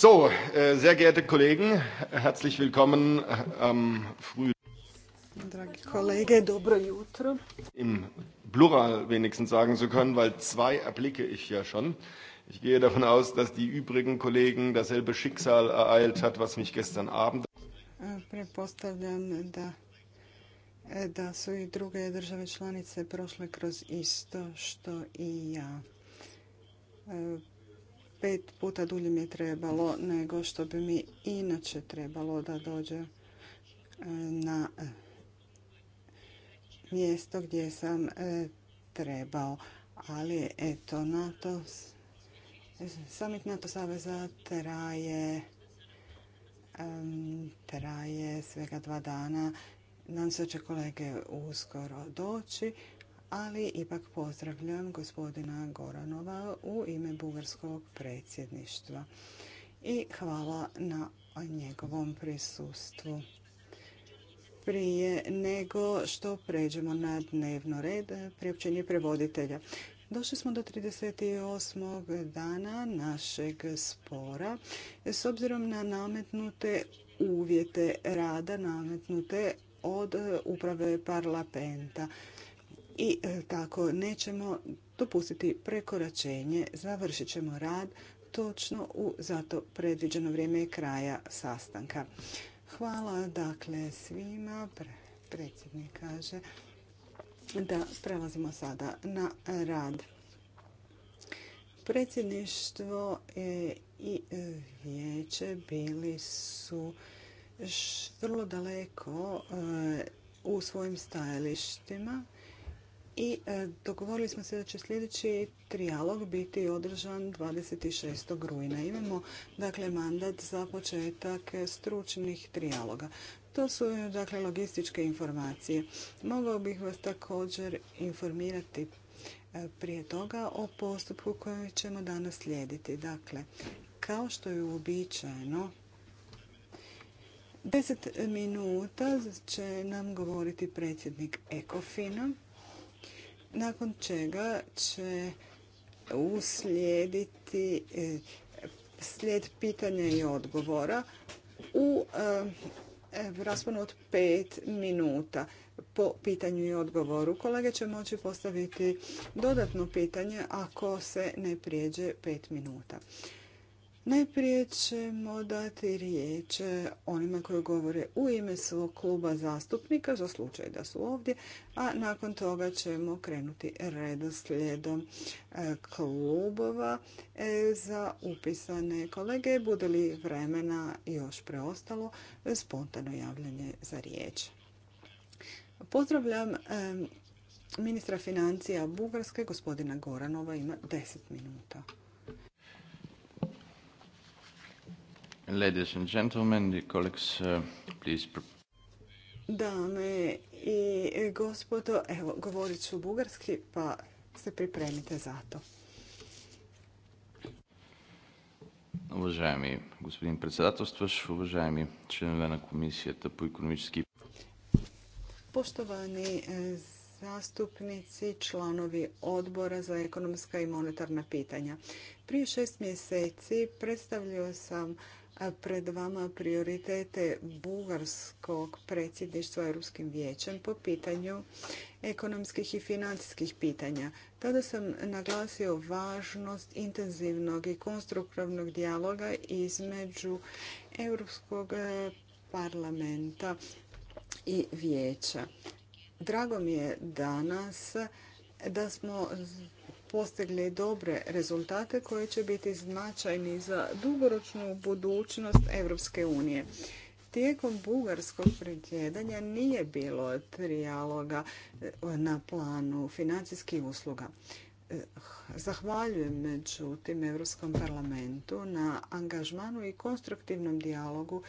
So, äh, sehr geehrte Kollegen, herzlich willkommen äh, am früh. Dragi kolege, dobro jutro. Im Plural wenigstens sagen zu können, weil zwei erblicke ich ja schon. Ich gehe davon aus, dass die übrigen Kollegen dasselbe Schicksal ereilt hat, was mich gestern Abend. Äh, prepostavljam e, da su i druge države članice prošle kroz isto što i ja e, pet puta dulje mi je trebalo nego što bi mi inače trebalo da dođe e, na e, mjesto gdje sam e, trebao. Ali eto, NATO, summit NATO Saveza traje, traje svega dva dana. Nadam se će kolege uskoro doći ali ipak pozdravljam gospodina Goranova u ime bugarskog predsjedništva i hvala na njegovom prisustvu. Prije nego što pređemo na dnevno red, priopćenje prevoditelja. Došli smo do 38. dana našeg spora. S obzirom na nametnute uvjete rada, nametnute od uprave parlamenta i e, tako nećemo dopustiti prekoračenje, završit ćemo rad točno u zato predviđeno vrijeme kraja sastanka. Hvala dakle svima, predsjednik kaže da prelazimo sada na rad. Predsjedništvo e, i e, vijeće bili su vrlo daleko u svojim stajalištima i e, dogovorili smo se da će sljedeći trijalog biti održan 26. rujna. Imamo dakle mandat za početak stručnih trijaloga. To su dakle logističke informacije. Mogao bih vas također informirati e, prije toga o postupku koji ćemo danas slijediti. Dakle, kao što je uobičajeno, 10 minuta će nam govoriti predsjednik Ekofina nakon čega će uslijediti e, slijed pitanja i odgovora u e, e, rasponu od pet minuta po pitanju i odgovoru. Kolege će moći postaviti dodatno pitanje ako se ne prijeđe pet minuta. Najprije ćemo dati riječ e, onima koji govore u ime svog kluba zastupnika za slučaj da su ovdje, a nakon toga ćemo krenuti redoslijedom e, klubova e, za upisane kolege. Bude li vremena još preostalo, spontano javljanje za riječ. Pozdravljam ministra financija Bugarske, gospodina Goranova, ima 10 minuta. Ladies and gentlemen, the colleagues, uh, please... Dame i gospodo, evo, govorit ću bugarski, pa se pripremite za to. Уважаеми gospodin председателстваш, уважаеми членове на Комисията по економически... Poštovani zastupnici, članovi odbora za ekonomska i monetarna pitanja. Prije šest mjeseci predstavljio sam pred vama prioritete bugarskog predsjedništva Europskim vijećem po pitanju ekonomskih i financijskih pitanja. Tada sam naglasio važnost intenzivnog i konstruktivnog dijaloga između Europskog e, parlamenta i vijeća. Drago mi je danas da smo postigli dobre rezultate koje će biti značajni za dugoročnu budućnost Europske unije. Tijekom bugarskog predsjedanja nije bilo trijaloga e, na planu financijskih usluga. E, zahvaljujem međutim Europskom parlamentu na angažmanu i konstruktivnom dijalogu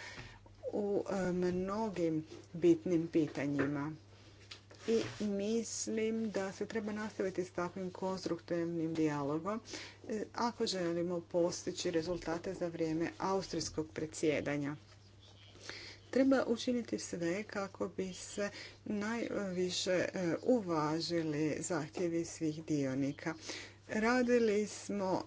u e, mnogim bitnim pitanjima i mislim da se treba nastaviti s takvim konstruktivnim dijalogom e, ako želimo postići rezultate za vrijeme austrijskog predsjedanja. Treba učiniti sve kako bi se najviše e, uvažili zahtjevi svih dionika. Radili smo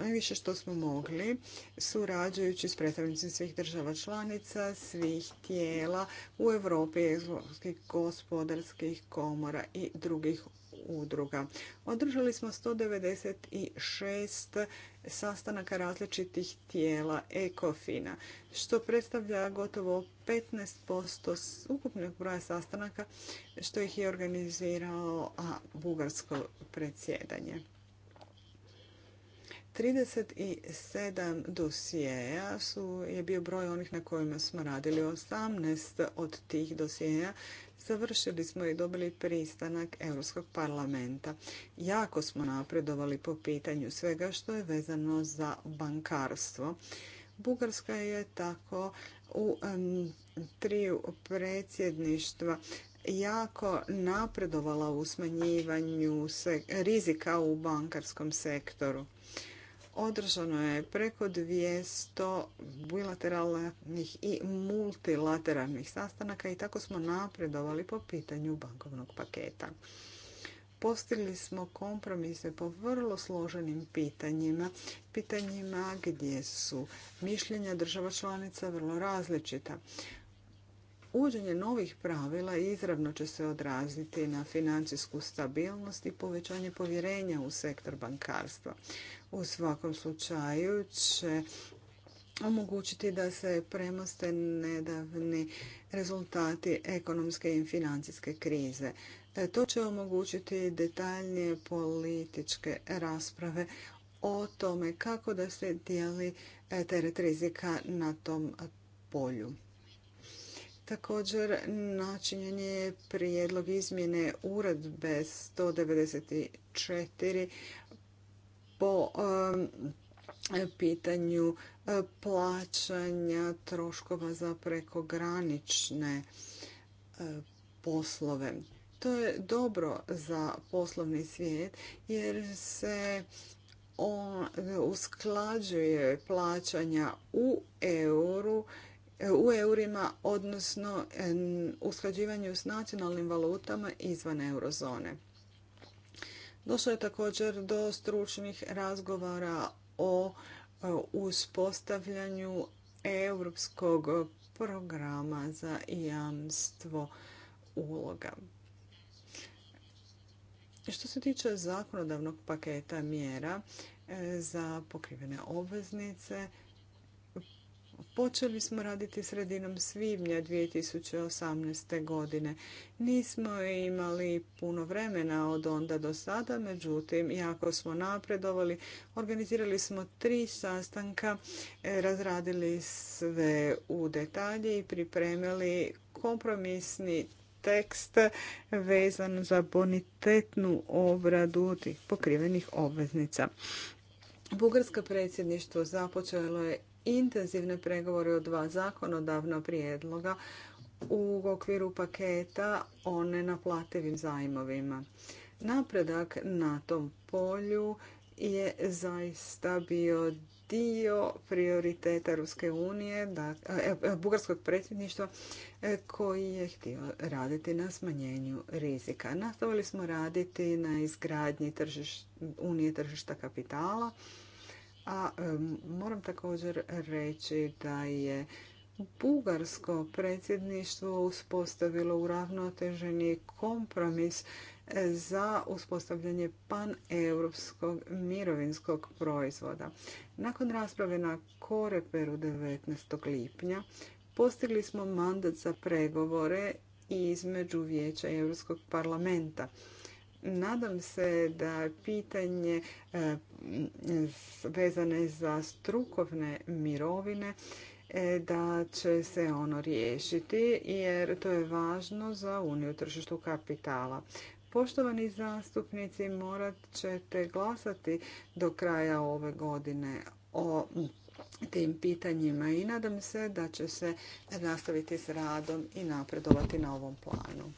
najviše što smo mogli, surađujući s predstavnicima svih država članica, svih tijela u Europi, europskih gospodarskih komora i drugih udruga. Održali smo 196 sastanaka različitih tijela ECOFINA, što predstavlja gotovo 15% ukupnog broja sastanaka što ih je organizirao a bugarsko predsjedanje. 37 dosijeja su, je bio broj onih na kojima smo radili. 18 od tih dosijeja završili smo i dobili pristanak Europskog parlamenta. Jako smo napredovali po pitanju svega što je vezano za bankarstvo. Bugarska je tako u triju predsjedništva jako napredovala u smanjivanju rizika u bankarskom sektoru održano je preko 200 bilateralnih i multilateralnih sastanaka i tako smo napredovali po pitanju bankovnog paketa. Postigli smo kompromise po vrlo složenim pitanjima, pitanjima gdje su mišljenja država članica vrlo različita. Uvođenje novih pravila izravno će se odraziti na financijsku stabilnost i povećanje povjerenja u sektor bankarstva. U svakom slučaju će omogućiti da se premoste nedavni rezultati ekonomske i financijske krize. E, to će omogućiti detaljnije političke rasprave o tome kako da se dijeli e, teret rizika na tom polju. Također načinjen je prijedlog izmjene uredbe 194 po pitanju e, plaćanja troškova za prekogranične e, poslove. To je dobro za poslovni svijet jer se e, usklađuje plaćanja u euru u eurima, odnosno usklađivanju s nacionalnim valutama izvan eurozone. Došlo je također do stručnih razgovara o e, uspostavljanju europskog programa za jamstvo uloga. Što se tiče zakonodavnog paketa mjera e, za pokrivene obveznice, Počeli smo raditi sredinom svibnja 2018. godine. Nismo imali puno vremena od onda do sada, međutim, jako smo napredovali. Organizirali smo tri sastanka, e, razradili sve u detalji i pripremili kompromisni tekst vezan za bonitetnu obradu tih pokrivenih obveznica. Bugarsko predsjedništvo započelo je intenzivne pregovore o dva zakonodavna prijedloga u okviru paketa o nenaplativim zajmovima. Napredak na tom polju je zaista bio dio prioriteta Ruske unije, e, e, bugarskog predsjedništva e, koji je htio raditi na smanjenju rizika. Nastavili smo raditi na izgradnji unije tržišta kapitala a moram također reći da je Bugarsko predsjedništvo uspostavilo uravnoteženi kompromis e, za uspostavljanje paneuropskog mirovinskog proizvoda. Nakon rasprave na Koreperu 19. lipnja postigli smo mandat za pregovore između Vijeća Europskog parlamenta. Nadam se da pitanje e, vezane za strukovne mirovine e, da će se ono riješiti jer to je važno za uniju tržištu kapitala. Poštovani zastupnici, morat ćete glasati do kraja ove godine o tim pitanjima i nadam se da će se nastaviti s radom i napredovati na ovom planu.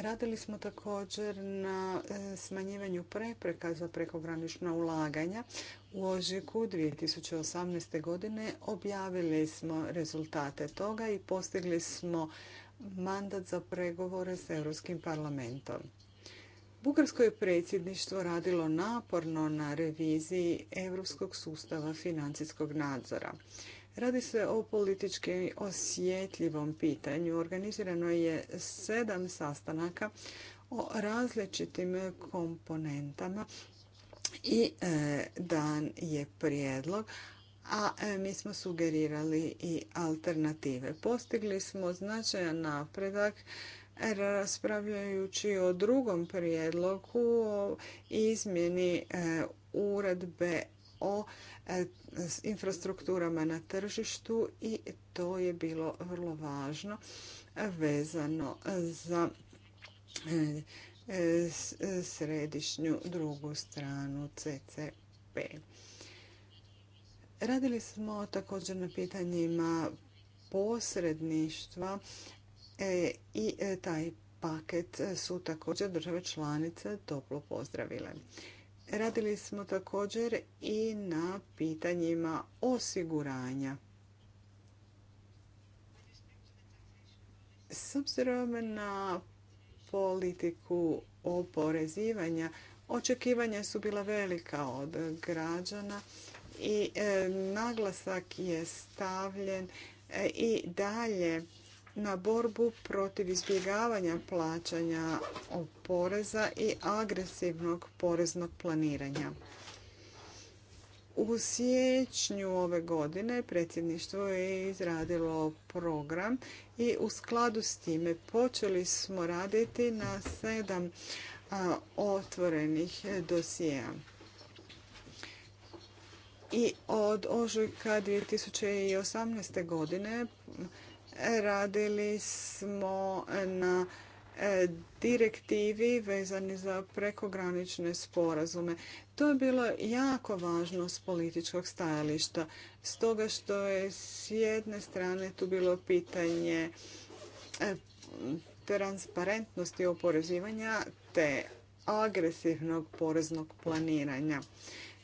Radili smo također na e, smanjivanju prepreka za prekogranična ulaganja. U ožiku 2018. godine objavili smo rezultate toga i postigli smo mandat za pregovore s Europskim parlamentom. Bugarsko je predsjedništvo radilo naporno na reviziji Europskog sustava financijskog nadzora. Radi se o politički osjetljivom pitanju. Organizirano je sedam sastanaka o različitim komponentama i e, dan je prijedlog, a e, mi smo sugerirali i alternative. Postigli smo značajan napredak raspravljajući o drugom prijedlogu o izmjeni e, uredbe o e, infrastrukturama na tržištu i to je bilo vrlo važno vezano za e, e, središnju drugu stranu CCP. Radili smo također na pitanjima posredništva i taj paket su također države članice toplo pozdravile. Radili smo također i na pitanjima osiguranja. S obzirom na politiku oporezivanja, očekivanja su bila velika od građana i e, naglasak je stavljen e, i dalje na borbu protiv izbjegavanja plaćanja poreza i agresivnog poreznog planiranja. U siječnju ove godine predsjedništvo je izradilo program i u skladu s time počeli smo raditi na sedam otvorenih dosjea. I od ožujka 2018. godine radili smo na e, direktivi vezani za prekogranične sporazume. To je bilo jako važno s političkog stajališta, stoga što je s jedne strane tu bilo pitanje e, transparentnosti oporezivanja te agresivnog poreznog planiranja.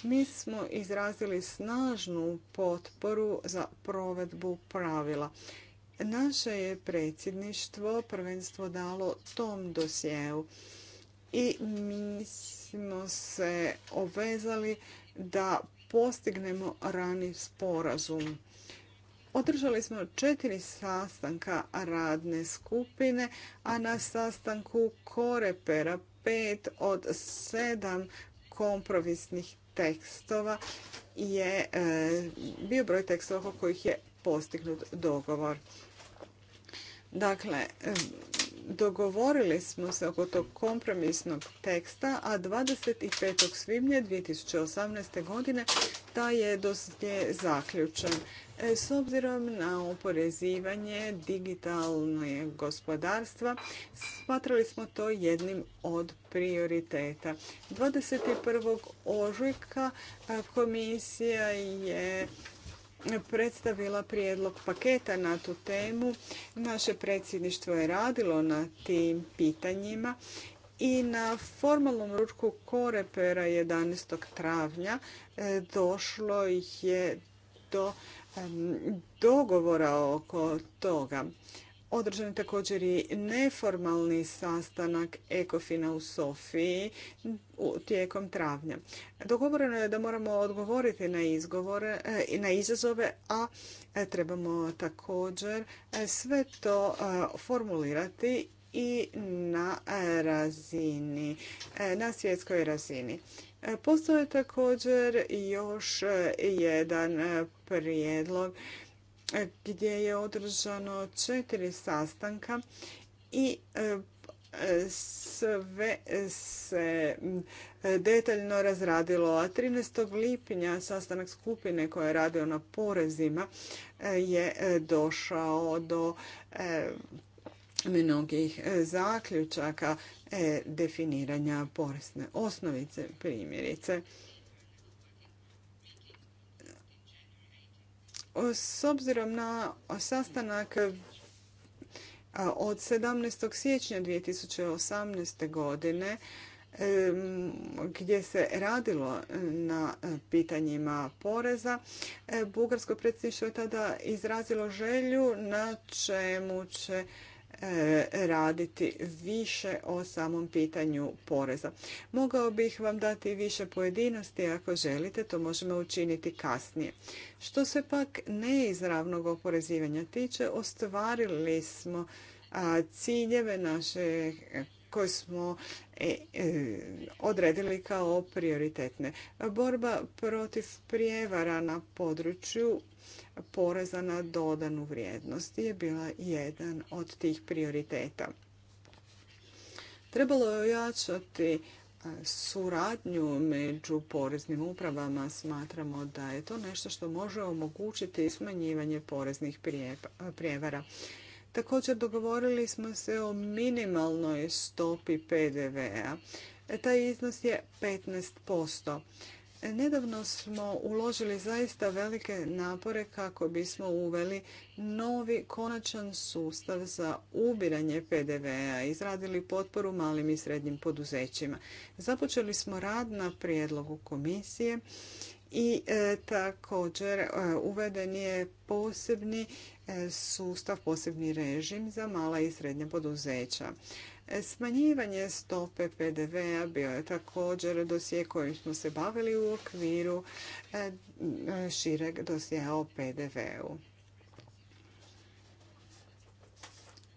Mi smo izrazili snažnu potporu za provedbu pravila. Naše je predsjedništvo prvenstvo dalo tom dosjeu i mi smo se obvezali da postignemo rani sporazum. Održali smo četiri sastanka radne skupine, a na sastanku Korepera pet od sedam kompromisnih tekstova je e, bio broj tekstova kojih je postignut dogovor. Dakle, dogovorili smo se oko tog kompromisnog teksta, a 25. svibnja 2018. godine ta je dosje zaključen. E, s obzirom na oporezivanje digitalnog gospodarstva, smatrali smo to jednim od prioriteta. 21. ožujka komisija je predstavila prijedlog paketa na tu temu. Naše predsjedništvo je radilo na tim pitanjima i na formalnom ručku Korepera 11. travnja e, došlo je do dogovora oko toga. Održan je također i neformalni sastanak Ekofina u Sofiji tijekom travnja. Dogovoreno je da moramo odgovoriti na, izgovore, i e, na izazove, a e, trebamo također e, sve to formulirati i na razini, na svjetskoj razini. Postoje također još jedan prijedlog gdje je održano četiri sastanka i e, sve se detaljno razradilo. A 13. lipnja sastanak skupine koja je radio na porezima e, je e, došao do mnogih zaključaka definiranja porezne osnovice primjerice. S obzirom na sastanak od 17. siječnja 2018. godine, gdje se radilo na pitanjima poreza. E, bugarsko predsjedništvo je tada izrazilo želju na čemu će E, raditi više o samom pitanju poreza. Mogao bih vam dati više pojedinosti ako želite, to možemo učiniti kasnije. Što se pak neizravnog oporezivanja tiče, ostvarili smo ciljeve našeg koje smo e, e, odredili kao prioritetne. Borba protiv prijevara na području poreza na dodanu vrijednost je bila jedan od tih prioriteta. Trebalo je ojačati e, suradnju među poreznim upravama smatramo da je to nešto što može omogućiti smanjivanje poreznih prijevara. Također dogovorili smo se o minimalnoj stopi PDV-a. E, taj iznos je 15%. E, nedavno smo uložili zaista velike napore kako bismo uveli novi konačan sustav za ubiranje PDV-a, izradili potporu malim i srednjim poduzećima. Započeli smo rad na prijedlogu komisije i e, također uveden je posebni sustav posebni režim za mala i srednja poduzeća. Smanjivanje stope PDV-a bio je također dosije kojim smo se bavili u okviru e, šireg dosija o PDV-u.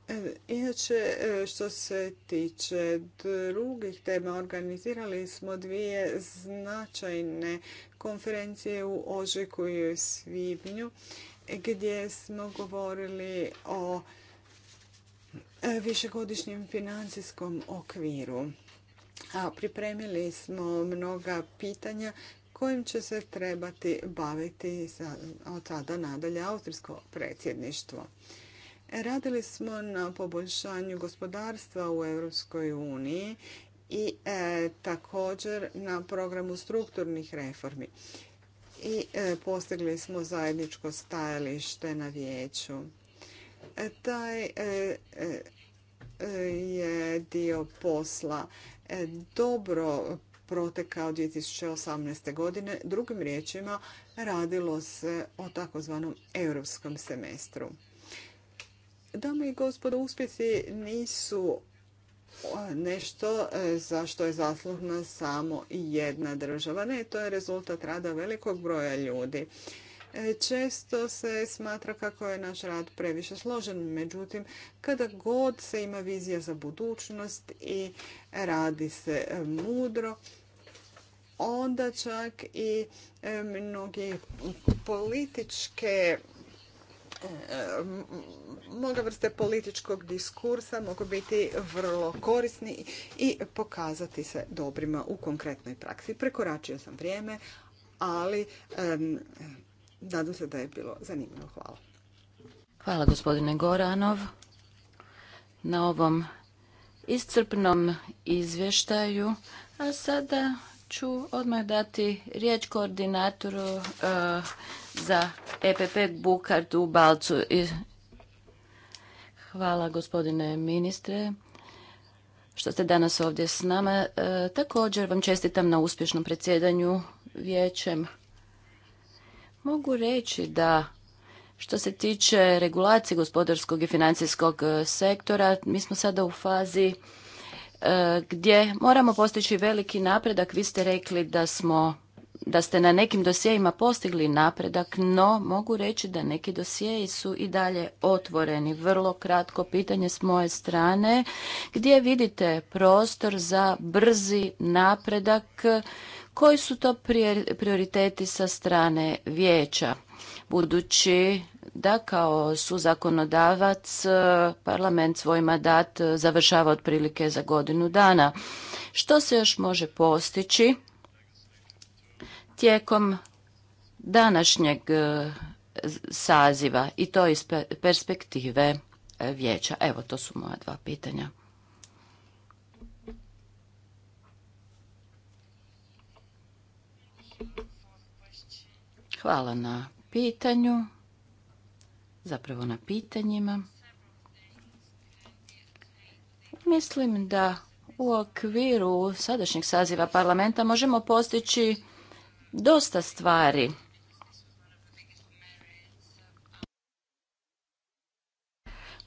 E, inače, e, što se tiče drugih tema, organizirali smo dvije značajne konferencije u Ožeku i u Svibnju gdje smo govorili o e, višegodišnjem financijskom okviru. A pripremili smo mnoga pitanja kojim će se trebati baviti od tada nadalje austrijsko predsjedništvo. Radili smo na poboljšanju gospodarstva u Europskoj uniji i e, također na programu strukturnih reformi i e, postigli smo zajedničko stajalište na vijeću. E, taj e, je dio posla dobro protekao 2018. godine. Drugim riječima radilo se o takozvanom europskom semestru. Dame i gospodo, uspjesi nisu nešto e, za što je zaslužna samo jedna država. Ne, to je rezultat rada velikog broja ljudi. E, često se smatra kako je naš rad previše složen, međutim, kada god se ima vizija za budućnost i radi se e, mudro, onda čak i mnogi političke Eh, mnoga vrste političkog diskursa mogu biti vrlo korisni i pokazati se dobrima u konkretnoj praksi. Prekoračio sam vrijeme, ali nadam se da je bilo zanimljivo. Hvala. Hvala gospodine Goranov na ovom iscrpnom izvještaju. A sada ću odmah dati riječ koordinatoru e, za EPP Bukartu Balcu. I... Hvala gospodine ministre što ste danas ovdje s nama. E, također vam čestitam na uspješnom predsjedanju vijećem. Mogu reći da što se tiče regulacije gospodarskog i financijskog sektora, mi smo sada u fazi E, gdje moramo postići veliki napredak. Vi ste rekli da smo da ste na nekim dosjejima postigli napredak, no mogu reći da neki dosjeji su i dalje otvoreni. Vrlo kratko pitanje s moje strane. Gdje vidite prostor za brzi napredak? Koji su to prioriteti sa strane vijeća? Budući da kao su zakonodavac e, parlament svoj mandat e, završava otprilike za godinu dana. Što se još može postići tijekom današnjeg e, saziva i to iz perspektive vijeća? Evo, to su moja dva pitanja. Hvala na pitanju zapravo na pitanjima. Mislim da u okviru sadašnjeg saziva parlamenta možemo postići dosta stvari.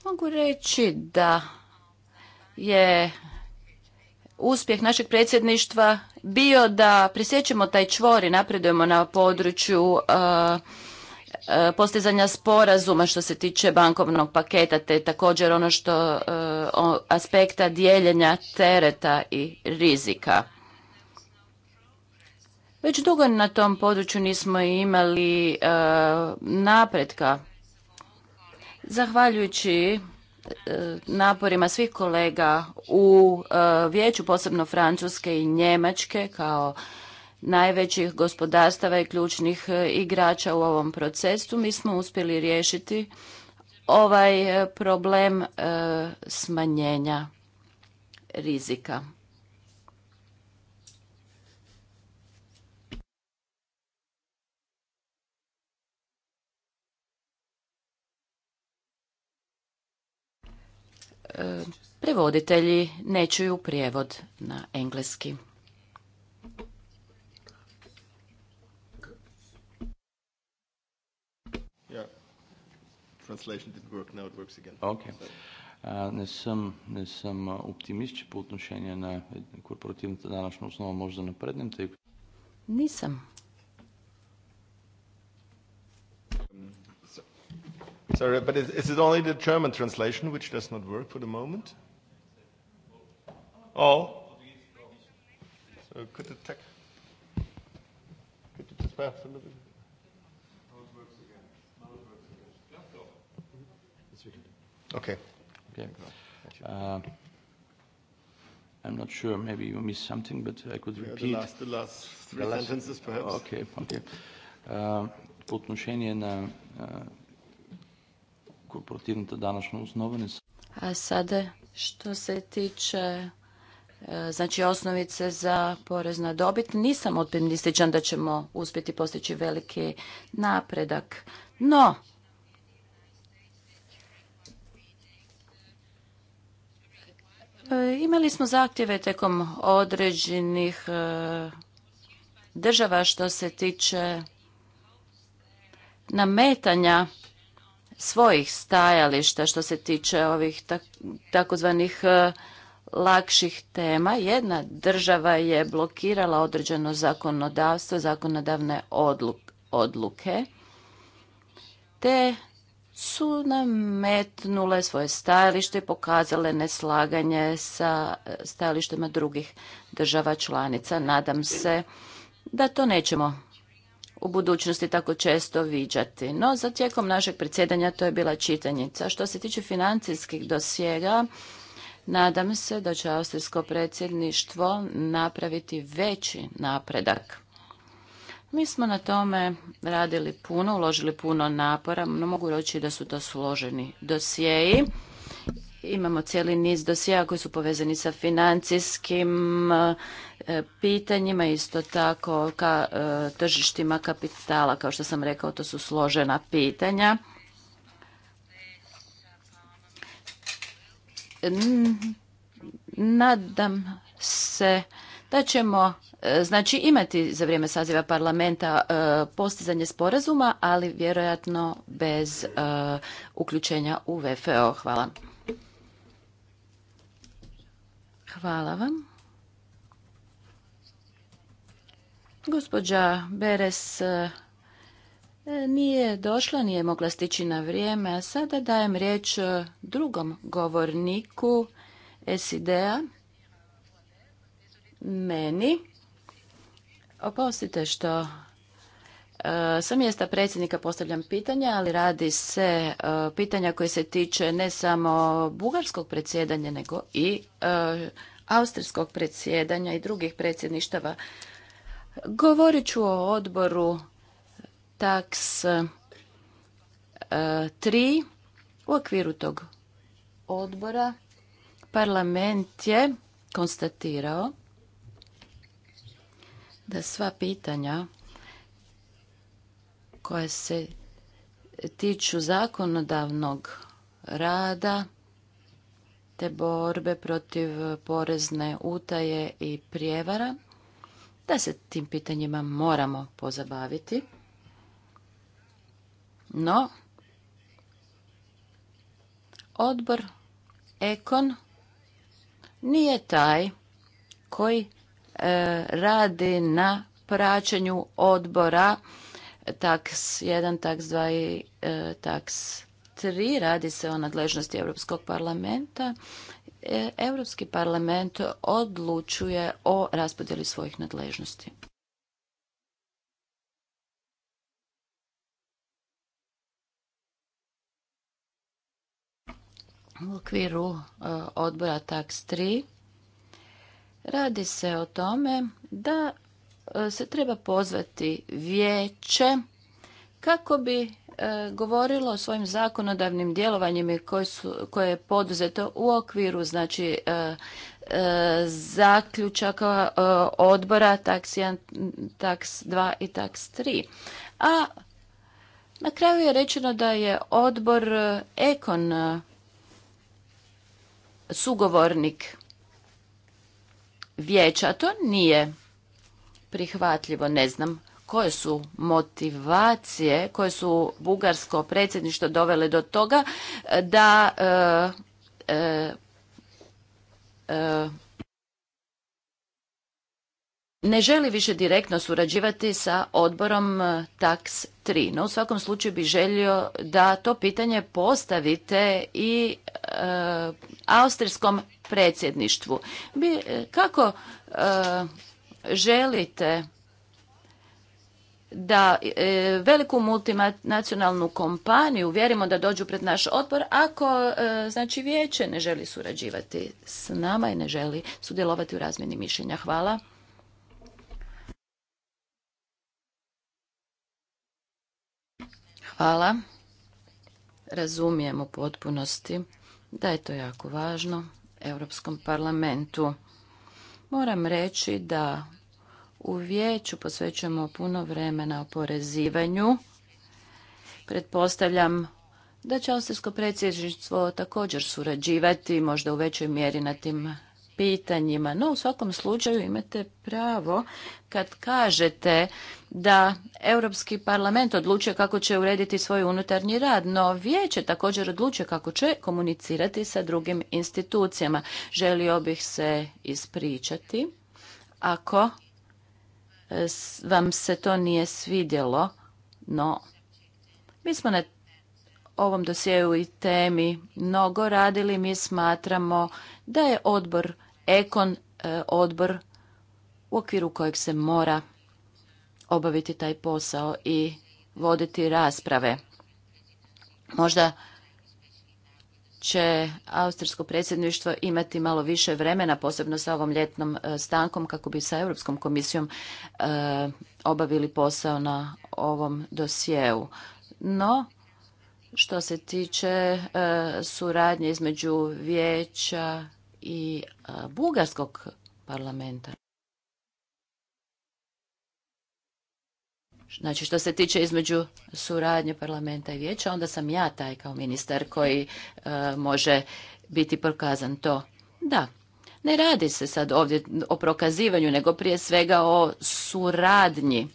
Mogu reći da je uspjeh našeg predsjedništva bio da prisjećemo taj čvor i napredujemo na području uh, E, postizanja sporazuma što se tiče bankovnog paketa te također ono što e, aspekta dijeljenja tereta i rizika. Već dugo na tom području nismo imali e, napretka. Zahvaljujući naporima svih kolega u vijeću, posebno Francuske i Njemačke kao najvećih gospodarstava i ključnih e, igrača u ovom procesu. Mi smo uspjeli riješiti ovaj e, problem e, smanjenja rizika. Prevoditelji ne čuju prijevod na engleski. translation didn't work, now it works again. Okay. So. Ne sem, ne sem optimist po отношение на корпоративната данъчна основа може да напреднем, Nisam. Sorry, but is, is it only the German translation which does not work for the moment? Oh. So could the tech, could you just pass a little bit? Okay. Okay. Uh, I'm not sure. Maybe you missed something, but I could repeat. Yeah, the, last, the last three the last, sentences, perhaps. Okay, okay. Uh, по отношение на uh, корпоративната данъчна основа не са... А što se tiče uh, znači osnovice za porez na dobit, nisam optimističan da ćemo uspjeti postići veliki napredak. No, E, imali smo zahtjeve tekom određenih e, država što se tiče nametanja svojih stajališta što se tiče ovih takozvanih e, lakših tema. Jedna država je blokirala određeno zakonodavstvo, zakonodavne odluke, te su nametnule svoje stajalište i pokazale neslaganje sa stajalištima drugih država članica. Nadam se da to nećemo u budućnosti tako često viđati. No, za tijekom našeg predsjedanja to je bila čitanjica. Što se tiče financijskih dosjega, nadam se da će austrijsko predsjedništvo napraviti veći napredak mi smo na tome radili puno, uložili puno napora, no mogu reći da su to složeni dosjeji. Imamo cijeli niz dosjea koji su povezani sa financijskim e, pitanjima, isto tako ka e, tržištima kapitala, kao što sam rekao, to su složena pitanja. Nadam se da ćemo E, znači imati za vrijeme saziva parlamenta e, postizanje sporazuma, ali vjerojatno bez e, uključenja u VFO. Hvala. Hvala vam. Gospođa Beres nije došla, nije mogla stići na vrijeme, a sada dajem riječ drugom govorniku SID-a, meni. Oprostite što e, sa mjesta predsjednika postavljam pitanja, ali radi se e, pitanja koje se tiče ne samo bugarskog predsjedanja, nego i e, austrijskog predsjedanja i drugih predsjedništava. Govorit ću o odboru taks 3. U okviru tog odbora parlament je konstatirao da sva pitanja koje se tiču zakonodavnog rada te borbe protiv porezne utaje i prijevara, da se tim pitanjima moramo pozabaviti. No, odbor Ekon nije taj koji E, radi na praćenju odbora taks 1, taks 2 i e, taks 3. Radi se o nadležnosti Europskog parlamenta. E, Europski parlament odlučuje o raspodjeli svojih nadležnosti. U okviru odbora taks 3 Radi se o tome da e, se treba pozvati vijeće kako bi e, govorilo o svojim zakonodavnim djelovanjima koje, su, koje je poduzeto u okviru znači e, zaključaka odbora taks 1, taks 2 i taks 3. A na kraju je rečeno da je odbor Ekon sugovornik vijeća. To nije prihvatljivo, ne znam koje su motivacije, koje su bugarsko predsjedništvo dovele do toga da e, e, e, ne želi više direktno surađivati sa odborom e, TAX 3, no u svakom slučaju bi želio da to pitanje postavite i e, austrijskom predsjedništvu. Bi, e, kako želite da veliku multinacionalnu kompaniju vjerimo da dođu pred naš odbor ako e, znači vijeće ne želi surađivati s nama i ne želi sudjelovati u razmjeni mišljenja. Hvala. Hvala. Razumijem u potpunosti da je to jako važno Europskom parlamentu. Moram reći da u vijeću posvećujemo puno vremena oporezivanju. Pretpostavljam da će austrijsko predsjedništvo također surađivati možda u većoj mjeri na tim pitanjima. No, u svakom slučaju imate pravo kad kažete da Europski parlament odlučuje kako će urediti svoj unutarnji rad, no vijeće također odlučuje kako će komunicirati sa drugim institucijama. Želio bih se ispričati ako e, vam se to nije svidjelo, no mi smo na ovom dosjeju i temi mnogo radili. Mi smatramo da je odbor ekon e, odbor u okviru kojeg se mora obaviti taj posao i voditi rasprave. Možda će austrijsko predsjedništvo imati malo više vremena, posebno sa ovom ljetnom e, stankom, kako bi sa Europskom komisijom e, obavili posao na ovom dosjeu. No, što se tiče suradnje između vijeća i bugarskog parlamenta. Znači što se tiče između suradnje parlamenta i vijeća, onda sam ja taj kao ministar koji može biti prokazan to. Da, ne radi se sad ovdje o prokazivanju, nego prije svega o suradnji.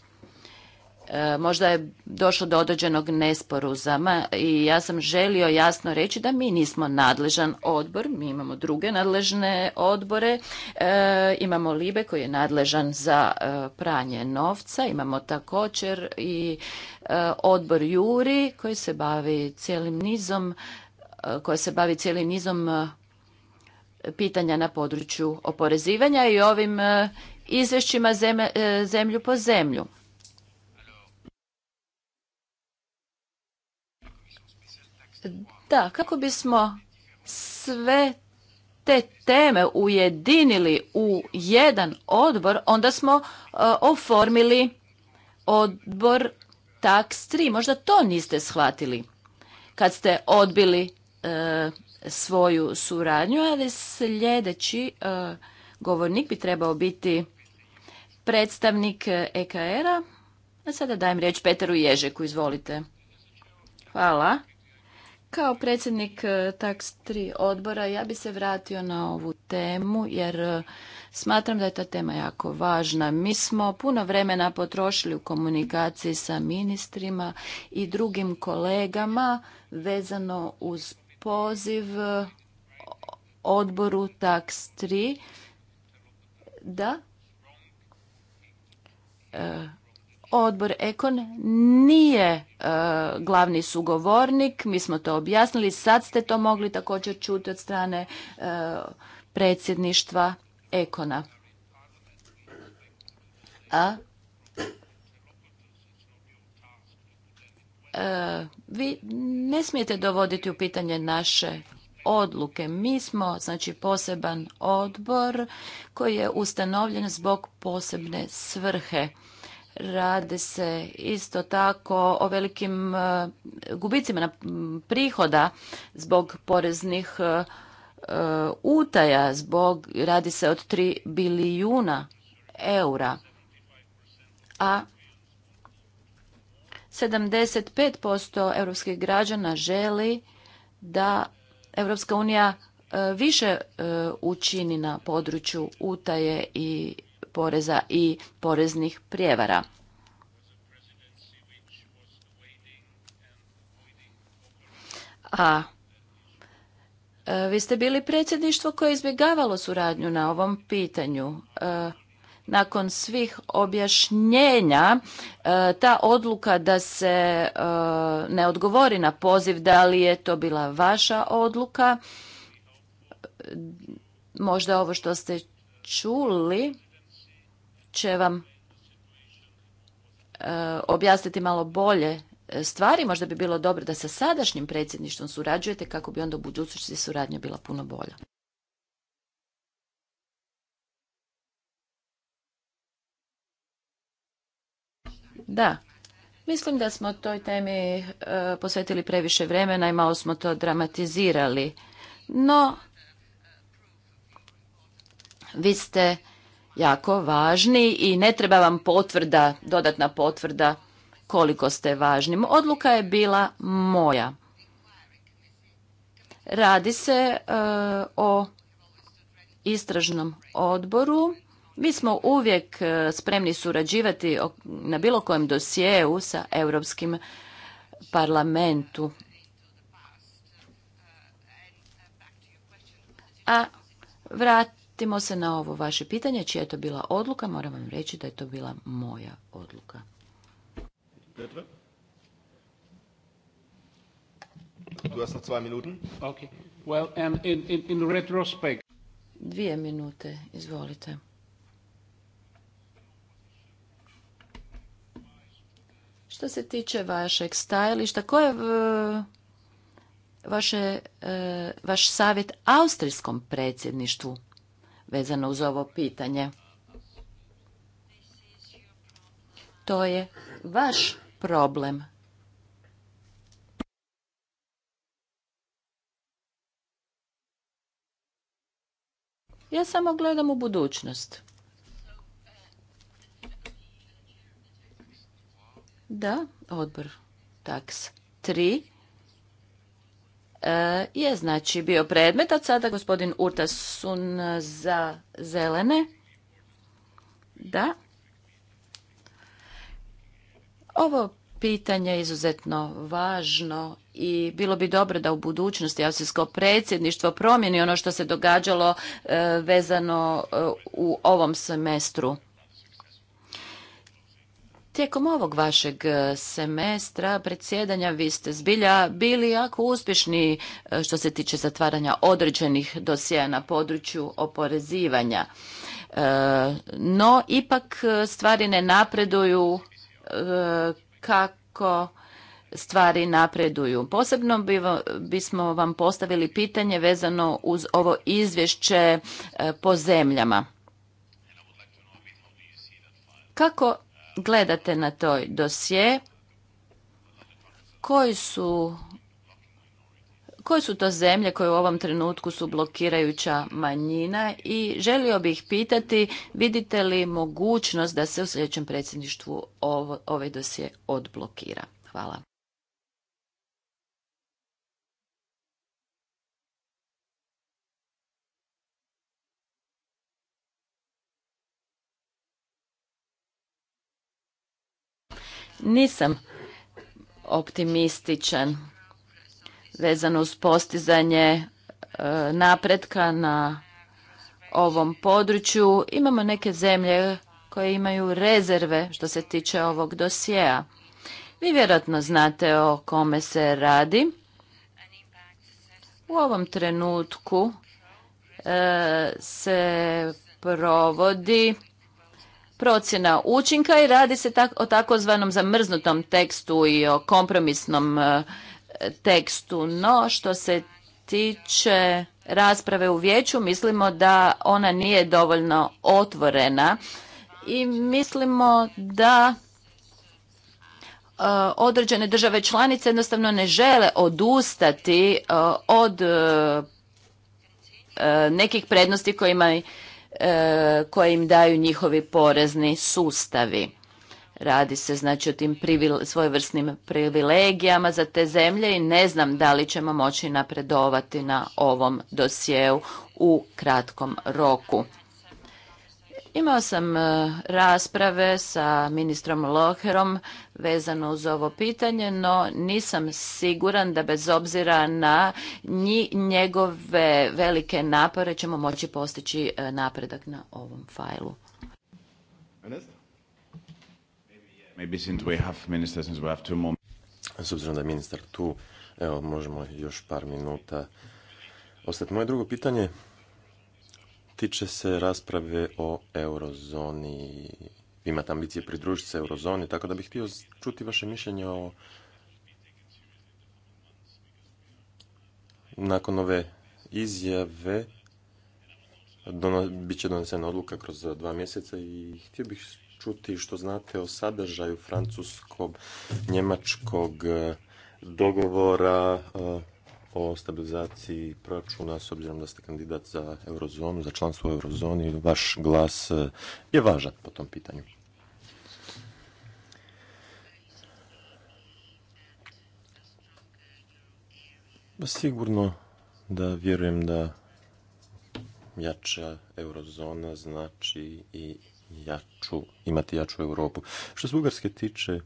E, možda je došlo do određenog nesporuzama i ja sam želio jasno reći da mi nismo nadležan odbor, mi imamo druge nadležne odbore, e, imamo Libe koji je nadležan za e, pranje novca, imamo također i odbor Juri koji se bavi cijelim nizom koji se bavi cijelim nizom pitanja na području oporezivanja i ovim izvješćima zemlju po zemlju. Da, kako bismo sve te teme ujedinili u jedan odbor, onda smo eh, oformili odbor Tax 3. Možda to niste shvatili kad ste odbili eh, svoju suradnju, ali sljedeći eh, govornik bi trebao biti predstavnik EKR-a. E A sada dajem riječ Peteru Ježeku, izvolite. Hvala. Kao predsjednik e, TAX 3 odbora ja bi se vratio na ovu temu jer e, smatram da je ta tema jako važna. Mi smo puno vremena potrošili u komunikaciji sa ministrima i drugim kolegama vezano uz poziv e, odboru TAX 3 da odbor Ekon nije e, glavni sugovornik, mi smo to objasnili, sad ste to mogli također čuti od strane e, predsjedništva Ekona. A e, vi ne smijete dovoditi u pitanje naše odluke. Mi smo znači poseban odbor koji je ustanovljen zbog posebne svrhe. Radi se isto tako o velikim e, gubicima prihoda zbog poreznih e, e, utaja, zbog, radi se od 3 bilijuna eura, a 75% europskih građana želi da Europska unija više učini na području utaje i poreza i poreznih prijevara. A e, vi ste bili predsjedništvo koje izbjegavalo suradnju na ovom pitanju. E, nakon svih objašnjenja, e, ta odluka da se ne odgovori na poziv, da li je to bila vaša odluka, možda ovo što ste čuli, će vam e, objasniti malo bolje e, stvari. Možda bi bilo dobro da sa sadašnjim predsjedništvom surađujete kako bi onda u budućnosti suradnja bila puno bolja. Da, mislim da smo toj temi e, posvetili previše vremena i malo smo to dramatizirali. No, vi ste jako važni i ne treba vam potvrda, dodatna potvrda koliko ste važni. Odluka je bila moja. Radi se e, o istražnom odboru. Mi smo uvijek e, spremni surađivati na bilo kojem dosjeu sa Europskim parlamentu. A vrat Vratimo se na ovo vaše pitanje, čija je to bila odluka, moram vam reći da je to bila moja odluka. Dvije minute, izvolite. Što se tiče vašeg stajališta, ko je e, vaš savjet austrijskom predsjedništvu vezano uz ovo pitanje. To je vaš problem. Ja samo gledam u budućnost. Da, odbor taks 3 E, je znači bio predmet, a sada gospodin Urtasun za zelene. Da. Ovo pitanje je izuzetno važno i bilo bi dobro da u budućnosti austrijsko predsjedništvo promijeni ono što se događalo e, vezano e, u ovom semestru. Tijekom ovog vašeg e, semestra predsjedanja vi ste zbilja bili jako uspješni e, što se tiče zatvaranja određenih dosjeja na području oporezivanja. E, no, ipak stvari ne napreduju kako stvari napreduju. Posebno bismo vam postavili pitanje vezano uz ovo izvješće po zemljama. Kako gledate na toj dosje, koji su koje su to zemlje koje u ovom trenutku su blokirajuća manjina i želio bih pitati vidite li mogućnost da se u sljedećem predsjedništvu ovo, ovaj dosje odblokira. Hvala. Nisam optimističan vezano uz postizanje e, napretka na ovom području. Imamo neke zemlje koje imaju rezerve što se tiče ovog dosjea. Vi vjerojatno znate o kome se radi. U ovom trenutku e, se provodi procjena učinka i radi se o takozvanom zamrznutom tekstu i o kompromisnom e, tekstu. No, što se tiče rasprave u vijeću, mislimo da ona nije dovoljno otvorena i mislimo da e, određene države članice jednostavno ne žele odustati e, od nekih prednosti kojima imaju E, koje im daju njihovi porezni sustavi. Radi se znači o tim svojevrsnim privilegijama za te zemlje i ne znam da li ćemo moći napredovati na ovom dosjeu u kratkom roku. Imao sam e, rasprave sa ministrom Loherom vezano uz ovo pitanje, no nisam siguran da bez obzira na njegove velike napore ćemo moći postići e, napredak na ovom fajlu. S obzirom da je ministar tu, evo možemo još par minuta ostati. Moje drugo pitanje tiče se rasprave o eurozoni. Imate ambicije pridružiti se eurozoni, tako da bih htio čuti vaše mišljenje o nakon ove izjave bit će donesena odluka kroz dva mjeseca i htio bih čuti što znate o sadržaju francuskog, njemačkog dogovora o stabilizaciji proračuna s obzirom da ste kandidat za eurozonu, za članstvo u eurozoni. Vaš glas eh, je važan po tom pitanju. Pa sigurno da vjerujem da jača eurozona znači i jaču, imati jaču Europu. Što se Bugarske tiče,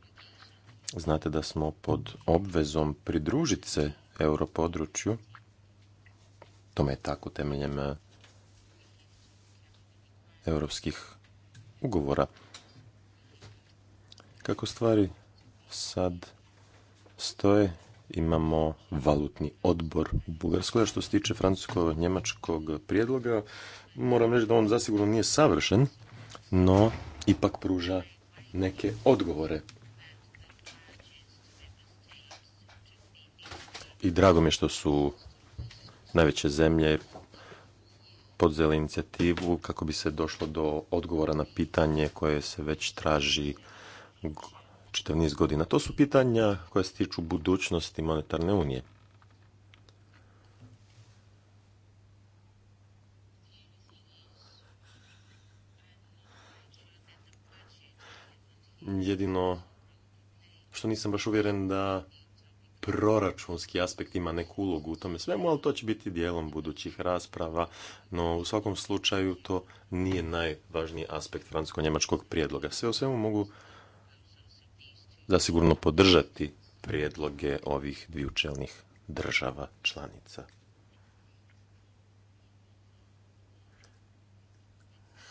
znate da smo pod obvezom pridružiti se europodručju. Tome je tako temeljem eh, europskih ugovora. Kako stvari sad stoje, imamo valutni odbor u Bugarskoj. Što se tiče francusko-njemačkog prijedloga, moram reći da on zasigurno nije savršen, no ipak pruža neke odgovore. i drago mi je što su najveće zemlje podzele inicijativu kako bi se došlo do odgovora na pitanje koje se već traži čitav niz godina. To su pitanja koja se tiču budućnosti monetarne unije. Jedino što nisam baš uvjeren da proračunski aspekt ima neku ulogu u tome svemu, ali to će biti dijelom budućih rasprava, no u svakom slučaju to nije najvažniji aspekt francusko-njemačkog prijedloga. Sve o svemu mogu zasigurno podržati prijedloge ovih dviju čelnih država članica.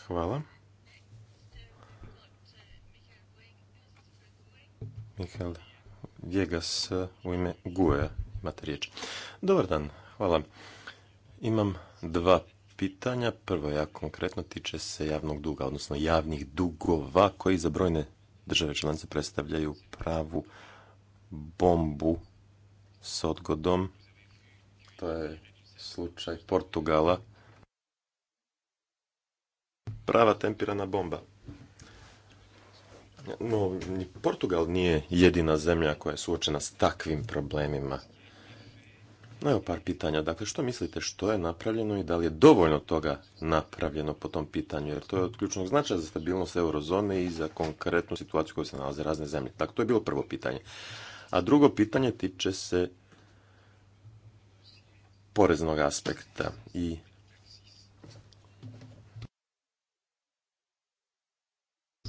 Hvala. Vjegas u ime GUE. Imate riječ. Dobar dan, hvala. Imam dva pitanja. Prvo, ja konkretno tiče se javnog duga, odnosno javnih dugova koji za brojne države članice predstavljaju pravu bombu s odgodom. To je slučaj Portugala. Prava tempirana bomba. No, Portugal nije jedina zemlja koja je suočena s takvim problemima. No, evo par pitanja. Dakle, što mislite što je napravljeno i da li je dovoljno toga napravljeno po tom pitanju? Jer to je od ključnog značaja za stabilnost eurozone i za konkretnu situaciju koju se nalaze razne zemlje. Dakle, to je bilo prvo pitanje. A drugo pitanje tiče se poreznog aspekta i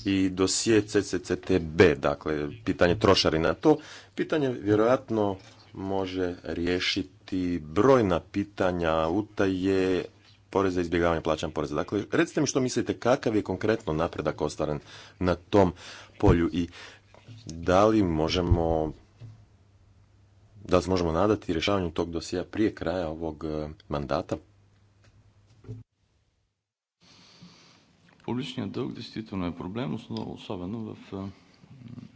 i dosije CCCTB, dakle pitanje trošarina. To pitanje vjerojatno može riješiti brojna pitanja utaje poreza, izbjegavanja plaćanja poreza. Dakle, recite mi što mislite, kakav je konkretno napredak ostvaren na tom polju i da li možemo da se možemo nadati rješavanju tog dosija prije kraja ovog eh, mandata? Публичният дълг действително е проблем, особено в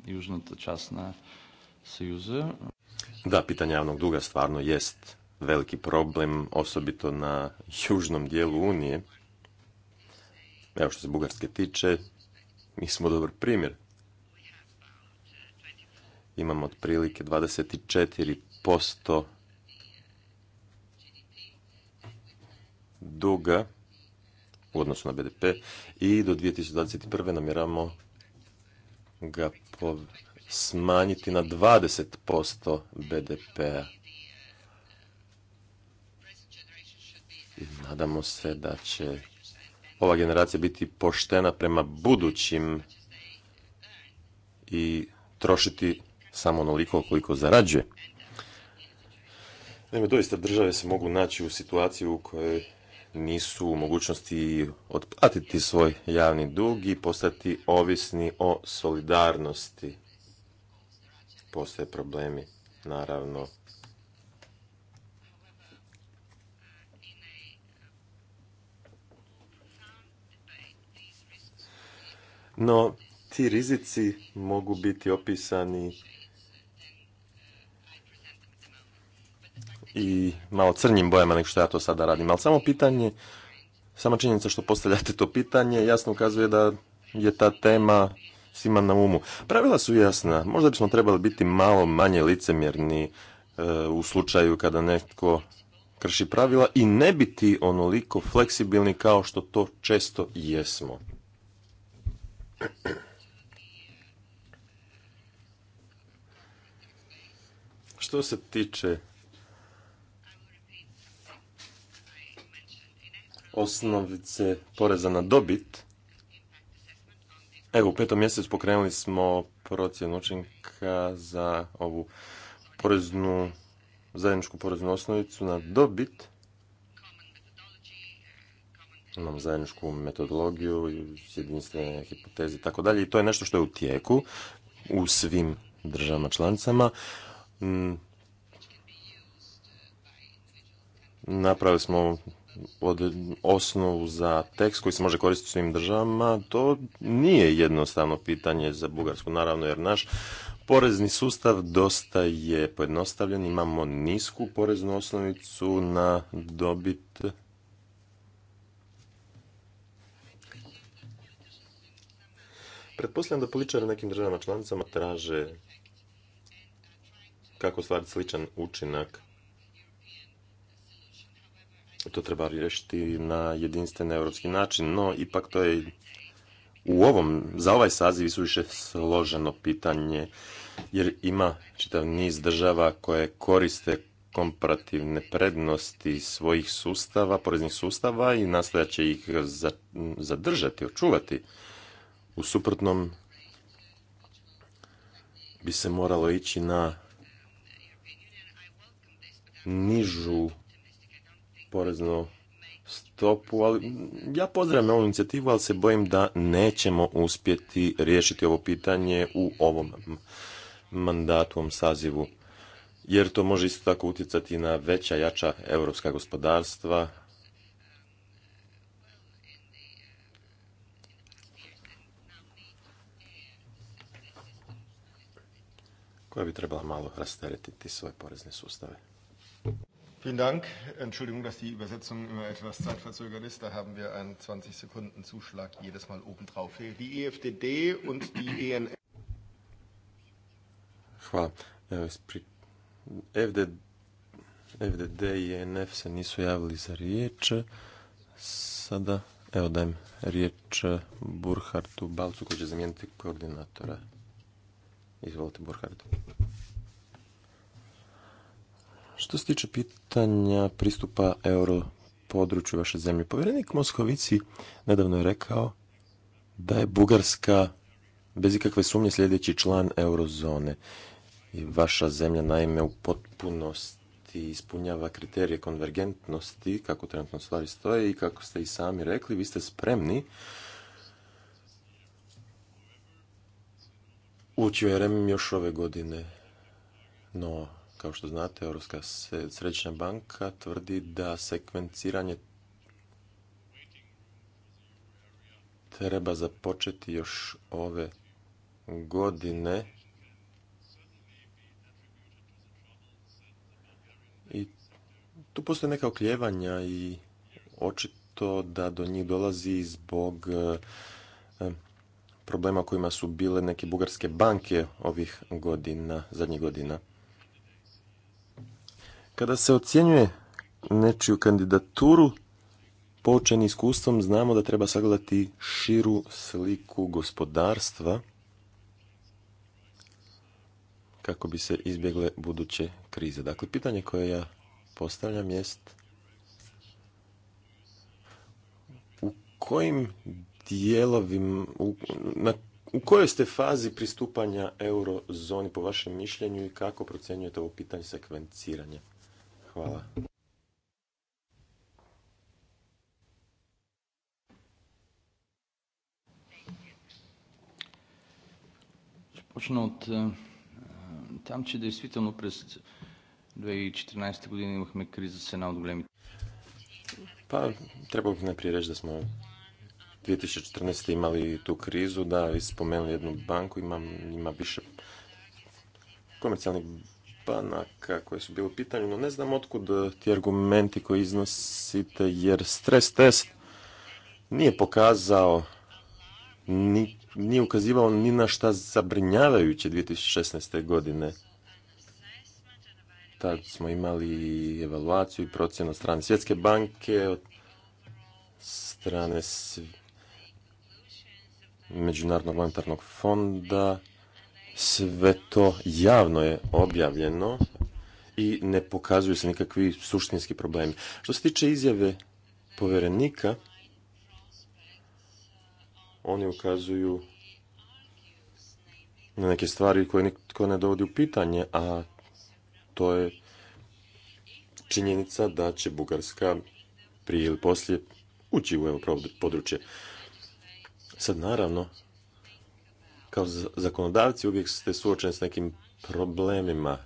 южната част на Съюза. Да, pitanje javnog duga стварно jest велики проблем, особито на južnom dijelu Unije. Evo što se Bugarske tiče, mi smo dobar primjer. Imamo otprilike 24% duga u odnosu na BDP i do 2021. namjeramo ga smanjiti na 20% BDP-a. Nadamo se da će ova generacija biti poštena prema budućim i trošiti samo onoliko koliko zarađuje. Naime, doista države se mogu naći u situaciju u kojoj nisu u mogućnosti otplatiti svoj javni dug i postati ovisni o solidarnosti. Postoje problemi, naravno. No, ti rizici mogu biti opisani i malo crnjim bojama nego što ja to sada radim, ali samo pitanje, sama činjenica što postavljate to pitanje jasno ukazuje da je ta tema svima na umu. Pravila su jasna, možda bismo trebali biti malo manje licemjerni e, u slučaju kada netko krši pravila i ne biti onoliko fleksibilni kao što to često jesmo. Što se tiče osnovice poreza na dobit. Evo, u petom mjesecu pokrenuli smo procjenu učinka za ovu poreznu, zajedničku poreznu osnovicu na dobit. Imamo zajedničku metodologiju, jedinstvene hipoteze i tako dalje. I to je nešto što je u tijeku u svim državama članicama. Mm. Napravili smo od osnovu za tekst koji se može koristiti u svim državama, to nije jednostavno pitanje za Bugarsku, naravno, jer naš porezni sustav dosta je pojednostavljen, imamo nisku poreznu osnovicu na dobit. Pretpostavljam da političari nekim državama članicama traže kako stvariti sličan učinak to treba riješiti na jedinstven europski način, no ipak to je u ovom, za ovaj saziv su više složeno pitanje, jer ima čitav niz država koje koriste komparativne prednosti svojih sustava, poreznih sustava i nastoja će ih zadržati, očuvati. U suprotnom bi se moralo ići na nižu poreznu stopu, ali ja pozdravljam ovu inicijativu, ali se bojim da nećemo uspjeti riješiti ovo pitanje u ovom mandatu, ovom sazivu, jer to može isto tako utjecati na veća, jača europska gospodarstva, koja bi trebala malo rasteretiti svoje porezne sustave. Vielen Dank. Entschuldigung, dass die Übersetzung immer etwas zeitverzögert ist. Da haben wir einen 20-Sekunden-Zuschlag jedes Mal obendrauf. Die EFDD und die ENF. Hvala. Evo, ispri... FD... FDD i ENF se nisu javili za riječ. Sada, evo dajem riječ Burhartu Balcu koji će zamijeniti koordinatora. Izvolite Burhart. Što se tiče pitanja pristupa euro području vaše zemlje, povjerenik Moskovici nedavno je rekao da je Bugarska bez ikakve sumnje sljedeći član eurozone. I vaša zemlja naime u potpunosti ispunjava kriterije konvergentnosti, kako trenutno stvari stoje i kako ste i sami rekli, vi ste spremni ući u RM još ove godine. No, kao što znate, Europska središnja banka tvrdi da sekvenciranje treba započeti još ove godine i tu postoje neka okljevanja i očito da do njih dolazi zbog eh, problema kojima su bile neke bugarske banke ovih godina, zadnjih godina. Kada se ocjenjuje nečiju kandidaturu, poučeni iskustvom znamo da treba sagledati širu sliku gospodarstva kako bi se izbjegle buduće krize. Dakle, pitanje koje ja postavljam jest u kojim dijelovim, u, na, u kojoj ste fazi pristupanja eurozoni po vašem mišljenju i kako procjenjujete ovo pitanje sekvenciranja? Hvala. Почна od там, че действително 2014 godine imahme kriza s ena od големите. Pa, trebalo bi najprije reći da smo 2014. imali tu krizu, da, vi spomenuli jednu banku, ima više komercijalnih banaka koje su bile u pitanju, no ne znam otkud eh, ti argumenti koji iznosite, jer stres test nije pokazao, ni, nije ukazivao ni na šta zabrinjavajuće 2016. godine. Tad smo imali evaluaciju i procjenu od strane Svjetske banke, od strane Međunarodnog monetarnog fonda, sve to javno je objavljeno i ne pokazuju se nikakvi suštinski problemi. Što se tiče izjave poverenika, oni ukazuju na neke stvari koje ne dovodi u pitanje, a to je činjenica da će Bugarska prije ili poslije ući u područje. Sad naravno, kao zakonodavci uvijek ste suočeni s nekim problemima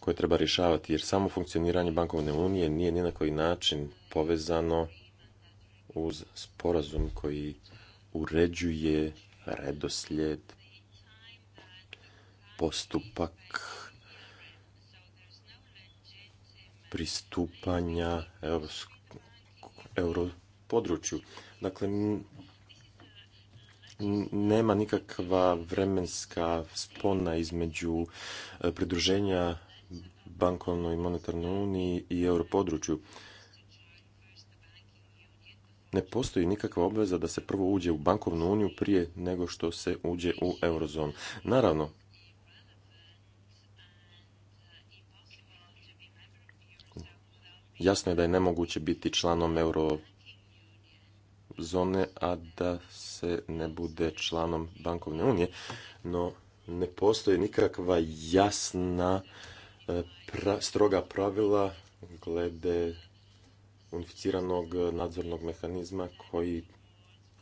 koje treba rješavati, jer samo funkcioniranje bankovne unije nije ni na koji način povezano uz sporazum koji uređuje redoslijed, postupak pristupanja europodručju. Dakle, nema nikakva vremenska spona između e, pridruženja bankovnoj i monetarnoj uniji i europodručju. Ne postoji nikakva obveza da se prvo uđe u bankovnu uniju prije nego što se uđe u eurozonu. Naravno, jasno je da je nemoguće biti članom eurozone, a da se ne bude članom bankovne unije, no ne postoji nikakva jasna e, stroga pravila glede unificiranog nadzornog mehanizma koji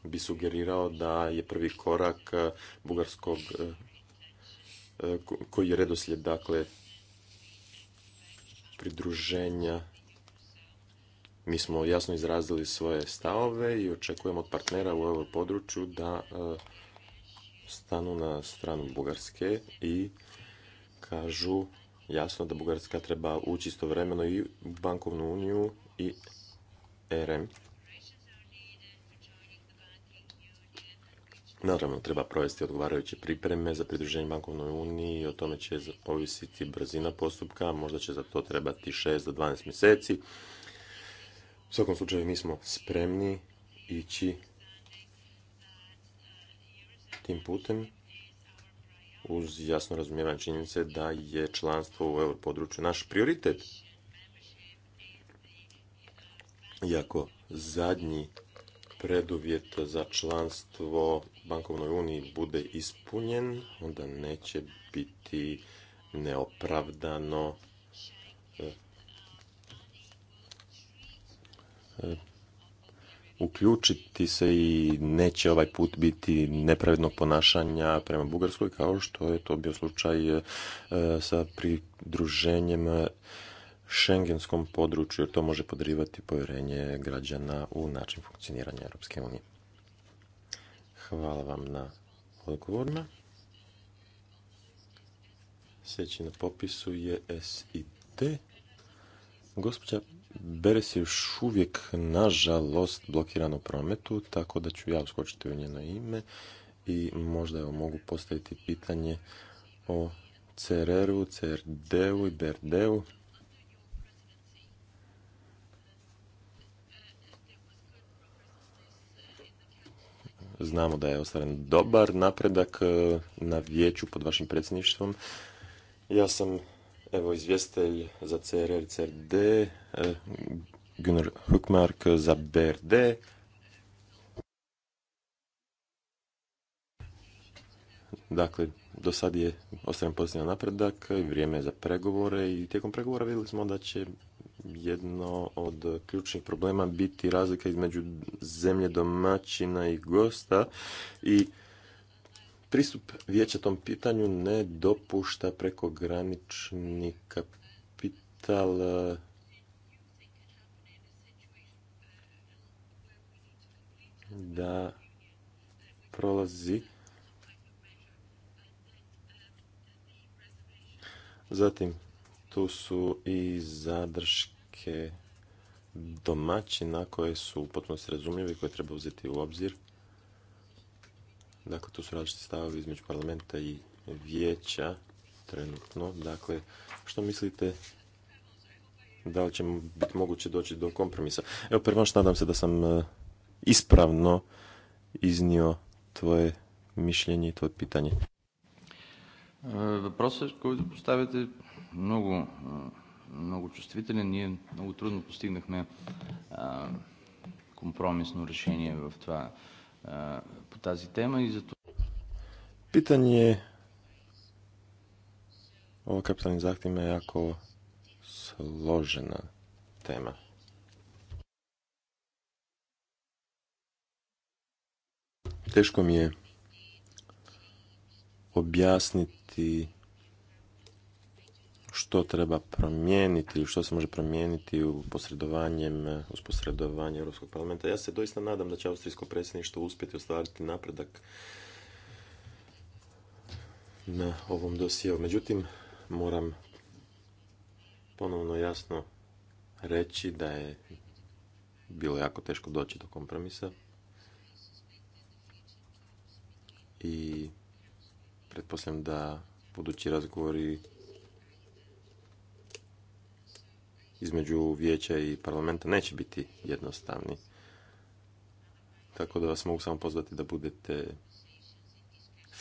bi sugerirao da je prvi korak e, bugarskog e, koji je redoslijed dakle pridruženja mi smo jasno izrazili svoje stavove i očekujemo od partnera u ovom području da e, stanu na stranu Bugarske i kažu jasno da Bugarska treba ući istovremeno i u bankovnu uniju i RM. Naravno, treba provesti odgovarajuće pripreme za pridruženje bankovnoj uniji i o tome će ovisiti brzina postupka, možda će za to trebati 6 do 12 mjeseci svakom slučaju mi smo spremni ići tim putem uz jasno razumijevanje činjenice da je članstvo u području naš prioritet. Iako zadnji preduvjet za članstvo bankovnoj uniji bude ispunjen, onda neće biti neopravdano e, E, uključiti se i neće ovaj put biti nepravednog ponašanja prema Bugarskoj kao što je to bio slučaj e, sa pridruženjem šengenskom području jer to može podrivati povjerenje građana u način funkcioniranja Europske unije. Hvala vam na odgovorima. Sljedeći na popisu je SIT. Gospođa Beres je još uvijek, nažalost, blokiran u prometu, tako da ću ja uskočiti u njeno ime i možda evo, mogu postaviti pitanje o CRR-u, CRD-u i BRD-u. Znamo da je ostvaren dobar napredak eh, na vijeću pod vašim predsjedništvom. Ja sam Evo izvjestelj za CRR CRD, e, Gunnar Hukmark za BRD. Dakle, do sad je ostavljen pozitivan napredak i vrijeme je za pregovore i tijekom pregovora vidjeli smo da će jedno od ključnih problema biti razlika između zemlje domaćina i gosta i pristup vijeća tom pitanju ne dopušta prekogranični kapital e, da prolazi Zatim, tu su i zadrške domaćina koje su potpuno razumljive i koje treba uzeti u obzir. Dakle, tu su različite stavovi između parlamenta i vijeća trenutno. Dakle, što mislite da li će biti moguće doći do kompromisa? Evo, prvo što nadam se da sam e, ispravno iznio tvoje mišljenje i tvoje pitanje. Въпросът, e, който поставяте, много, много чувствителен. Ние много трудно постигнахме компромисно решение в това Eh, po tazi tema i zato... Pitanje o kapitalnim zahtjevima je jako složena tema. Teško mi je objasniti što treba promijeniti ili što se može promijeniti u posredovanjem, eh, uz posredovanje Europskog parlamenta. Ja se doista nadam da će austrijsko predsjedništvo uspjeti ostvariti napredak na ovom dosijelu. Međutim, moram ponovno jasno reći da je bilo jako teško doći do kompromisa i pretpostavljam da budući razgovori između vijeća i parlamenta neće biti jednostavni. Tako da vas mogu samo pozvati da budete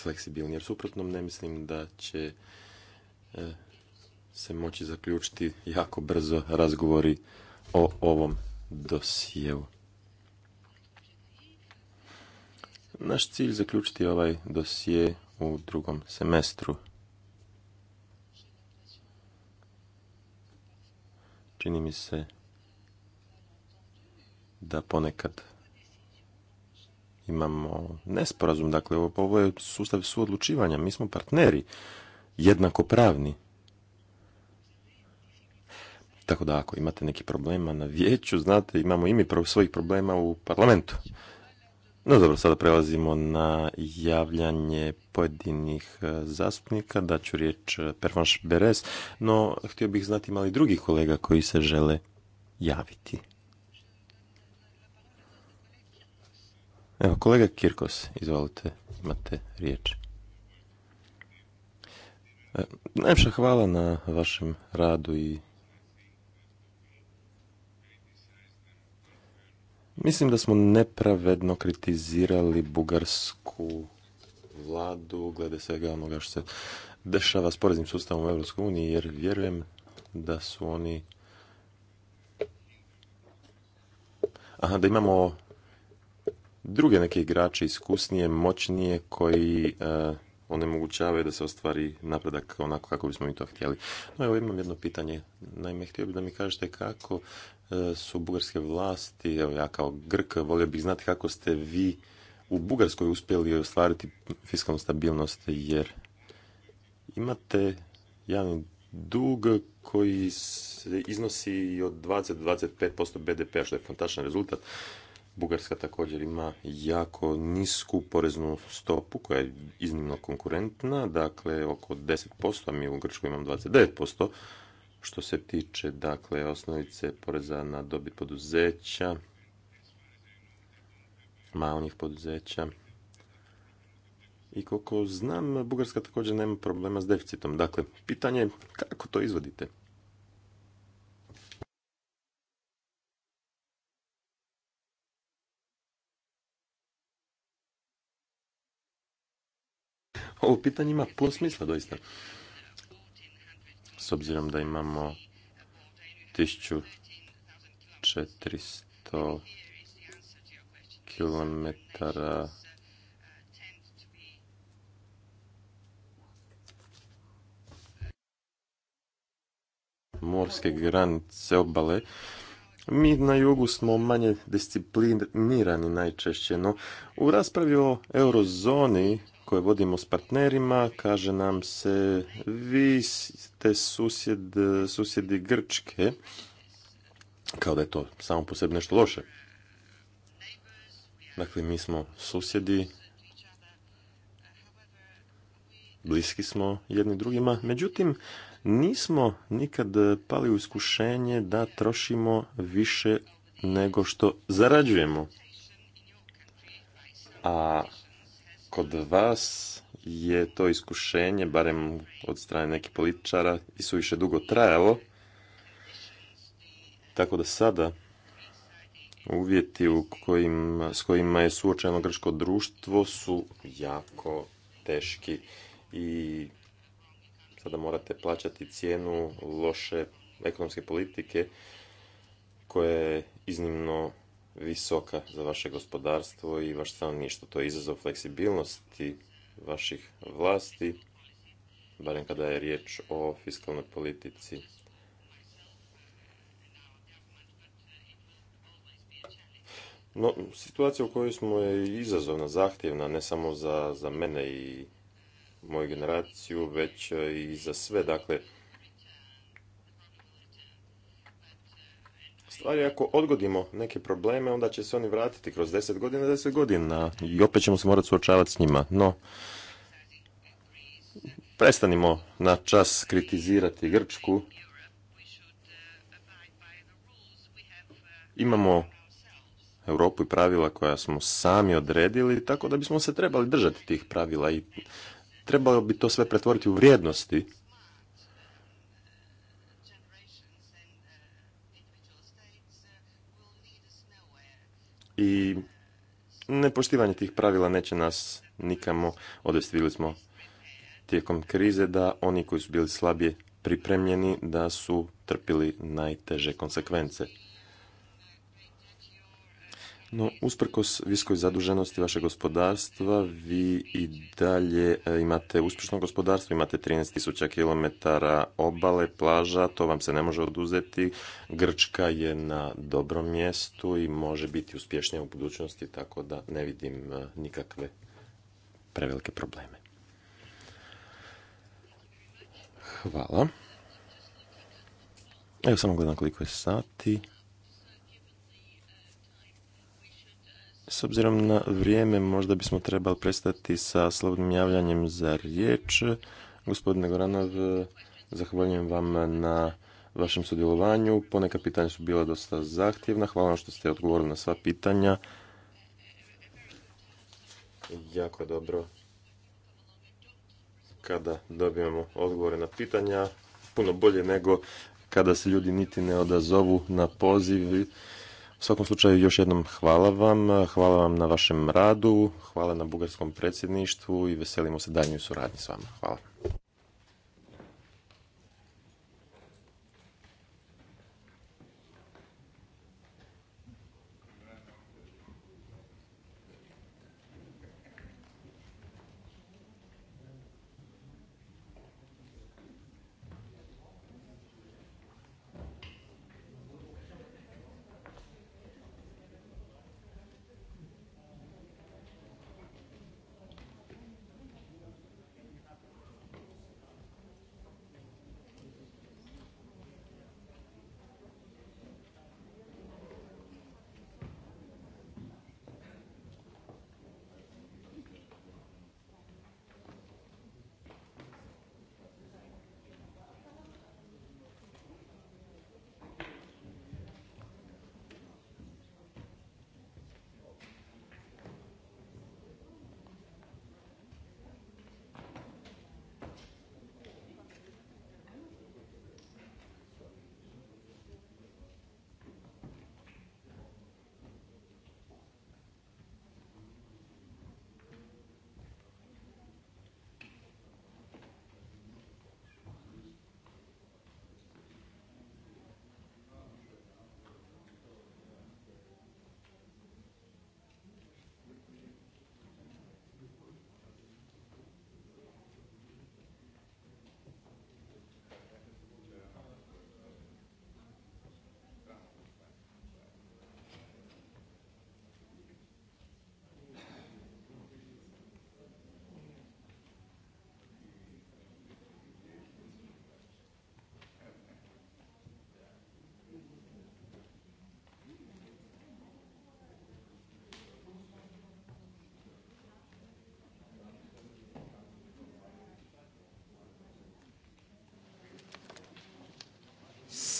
fleksibilni, jer suprotno ne mislim da će e, se moći zaključiti jako brzo razgovori o ovom dosijevu. Naš cilj je zaključiti ovaj dosije u drugom semestru čini mi se da ponekad imamo nesporazum. Dakle, ovo je sustav suodlučivanja. Mi smo partneri, jednakopravni. Tako da ako imate neki problema na vijeću, znate, imamo i mi svojih problema u parlamentu. No dobro, sada prelazimo na javljanje pojedinih e, zastupnika. Daću riječ e, Pervanš Beres, no htio bih znati mali drugih kolega koji se žele javiti. Evo, kolega Kirkos, izvolite, imate riječ. E, Najviše hvala na vašem radu i Mislim da smo nepravedno kritizirali bugarsku vladu glede svega onoga što se dešava s poreznim sustavom u EU jer vjerujem da su oni Aha, da imamo druge neke igrače iskusnije, moćnije koji e, onemogućavaju da se ostvari napredak onako kako bismo mi to htjeli. No evo imam jedno pitanje. Naime, htio bih da mi kažete kako E, su bugarske vlasti, evo ja kao Grk volio bih znati kako ste vi u Bugarskoj uspjeli ostvariti fiskalnu stabilnost jer imate javni dug koji se iznosi od 20 25% BDP-a što je fantastičan rezultat. Bugarska također ima jako nisku poreznu stopu koja je iznimno konkurentna, dakle oko 10%, a mi u Grčkoj imamo 29%, što se tiče dakle osnovice poreza na dobit poduzeća, malih poduzeća. I koliko znam, Bugarska također nema problema s deficitom. Dakle, pitanje je kako to izvodite? Ovo pitanje ima puno smisla doista s obzirom da imamo 1400 km morske granice obale. Mi na jugu smo manje disciplinirani najčešće, no u raspravi o eurozoni koje vodimo s partnerima, kaže nam se vi ste susjed, susjedi Grčke, kao da je to samo po sebi nešto loše. Dakle, mi smo susjedi, bliski smo jedni drugima, međutim, nismo nikad pali u iskušenje da trošimo više nego što zarađujemo. A kod vas je to iskušenje, barem od strane nekih političara, i više dugo trajalo. Tako da sada uvjeti u kojim, s kojima je suočeno grško društvo su jako teški i sada morate plaćati cijenu loše ekonomske politike koja je iznimno visoka za vaše gospodarstvo i vaš stanovništvo. To je izazov fleksibilnosti vaših vlasti, barem kada je riječ o fiskalnoj politici. No, situacija u kojoj smo je izazovna, zahtjevna, ne samo za, za mene i moju generaciju, već i za sve. Dakle, stvari, ako odgodimo neke probleme, onda će se oni vratiti kroz deset godina, deset godina i opet ćemo se morati suočavati s njima. No, prestanimo na čas kritizirati Grčku. Imamo Europu i pravila koja smo sami odredili, tako da bismo se trebali držati tih pravila i trebalo bi to sve pretvoriti u vrijednosti i nepoštivanje tih pravila neće nas nikamo odvesti. smo tijekom krize da oni koji su bili slabije pripremljeni da su trpili najteže konsekvence. No, usprkos viskoj zaduženosti vašeg gospodarstva, vi i dalje e, imate uspješno gospodarstvo, imate 13.000 km obale, plaža, to vam se ne može oduzeti. Grčka je na dobrom mjestu i može biti uspješnija u budućnosti, tako da ne vidim e, nikakve prevelike probleme. Hvala. Evo samo gledam koliko je sati. S obzirom na vrijeme, možda bismo trebali prestati sa slobodnim javljanjem za riječ. Gospodine Goranov, zahvaljujem vam na vašem sudjelovanju. Poneka pitanja su bila dosta zahtjevna. Hvala vam što ste odgovorili na sva pitanja. Jako dobro kada dobijemo odgovore na pitanja. Puno bolje nego kada se ljudi niti ne odazovu na poziv u svakom slučaju još jednom hvala vam, hvala vam na vašem radu, hvala na bugarskom predsjedništvu i veselimo se daljnjoj suradnji s vama. Hvala.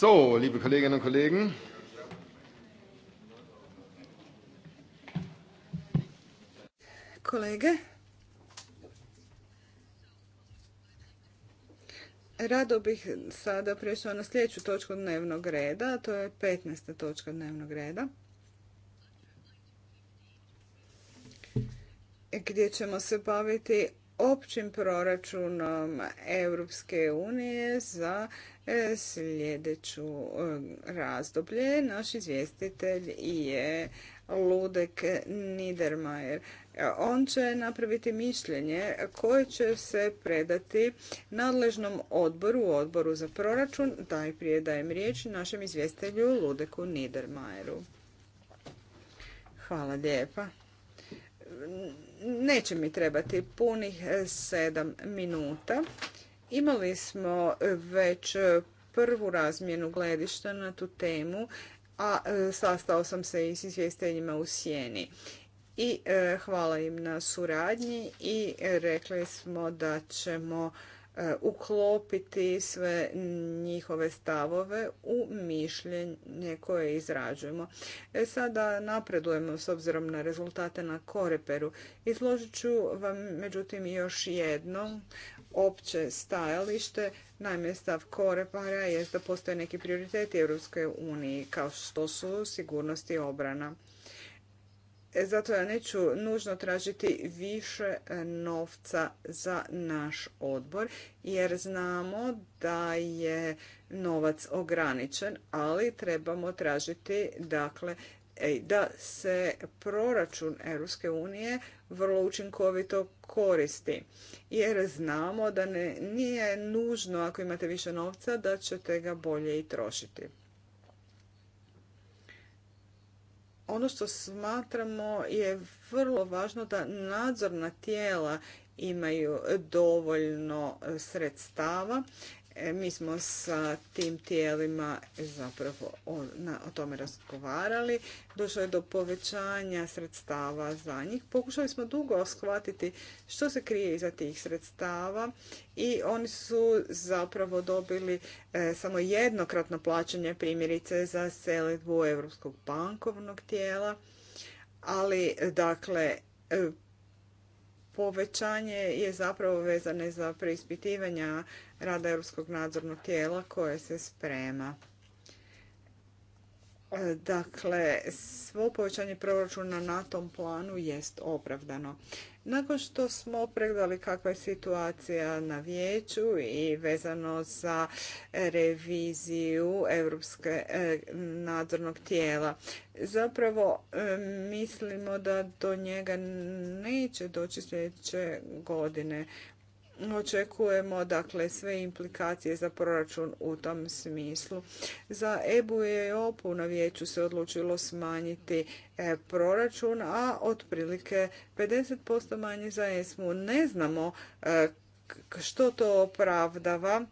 So, liebe Kolleginnen und Kollegen. Kolege. Rado bih sada prešao na sljedeću točku dnevnog reda, to je 15. točka dnevnog reda. Gdje ćemo se baviti općim proračunom Europske unije za e, sljedeću e, razdoblje. Naš izvjestitelj je Ludek Niedermayer. On će napraviti mišljenje koje će se predati nadležnom odboru, odboru za proračun. Daj prije dajem riječ našem izvjestitelju Ludeku Niedermayeru. Hvala lijepa neće mi trebati punih e, sedam minuta. Imali smo već prvu razmjenu gledišta na tu temu, a e, sastao sam se i s izvjestenjima u Sjeni. I e, hvala im na suradnji i rekli smo da ćemo E, uklopiti sve njihove stavove u mišljenje koje izrađujemo. E, sada napredujemo s obzirom na rezultate na koreperu. Izložit ću vam međutim još jedno opće stajalište. Naime, stav korepara je da postoje neki prioriteti EU kao što su sigurnost i obrana. E, zato ja neću nužno tražiti više e, novca za naš odbor, jer znamo da je novac ograničen, ali trebamo tražiti dakle, e, da se proračun Europske unije vrlo učinkovito koristi. Jer znamo da ne, nije nužno ako imate više novca da ćete ga bolje i trošiti. ono što smatramo je vrlo važno da nadzorna tijela imaju dovoljno sredstava E, mi smo sa tim tijelima zapravo o, na, o tome razgovarali. Došlo je do povećanja sredstava za njih. Pokušali smo dugo shvatiti što se krije iza tih sredstava i oni su zapravo dobili e, samo jednokratno plaćanje primjerice za selitbu Europskog bankovnog tijela. Ali, dakle, e, povećanje je zapravo vezane za preispitivanja rada Europskog nadzornog tijela koje se sprema. E, dakle, svo povećanje proračuna na tom planu jest opravdano. Nakon što smo pregledali kakva je situacija na vijeću i vezano za reviziju Europske e, nadzornog tijela, zapravo e, mislimo da do njega neće doći sljedeće godine očekujemo dakle sve implikacije za proračun u tom smislu. Za EBU i EOPU na vijeću se odlučilo smanjiti e, proračun, a otprilike 50% manje za ESMU. Ne znamo e, što to opravdava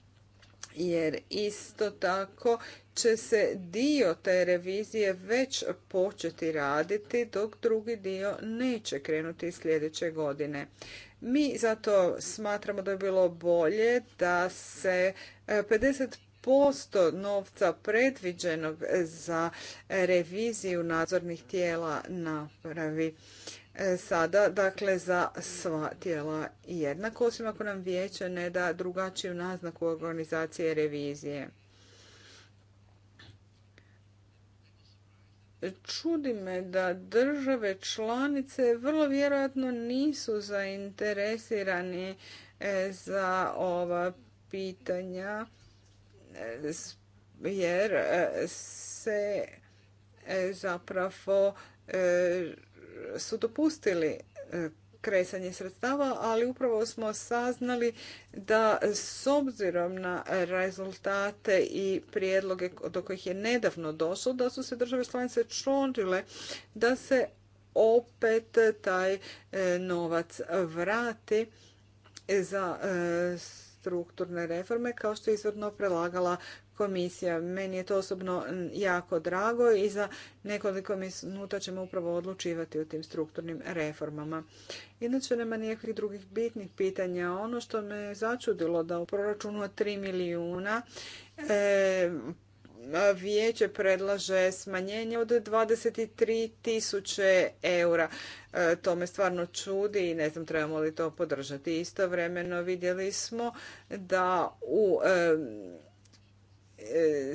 jer isto tako će se dio te revizije već početi raditi dok drugi dio neće krenuti sljedeće godine. Mi zato smatramo da je bilo bolje da se 50% e, novca predviđenog za e, reviziju nadzornih tijela napravi e, sada, dakle za sva tijela jednako, osim ako nam vijeće ne da drugačiju naznaku organizacije revizije. čudi me da države članice vrlo vjerojatno nisu zainteresirani e, za ova pitanja e, jer e, se zapravo su dopustili kresanje sredstava, ali upravo smo saznali da s obzirom na rezultate i prijedloge do kojih je nedavno došlo, da su se države članice čondile da se opet taj e, novac vrati za e, strukturne reforme kao što je izvrno prelagala komisija. Meni je to osobno jako drago i za nekoliko minuta ćemo upravo odlučivati o tim strukturnim reformama. Inače, nema nikakvih drugih bitnih pitanja. Ono što me začudilo da u proračunu od 3 milijuna e, vijeće predlaže smanjenje od 23 tisuće eura. E, to me stvarno čudi i ne znam trebamo li to podržati. Istovremeno vidjeli smo da u e,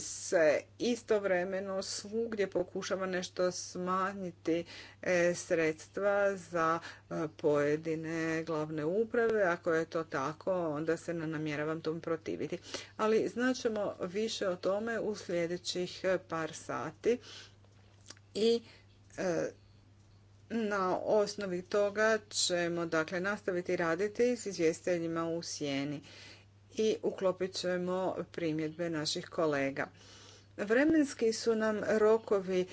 se istovremeno svugdje pokušava nešto smanjiti e, sredstva za e, pojedine glavne uprave. Ako je to tako, onda se ne namjeravam tom protiviti. Ali znaćemo više o tome u sljedećih e, par sati i na osnovi toga ćemo dakle, nastaviti raditi s izvjestiteljima u sjeni i uklopit ćemo primjedbe naših kolega. Vremenski su nam rokovi e,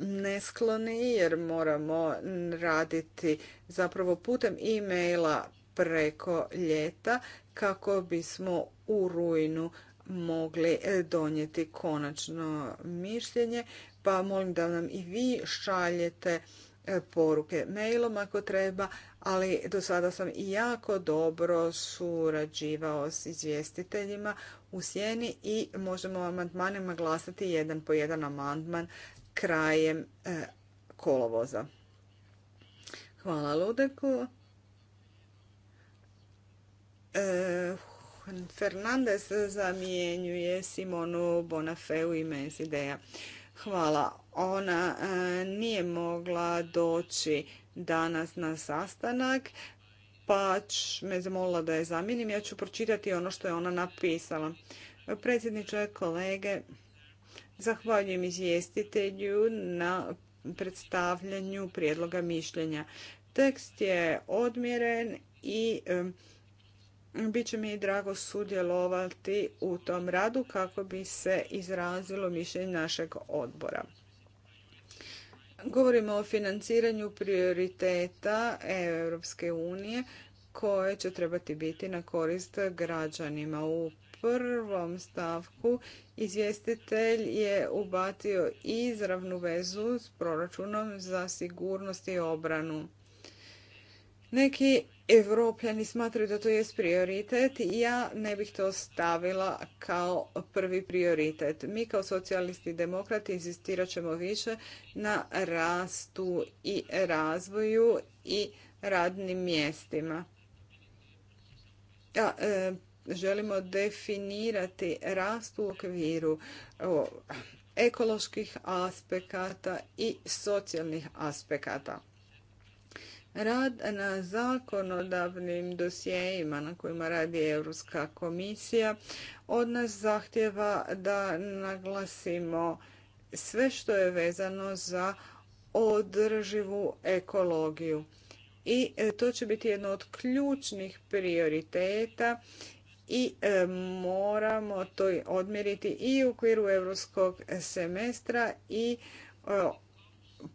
neskloni jer moramo raditi zapravo putem e-maila preko ljeta kako bismo u rujnu mogli e, donijeti konačno mišljenje, pa molim da nam i vi šaljete e, poruke mailom ako treba, ali do sada sam jako dobro surađivao s izvjestiteljima u sjeni i možemo amandmanima glasati jedan po jedan amandman krajem e, kolovoza. Hvala Ludeku. E, Fernandez zamjenjuje Simonu Bonafeu i ideja. Hvala. Ona e, nije mogla doći danas na sastanak, pa me zamolila da je zamijenim. Ja ću pročitati ono što je ona napisala. Predsjedniče, kolege, zahvaljujem izvjestitelju na predstavljanju prijedloga mišljenja. Tekst je odmjeren i bit će mi drago sudjelovati u tom radu kako bi se izrazilo mišljenje našeg odbora. Govorimo o financiranju prioriteta Europske unije koje će trebati biti na korist građanima. U prvom stavku izvjestitelj je ubacio izravnu vezu s proračunom za sigurnost i obranu. Neki Evropljani smatraju da to jest prioritet. i Ja ne bih to stavila kao prvi prioritet. Mi kao socijalisti i demokrati insistirat ćemo više na rastu i razvoju i radnim mjestima. E, želimo definirati rast u okviru o, ekoloških aspekata i socijalnih aspekata. Rad na zakonodavnim dosjejima na kojima radi Europska komisija od nas zahtjeva da naglasimo sve što je vezano za održivu ekologiju. I e, to će biti jedno od ključnih prioriteta i e, moramo to odmjeriti i u okviru europskog semestra i e,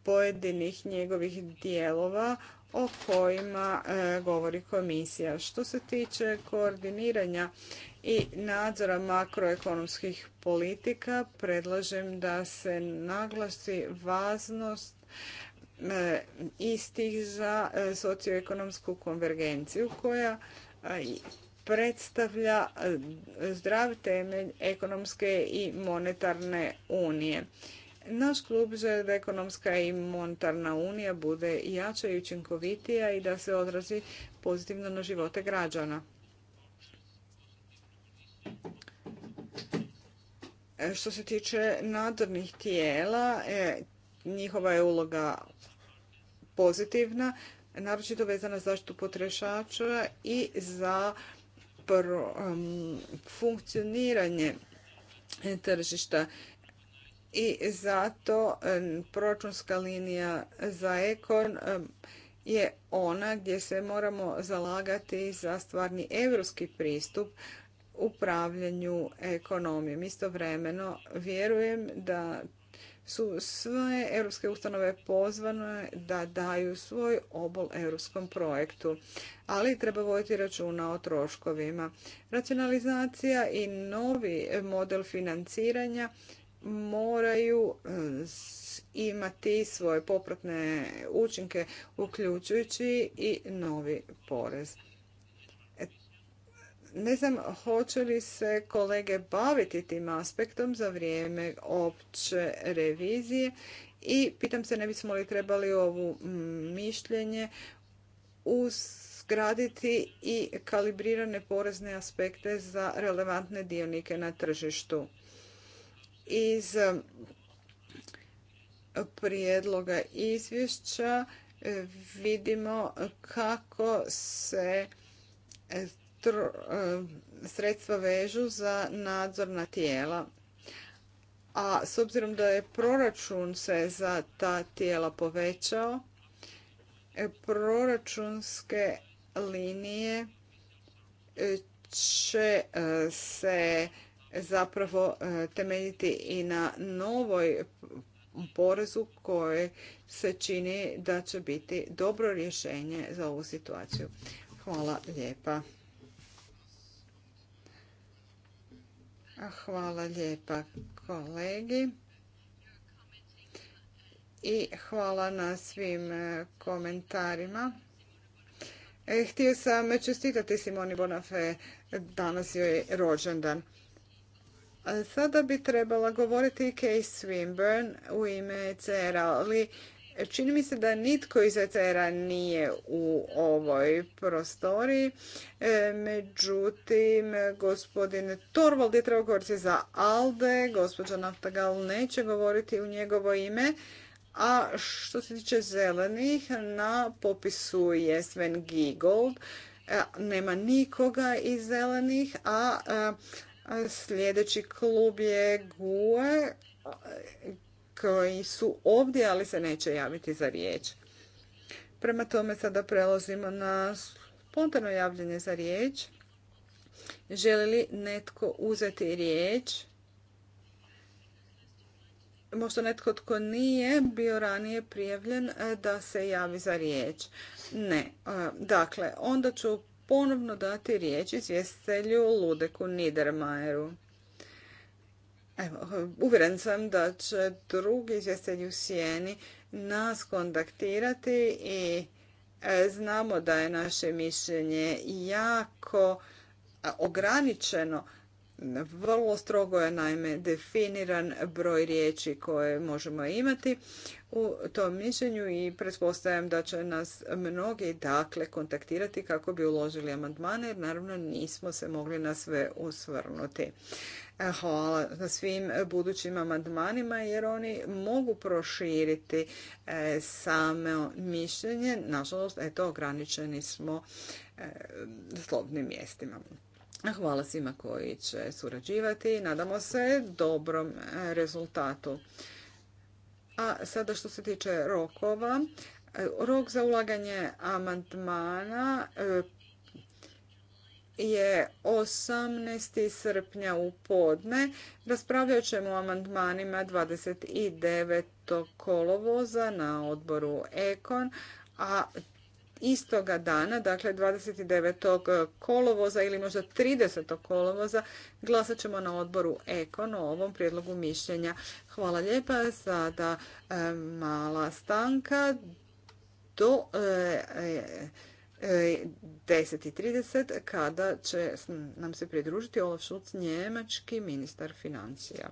pojedinih njegovih dijelova o kojima e, govori komisija. Što se tiče koordiniranja i nadzora makroekonomskih politika, predlažem da se naglasi važnost e, istih za e, socioekonomsku konvergenciju koja predstavlja zdrav temelj ekonomske i monetarne unije. Naš klub želi da ekonomska i monetarna unija bude jača i učinkovitija i da se odrazi pozitivno na živote građana. E, što se tiče nadzornih tijela, e, njihova je uloga pozitivna, naročito vezana za zaštitu potrošača i za funkcioniranje tržišta i zato proračunska linija za ekon je ona gdje se moramo zalagati za stvarni europski pristup upravljanju ekonomijom. Istovremeno vjerujem da su sve europske ustanove pozvane da daju svoj obol europskom projektu, ali treba voditi računa o troškovima. Racionalizacija i novi model financiranja moraju e, imati svoje popratne učinke, uključujući i novi porez. E, ne znam hoće li se kolege baviti tim aspektom za vrijeme opće revizije i pitam se ne bismo li trebali ovo mišljenje uzgraditi i kalibrirane porezne aspekte za relevantne dionike na tržištu iz eh, prijedloga izvješća eh, vidimo kako se eh, sredstva vežu za nadzorna tijela. A s obzirom da je proračun se za ta tijela povećao, proračunske linije će se zapravo e, temeljiti i na novoj porezu koje se čini da će biti dobro rješenje za ovu situaciju. Hvala lijepa. Hvala lijepa kolegi. I hvala na svim e, komentarima. E, htio sam čestitati Simoni Bonafé danas joj je rođendan. Sada bi trebala govoriti i Kay Swinburne u ime ecr ali čini mi se da nitko iz ECR-a nije u ovoj prostoriji. E, međutim, gospodin Torvald je trebao govoriti za ALDE, gospođa Naftagal neće govoriti u njegovo ime. A što se tiče zelenih, na popisu je Sven Giegold. E, nema nikoga iz zelenih, a Sljedeći klub je GUE koji su ovdje, ali se neće javiti za riječ. Prema tome sada prelazimo na spontano javljanje za riječ. Želi li netko uzeti riječ? Možda netko tko nije bio ranije prijavljen e, da se javi za riječ. Ne. E, dakle, onda ću ponovno dati riječ izvjestitelju Ludeku Niedermayeru. Evo, uvjeren sam da će drugi izvjestitelj u Sijeni nas kontaktirati i e, znamo da je naše mišljenje jako ograničeno, vrlo strogo je naime definiran broj riječi koje možemo imati u tom mišljenju i pretpostavljam da će nas mnogi dakle kontaktirati kako bi uložili amandmane jer naravno nismo se mogli na sve usvrnuti. E, hvala na svim budućim amandmanima jer oni mogu proširiti e, samo mišljenje. Nažalost, eto, ograničeni smo slobnim e, mjestima. Hvala svima koji će surađivati nadamo se dobrom e, rezultatu. A sada što se tiče rokova, e, rok za ulaganje amandmana e, je 18. srpnja u podne. Raspravljat ćemo o amandmanima 29. kolovoza na odboru Ekon, a istoga dana, dakle 29. kolovoza ili možda 30. kolovoza, glasat ćemo na odboru Ekon o ovom prijedlogu mišljenja. Hvala lijepa, sada e, mala stanka do 10.30 e, e, kada će nam se pridružiti Olaf Schulz, njemački ministar financija.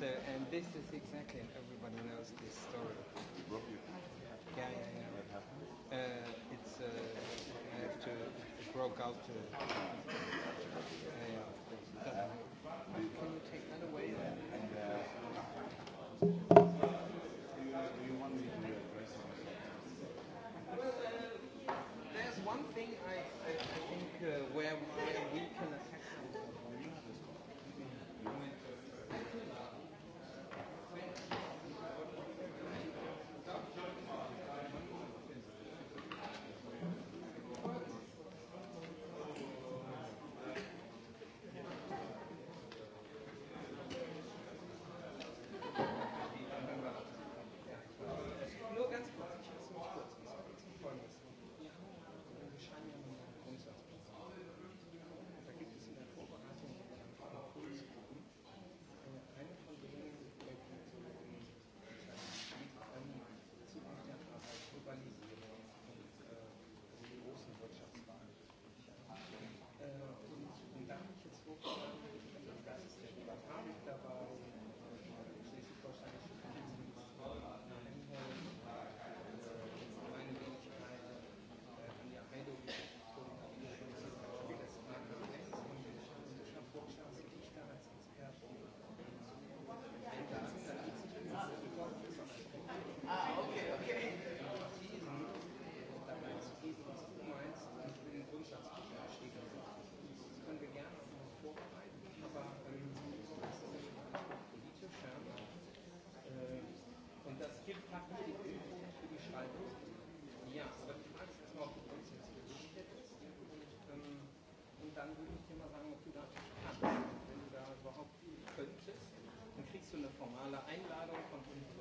So, and this is exactly, and everybody knows this story. Yeah, yeah, yeah. Uh, it's, uh, I have to, it broke out. To, uh, uh, can you take that away? Then? in der formale Einladung von Politik.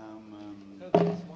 um, um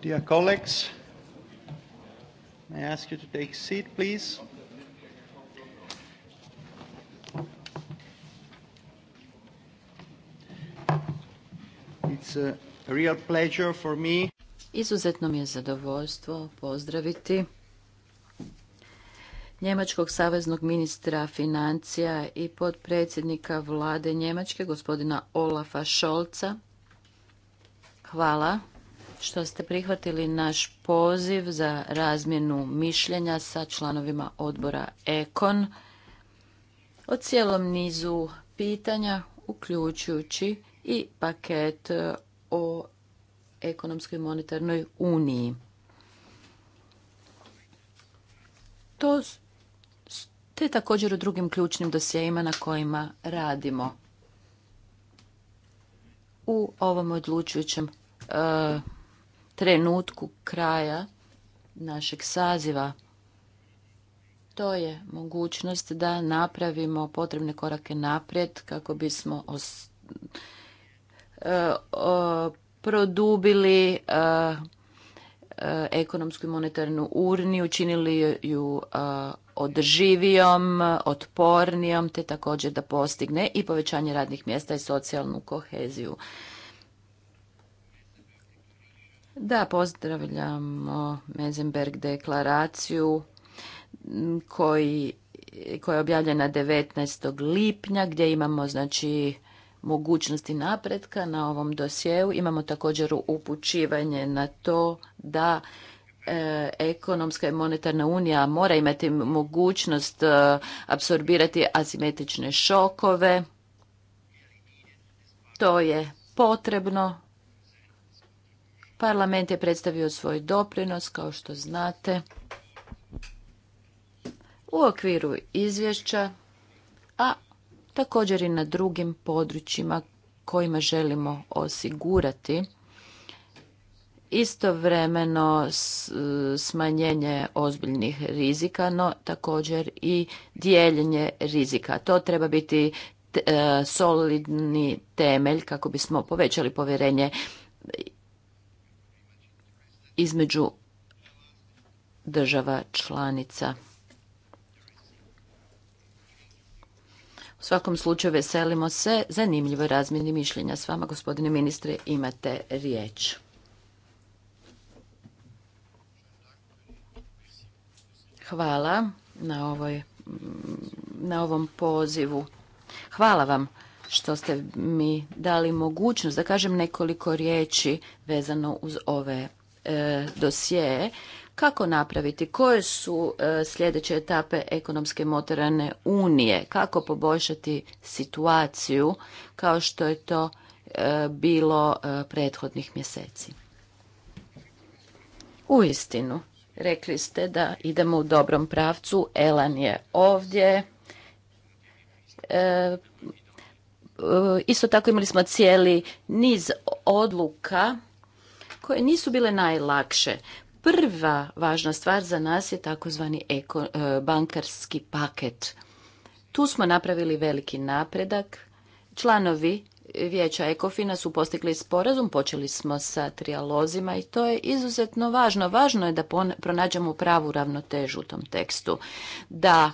Dear colleagues, may I ask you to take seat, please? It's a real pleasure for me. Izuzetno mi je zadovoljstvo pozdraviti Njemačkog saveznog ministra financija i potpredsjednika vlade Njemačke, gospodina Olafa Šolca. Hvala što ste prihvatili naš poziv za razmjenu mišljenja sa članovima odbora Ekon o cijelom nizu pitanja, uključujući i paket o ekonomskoj monetarnoj uniji. To te također u drugim ključnim dosjejima na kojima radimo u ovom odlučujućem e, trenutku kraja našeg saziva. To je mogućnost da napravimo potrebne korake naprijed kako bismo os e, produbili e, e, ekonomsku i monetarnu urniju, učinili ju održivijom, otpornijom, te također da postigne i povećanje radnih mjesta i socijalnu koheziju. Da, pozdravljamo Mezenberg deklaraciju koji, koja je objavljena 19. lipnja gdje imamo znači mogućnosti napretka na ovom dosjeu. Imamo također upućivanje na to da e, ekonomska i monetarna unija mora imati mogućnost e, apsorbirati asimetrične šokove. To je potrebno Parlament je predstavio svoj doprinos, kao što znate, u okviru izvješća, a također i na drugim područjima kojima želimo osigurati istovremeno smanjenje ozbiljnih rizika, no također i dijeljenje rizika. To treba biti e, solidni temelj kako bismo povećali povjerenje između država članica. U svakom slučaju veselimo se zanimljivoj razmjeni mišljenja s vama, gospodine ministre, imate riječ. Hvala na, ovoj, na ovom pozivu. Hvala vam što ste mi dali mogućnost da kažem nekoliko riječi vezano uz ove E, dosje, kako napraviti, koje su e, sljedeće etape ekonomske motorane unije, kako poboljšati situaciju kao što je to e, bilo prethodnih mjeseci. U istinu, rekli ste da idemo u dobrom pravcu, Elan je ovdje. isto tako imali smo cijeli niz odluka koje nisu bile najlakše. Prva važna stvar za nas je takozvani e, bankarski paket. Tu smo napravili veliki napredak. Članovi Vijeća Ekofina su postigli sporazum, počeli smo sa trijalozima i to je izuzetno važno. Važno je da pronađemo pravu ravnotežu u tom tekstu, da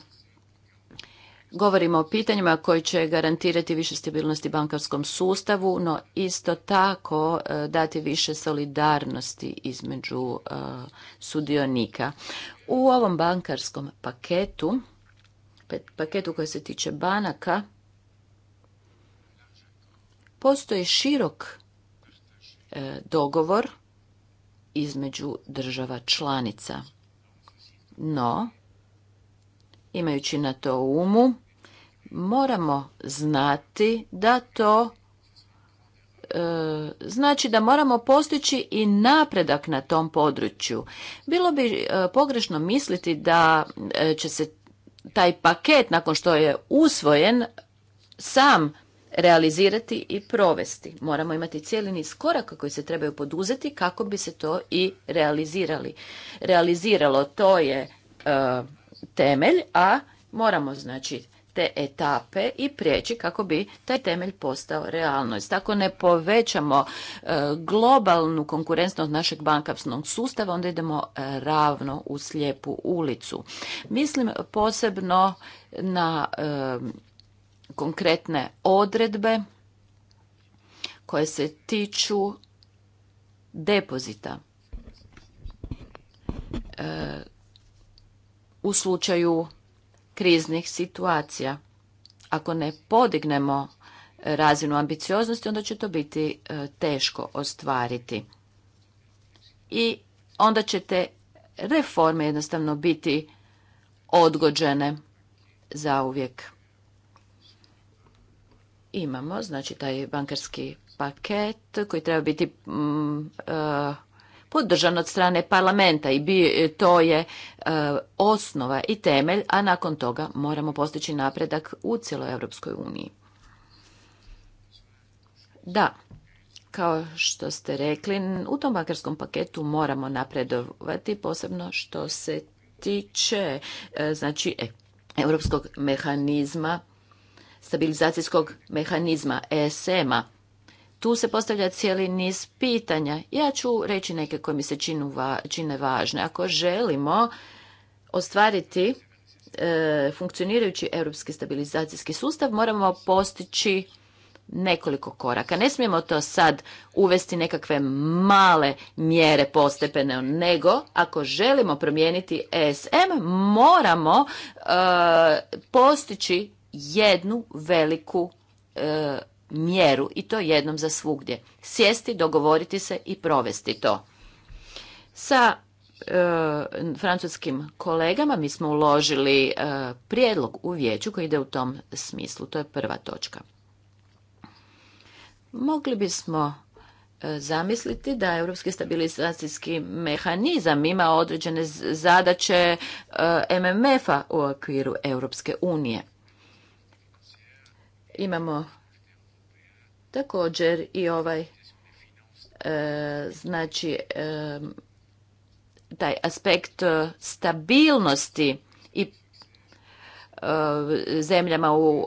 Govorimo o pitanjima koji će garantirati više stabilnosti bankarskom sustavu, no isto tako e, dati više solidarnosti između e, sudionika. U ovom bankarskom paketu, pa-, paketu koji se tiče banaka, postoji širok e, dogovor između država članica. No, imajući na to umu, moramo znati da to e, znači da moramo postići i napredak na tom području. Bilo bi e, pogrešno misliti da e, će se taj paket nakon što je usvojen sam realizirati i provesti. Moramo imati cijeli niz koraka koji se trebaju poduzeti kako bi se to i realizirali. Realiziralo to je temelj, a moramo znači te etape i prijeći kako bi taj temelj postao realnost. Ako ne povećamo e, globalnu konkurentnost našeg bankapsnog sustava, onda idemo e, ravno u slijepu ulicu. Mislim posebno na e, konkretne odredbe koje se tiču depozita u slučaju kriznih situacija. Ako ne podignemo razinu ambicioznosti, onda će to biti e, teško ostvariti. I onda će te reforme jednostavno biti odgođene zauvijek. Imamo, znači, taj bankarski paket koji treba biti mm, e, podržan od strane parlamenta i bi, e, to je e, osnova i temelj, a nakon toga moramo postići napredak u cijeloj Europskoj uniji. Da, kao što ste rekli, u tom bankarskom paketu moramo napredovati, posebno što se tiče e, znači, europskog mehanizma, stabilizacijskog mehanizma ESM-a tu se postavlja cijeli niz pitanja. Ja ću reći neke koje mi se činu, čine važne. Ako želimo ostvariti e, funkcionirajući europski stabilizacijski sustav, moramo postići nekoliko koraka. Ne smijemo to sad uvesti nekakve male mjere postepene, nego ako želimo promijeniti ESM, moramo e, postići jednu veliku e, mjeru i to jednom za svugdje. Sjesti, dogovoriti se i provesti to. Sa e, francuskim kolegama mi smo uložili e, prijedlog u vijeću koji ide u tom smislu. To je prva točka. Mogli bismo e, zamisliti da Europski stabilizacijski mehanizam ima određene zadaće MMF-a u okviru Europske unije. Imamo Također i ovaj e, znači e, taj aspekt e, stabilnosti i zemljama u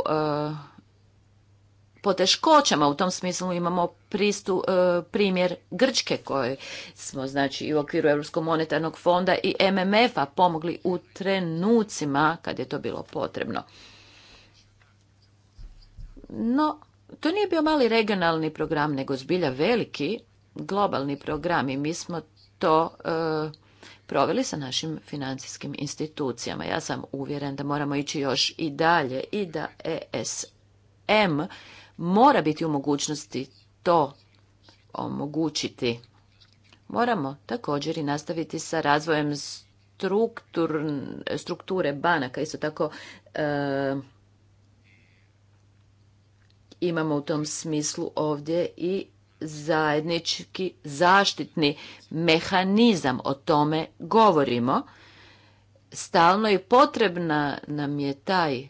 poteškoćama u tom smislu imamo pristu, primjer Grčke koje smo znači i u okviru Europskog monetarnog fonda i MMF-a pomogli u trenucima kad je to bilo potrebno. No, to nije bio mali regionalni program, nego zbilja veliki globalni program i mi smo to e, proveli sa našim financijskim institucijama. Ja sam uvjeren da moramo ići još i dalje i da ESM mora biti u mogućnosti to omogućiti. Moramo također i nastaviti sa razvojem struktur, strukture banaka, isto tako e, imamo u tom smislu ovdje i zajednički zaštitni mehanizam o tome govorimo stalno je potrebna nam je taj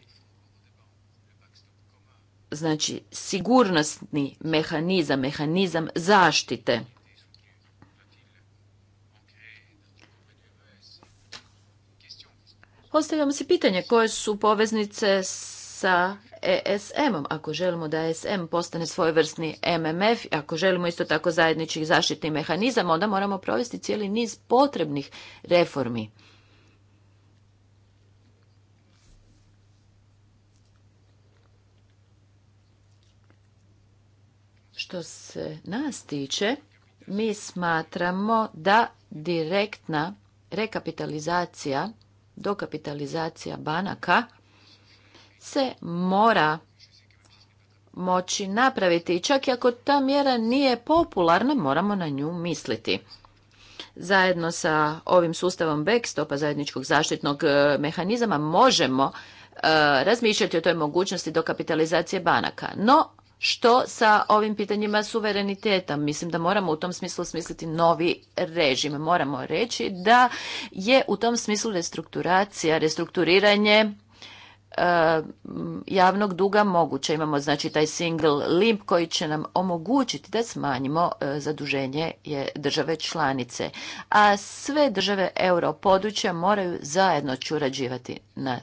znači sigurnosni mehanizam mehanizam zaštite Postavljamo se pitanje koje su poveznice s sa ESM-om. Ako želimo da ESM postane svojevrsni MMF, ako želimo isto tako zajednički zaštitni mehanizam, onda moramo provesti cijeli niz potrebnih reformi. Što se nas tiče, mi smatramo da direktna rekapitalizacija, dokapitalizacija banaka se mora moći napraviti i čak i ako ta mjera nije popularna, moramo na nju misliti. Zajedno sa ovim sustavom backstopa zajedničkog zaštitnog e, mehanizama možemo e, razmišljati o toj mogućnosti dokapitalizacije banaka. No, što sa ovim pitanjima suvereniteta? Mislim da moramo u tom smislu smisliti novi režim. Moramo reći da je u tom smislu restrukturacija, restrukturiranje Eh, javnog duga moguće. Imamo znači taj single limp koji će nam omogućiti da smanjimo eh, zaduženje je države članice. A sve države europodručja moraju zajedno čurađivati na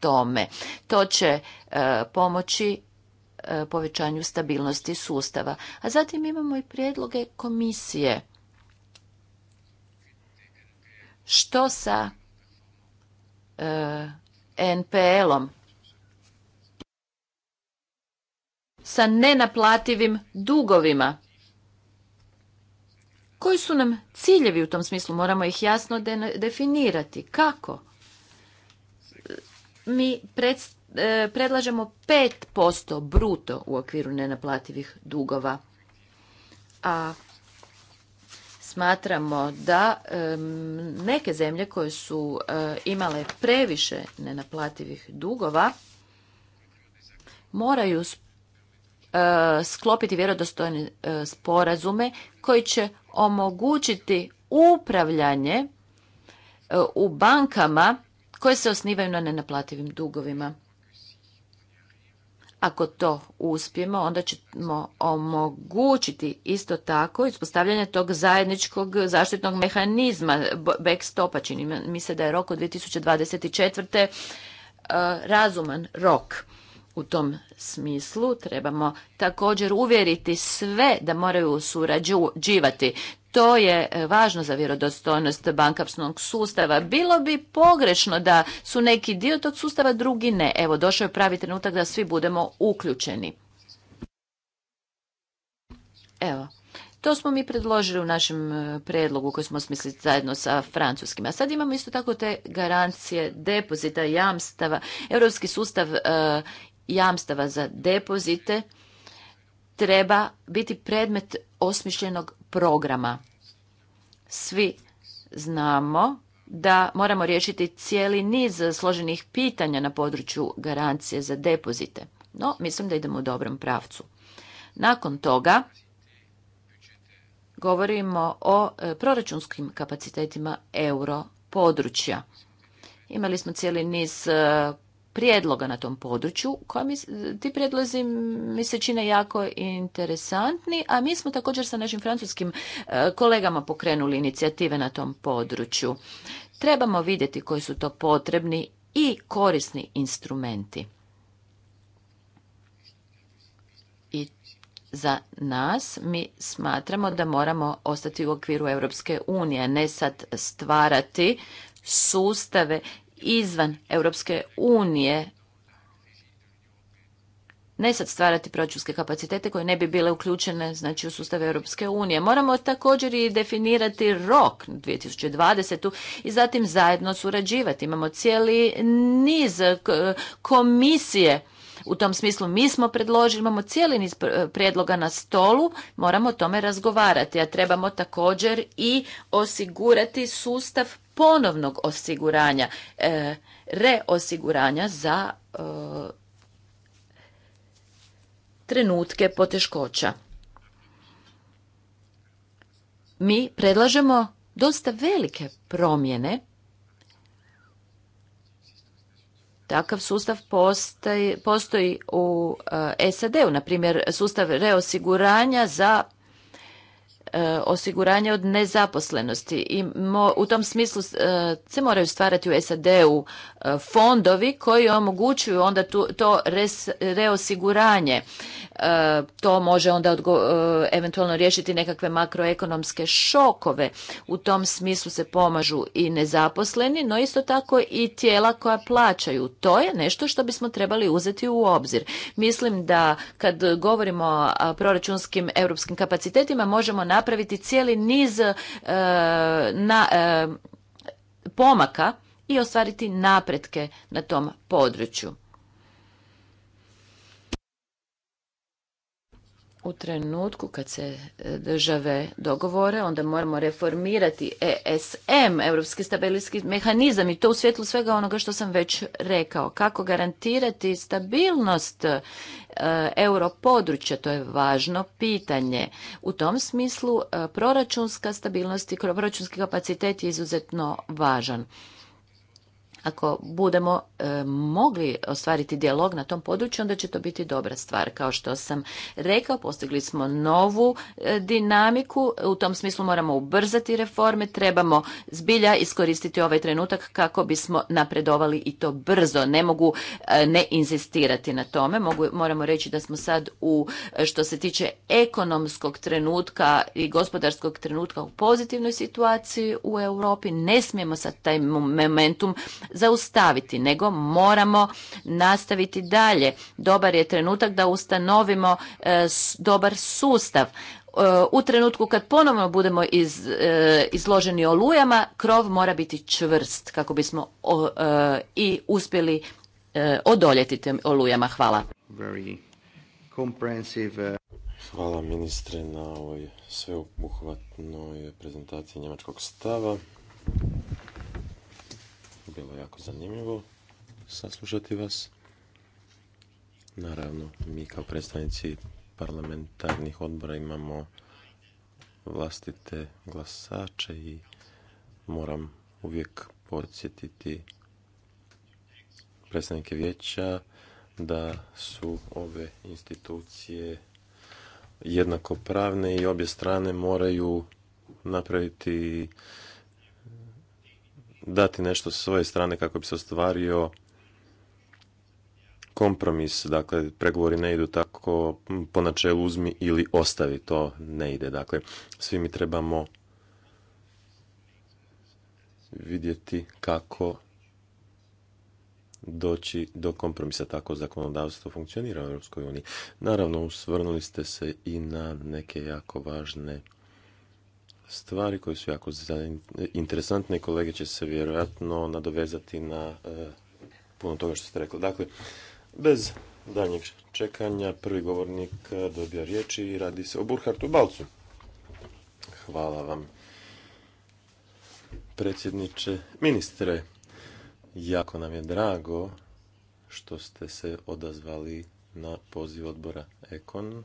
tome. To će eh, pomoći povećanju stabilnosti sustava. A zatim imamo i prijedloge komisije. Što sa NPL-om. Sa nenaplativim dugovima. Koji su nam ciljevi u tom smislu? Moramo ih jasno definirati. Kako? Mi e, predlažemo 5% bruto u okviru nenaplativih dugova. A smatramo da neke zemlje koje su e, imale previše nenaplativih dugova moraju e, sklopiti vjerodostojne e, sporazume koji će omogućiti upravljanje u bankama koje se osnivaju na nenaplativim dugovima. Ako to uspijemo, onda ćemo omogućiti isto tako ispostavljanje tog zajedničkog zaštitnog mehanizma backstopa. Čini mi se da je rok od 2024. E, razuman rok. U tom smislu trebamo također uvjeriti sve da moraju surađivati to je e, važno za vjerodostojnost bankarskog sustava. Bilo bi pogrešno da su neki dio tog sustava, drugi ne. Evo, došao je pravi trenutak da svi budemo uključeni. Evo, to smo mi predložili u našem e, predlogu koji smo osmislili zajedno sa francuskim. A sad imamo isto tako te garancije depozita, jamstava. Europski sustav e, jamstava za depozite treba biti predmet osmišljenog programa. Svi znamo da moramo riješiti cijeli niz složenih pitanja na području garancije za depozite. No, mislim da idemo u dobrom pravcu. Nakon toga govorimo o e, proračunskim kapacitetima euro područja. Imali smo cijeli niz e, prijedloga na tom području. Koja mi, ti prijedlozi mi se čine jako interesantni, a mi smo također sa našim francuskim e, kolegama pokrenuli inicijative na tom području. Trebamo vidjeti koji su to potrebni i korisni instrumenti. I za nas mi smatramo da moramo ostati u okviru Europske unije, ne sad stvarati sustave izvan Europske unije ne sad stvarati proračunske kapacitete koje ne bi bile uključene znači u sustav Europske unije. Moramo također i definirati rok 2020. i zatim zajedno surađivati. Imamo cijeli niz komisije u tom smislu mi smo predložili, imamo cijeli niz prijedloga na stolu, moramo o tome razgovarati, a trebamo također i osigurati sustav ponovnog osiguranja, e, reosiguranja za e, trenutke poteškoća. Mi predlažemo dosta velike promjene Takav sustav postoji, u e, SAD-u, na primjer sustav reosiguranja za e, osiguranje od nezaposlenosti i u tom smislu e, se moraju stvarati u SAD-u fondovi koji omogućuju onda to reosiguranje E, to može onda e, eventualno riješiti nekakve makroekonomske šokove. U tom smislu se pomažu i nezaposleni, no isto tako i tijela koja plaćaju. To je nešto što bismo trebali uzeti u obzir. Mislim da kad govorimo o proračunskim europskim kapacitetima možemo napraviti cijeli niz e, na, pomaka i ostvariti napretke na tom području. u trenutku kad se e, države dogovore, onda moramo reformirati ESM, Europski stabilijski mehanizam i to u svjetlu svega onoga što sam već rekao. Kako garantirati stabilnost e, europodručja, to je važno pitanje. U tom smislu e, proračunska stabilnost i proračunski kapacitet je izuzetno važan ako budemo e, mogli ostvariti dijalog na tom području, onda će to biti dobra stvar. Kao što sam rekao, postigli smo novu e, dinamiku, u tom smislu moramo ubrzati reforme, trebamo zbilja iskoristiti ovaj trenutak kako bismo napredovali i to brzo. Ne mogu e, ne inzistirati na tome, mogu, moramo reći da smo sad u, što se tiče ekonomskog trenutka i gospodarskog trenutka u pozitivnoj situaciji u Europi, ne smijemo sad taj momentum zaustaviti, nego moramo nastaviti dalje. Dobar je trenutak da ustanovimo e, dobar sustav e, u trenutku kad ponovno budemo iz, e, izloženi olujama, krov mora biti čvrst kako bismo i uspjeli odoljeti tim olujama. Hvala. Uh, Hvala ministre na ovoj sveobuhvatnoj prezentaciji njemačkog stava bilo jako zanimljivo saslušati vas. Naravno, mi kao predstavnici parlamentarnih odbora imamo vlastite glasače i moram uvijek podsjetiti predstavnike vijeća da su ove institucije jednakopravne i obje strane moraju napraviti dati nešto s svoje strane kako bi se ostvario kompromis, dakle pregovori ne idu tako po načelu uzmi ili ostavi, to ne ide. Dakle, svi mi trebamo vidjeti kako doći do kompromisa tako zakonodavstvo funkcionira u EU. Naravno, usvrnuli ste se i na neke jako važne stvari koje su jako interesantne. Kolege će se vjerojatno nadovezati na e, puno toga što ste rekli. Dakle, bez daljnjeg čekanja prvi govornik dobija riječi i radi se o Burhartu Balcu. Hvala vam predsjedniče, ministre, jako nam je drago što ste se odazvali na poziv odbora Ekon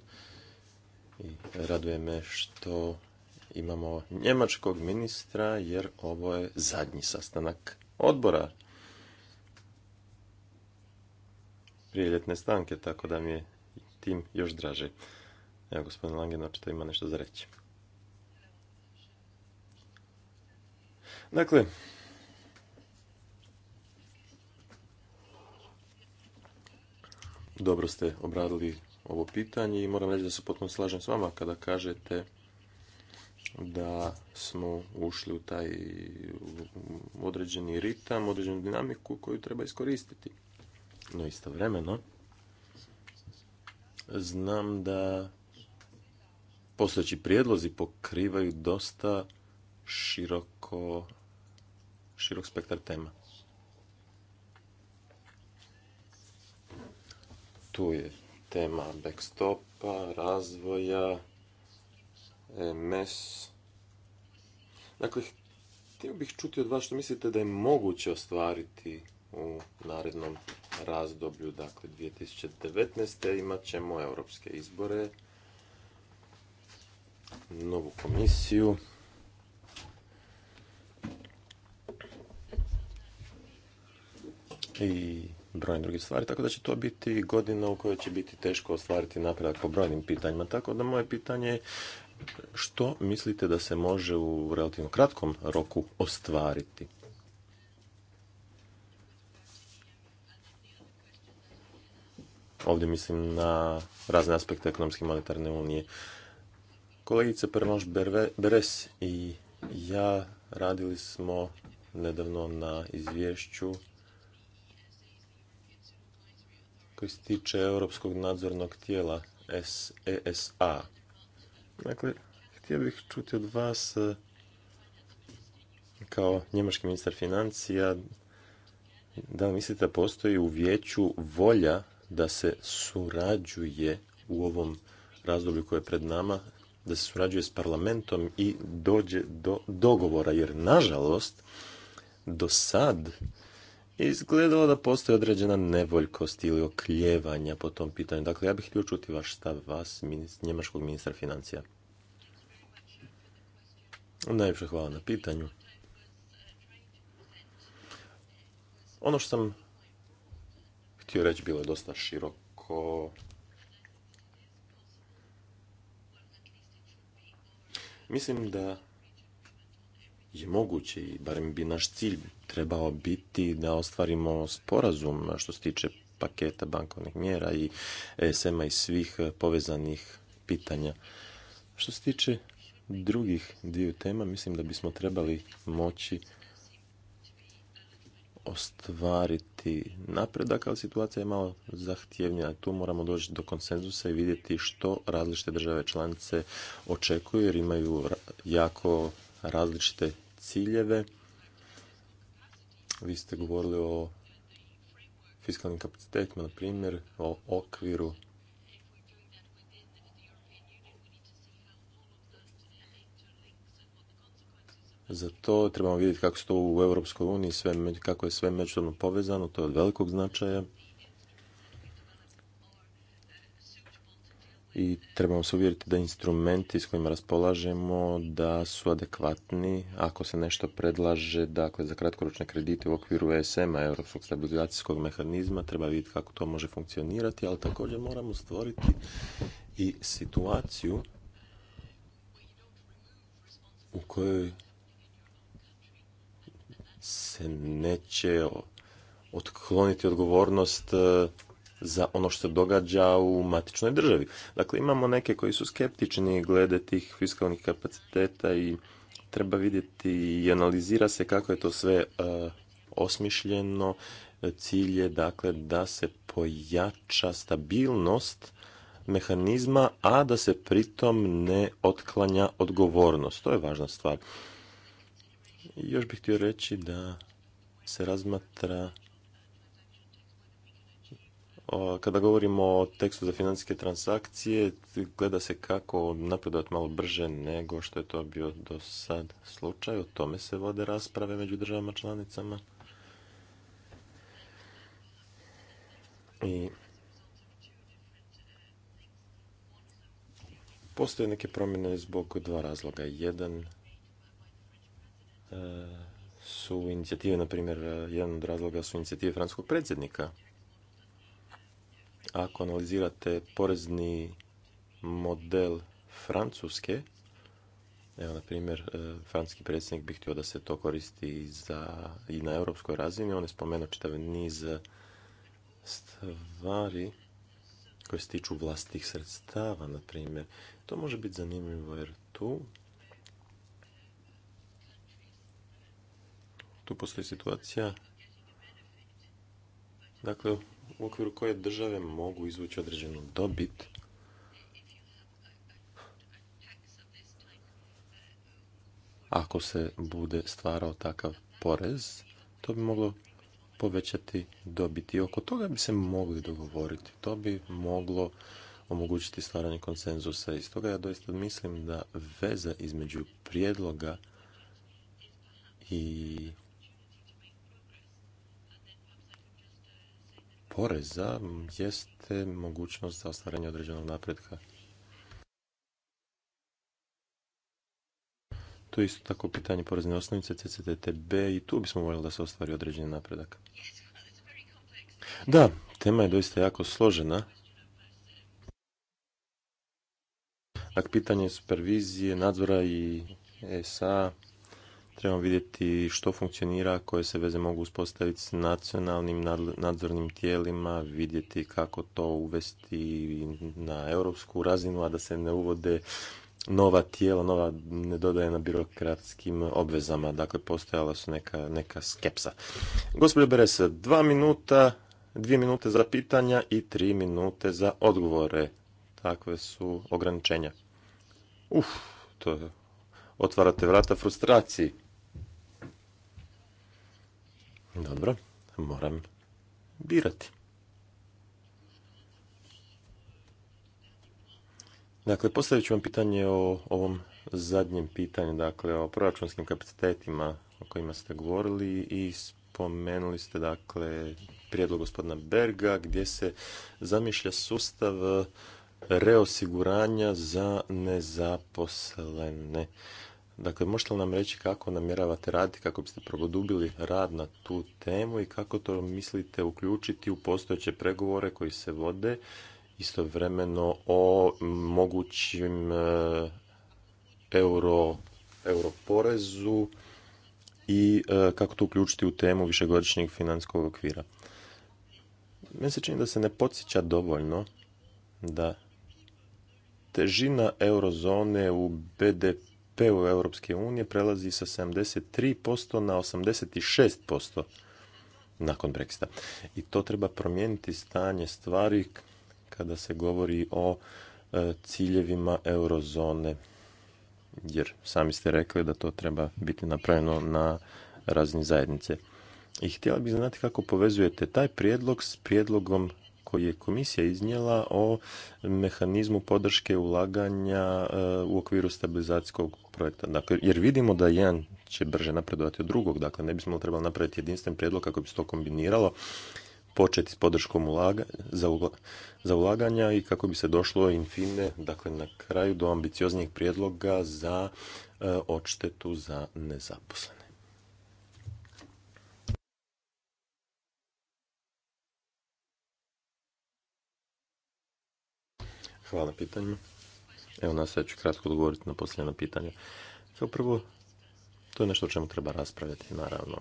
i raduje me što imamo njemačkog ministra jer ovo je zadnji sastanak odbora prije ljetne stanke, tako da mi je tim još draže. Evo, gospodin Langen, očito ima nešto za reći. Dakle, dobro ste obradili ovo pitanje i moram reći da se potpuno slažem s vama kada kažete da smo ušli u taj određeni ritam, određenu dinamiku koju treba iskoristiti. No istovremeno znam da postojeći prijedlozi pokrivaju dosta široko širok spektar tema. Tu je tema backstopa, razvoja, MS. Dakle, htio bih čuti od vas što mislite da je moguće ostvariti u narednom razdoblju, dakle 2019. imat ćemo europske izbore, novu komisiju. I brojne druge stvari, tako da će to biti godina u kojoj će biti teško ostvariti napredak po brojnim pitanjima. Tako da moje pitanje je što mislite da se može u relativno kratkom roku ostvariti? Ovdje mislim na razne aspekte ekonomske i monetarne unije. Kolegice Permoš Beres i ja radili smo nedavno na izvješću koji se tiče Europskog nadzornog tijela ESA Dakle, htio bih čuti od vas e, kao njemački ministar financija da mislite da postoji u vijeću volja da se surađuje u ovom razdoblju koje je pred nama, da se surađuje s parlamentom i dođe do dogovora, jer nažalost do sad izgledalo da postoji određena nevoljkost ili okljevanja po tom pitanju. Dakle, ja bih htio čuti vaš stav, vas, njemačkog ministra financija. Najviše hvala na pitanju. Ono što sam htio reći bilo je dosta široko. Mislim da je moguće i barem bi naš cilj trebao biti da ostvarimo sporazum što se tiče paketa bankovnih mjera i esm i svih povezanih pitanja. Što se tiče drugih dviju tema, mislim da bismo trebali moći ostvariti napredak, ali situacija je malo zahtjevnija. Tu moramo doći do konsenzusa i vidjeti što različite države članice očekuju jer imaju jako različite ciljeve. Vi ste govorili o fiskalnim kapacitetima, na primjer, o okviru Za to trebamo vidjeti kako se to u Europskoj uniji sve, kako je sve međusobno povezano, to je od velikog značaja. i trebamo se uvjeriti da instrumenti s kojima raspolažemo da su adekvatni ako se nešto predlaže dakle za kratkoročne kredite u okviru ESM-a Europskog stabilizacijskog mehanizma treba vidjeti kako to može funkcionirati ali također moramo stvoriti i situaciju u kojoj se neće otkloniti odgovornost za ono što se događa u matičnoj državi. Dakle, imamo neke koji su skeptični glede tih fiskalnih kapaciteta i treba vidjeti i analizira se kako je to sve e, osmišljeno. Cilj je dakle da se pojača stabilnost mehanizma, a da se pritom ne otklanja odgovornost. To je važna stvar. Još bih htio reći da se razmatra kada govorimo o tekstu za financijske transakcije, gleda se kako napredovati malo brže nego što je to bio do sad slučaj. O tome se vode rasprave među državama članicama. I postoje neke promjene zbog dva razloga. Jedan e, su inicijative, na primjer, jedan od razloga su inicijative francuskog predsjednika – ako analizirate porezni model Francuske, evo na primjer, e, francuski predsjednik bi htio da se to koristi i, za, i na europskoj razini, on je spomenuo čitav niz stvari koje se tiču vlastitih sredstava, na primjer. To može biti zanimljivo jer tu tu postoji situacija dakle u okviru koje države mogu izvući određenu dobit. Ako se bude stvarao takav porez, to bi moglo povećati dobiti. I oko toga bi se mogli dogovoriti. To bi moglo omogućiti stvaranje konsenzusa. I stoga ja doista mislim da veza između prijedloga i poreza jeste mogućnost za ostvarenje određenog napretka. To je isto tako pitanje porezne osnovice CCTTB, i tu bismo voljeli da se ostvari određeni napredak. Da, tema je doista jako složena. Dakle, pitanje supervizije, nadzora i ESA trebamo vidjeti što funkcionira, koje se veze mogu uspostaviti s nacionalnim nadzornim tijelima, vidjeti kako to uvesti na europsku razinu, a da se ne uvode nova tijela, nova ne dodaje na birokratskim obvezama. Dakle, postojala su neka, neka skepsa. Gospodin Beres, dva minuta, dvije minute za pitanja i tri minute za odgovore. Takve su ograničenja. Uf, to otvarate vrata frustraciji. Dobro, moram birati. Dakle, postavit ću vam pitanje o ovom zadnjem pitanju, dakle o proračunskim kapacitetima o kojima ste govorili i spomenuli ste dakle prijedlog gospodina Berga gdje se zamišlja sustav reosiguranja za nezaposlene. Dakle, možete li nam reći kako namjeravate raditi, kako biste produbili rad na tu temu i kako to mislite uključiti u postojeće pregovore koji se vode istovremeno o mogućim e, euro, europorezu i e, kako to uključiti u temu višegodišnjeg financijskog okvira. Meni se čini da se ne podsjeća dovoljno da težina eurozone u BDP BDP-u Europske unije prelazi sa 73% na 86% nakon Brexita. I to treba promijeniti stanje stvari kada se govori o e, ciljevima eurozone. Jer sami ste rekli da to treba biti napravljeno na razini zajednice. I htjela bih znati kako povezujete taj prijedlog s prijedlogom je komisija iznijela o mehanizmu podrške ulaganja e, u okviru stabilizacijskog projekta. Dakle, jer vidimo da jedan će brže napredovati od drugog, dakle ne bismo trebali napraviti jedinstven prijedlog kako bi se to kombiniralo, početi s podrškom ulaga, za, za ulaganja i kako bi se došlo infine, dakle na kraju do ambicioznijeg prijedloga za e, odštetu za nezaposlene. Hvala na pitanju. Evo nas ja ću kratko odgovoriti na posljedno pitanje. Kao prvo, to je nešto o čemu treba raspravljati, naravno.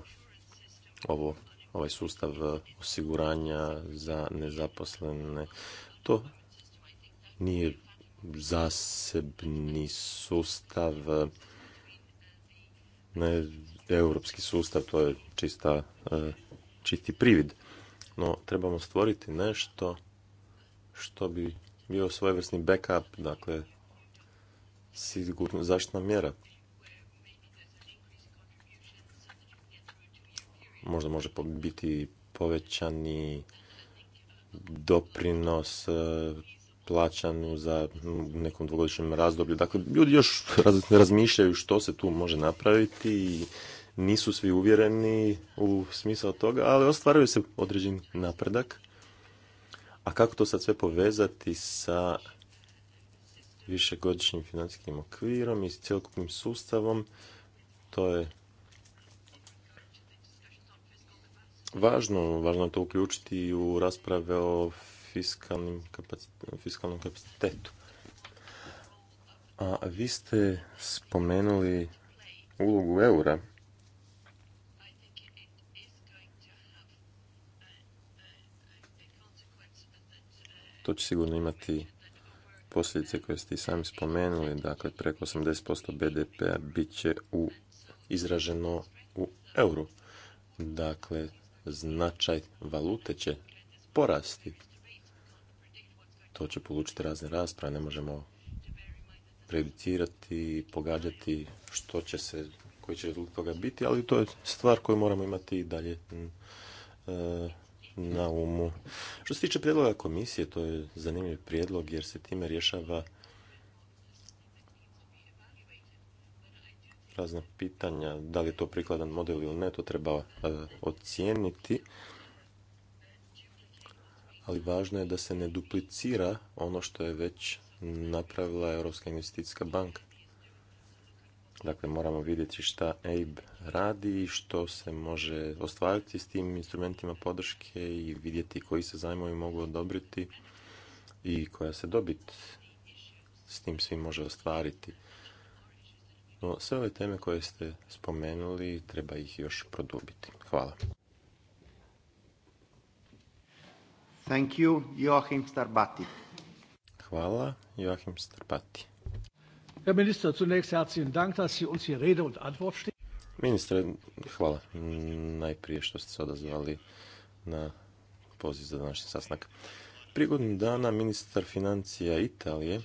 Ovo, ovaj sustav e, osiguranja za nezaposlene, to nije zasebni sustav, e, ne europski sustav, to je čista, e, čisti privid. No, trebamo stvoriti nešto što bi bio svojevrsni backup, dakle sigurno zaštitna mjera. Možda može biti povećani doprinos e, plaćanu za nekom dvogodišnjem razdoblju. Dakle, ljudi još razmišljaju što se tu može napraviti i nisu svi uvjereni u smisao toga, ali ostvaraju se određeni napredak. A kako to sad sve povezati sa višegodišnjim financijskim okvirom i cjelokupnim sustavom? To je važno, važno je to uključiti u rasprave o fiskalnom kapacitetu. A vi ste spomenuli ulogu eura to će sigurno imati posljedice koje ste i sami spomenuli, dakle preko 80% BDP-a bit će u, izraženo u euru. Dakle, značaj valute će porasti. To će polučiti razne rasprave, ne možemo predicirati, pogađati što će se, koji će rezultat toga biti, ali to je stvar koju moramo imati i dalje e, na umu. Što se tiče prijedloga komisije, to je zanimljiv prijedlog jer se time rješava razna pitanja, da li je to prikladan model ili ne, to treba e, ocijeniti. Ali važno je da se ne duplicira ono što je već napravila Europska investicijska banka. Dakle, moramo vidjeti šta EIB radi i što se može ostvariti s tim instrumentima podrške i vidjeti koji se zajmovi mogu odobriti i koja se dobit s tim svim može ostvariti. No, sve ove teme koje ste spomenuli treba ih još produbiti. Hvala. Thank you, Joachim Starbati. Hvala, Joachim Starbati. Herr Minister, zunächst dass Sie uns hier Rede und Antwort Ministre, hvala najprije što ste se odazvali na poziv za današnji sastanak. Prije godinu dana ministar financija Italije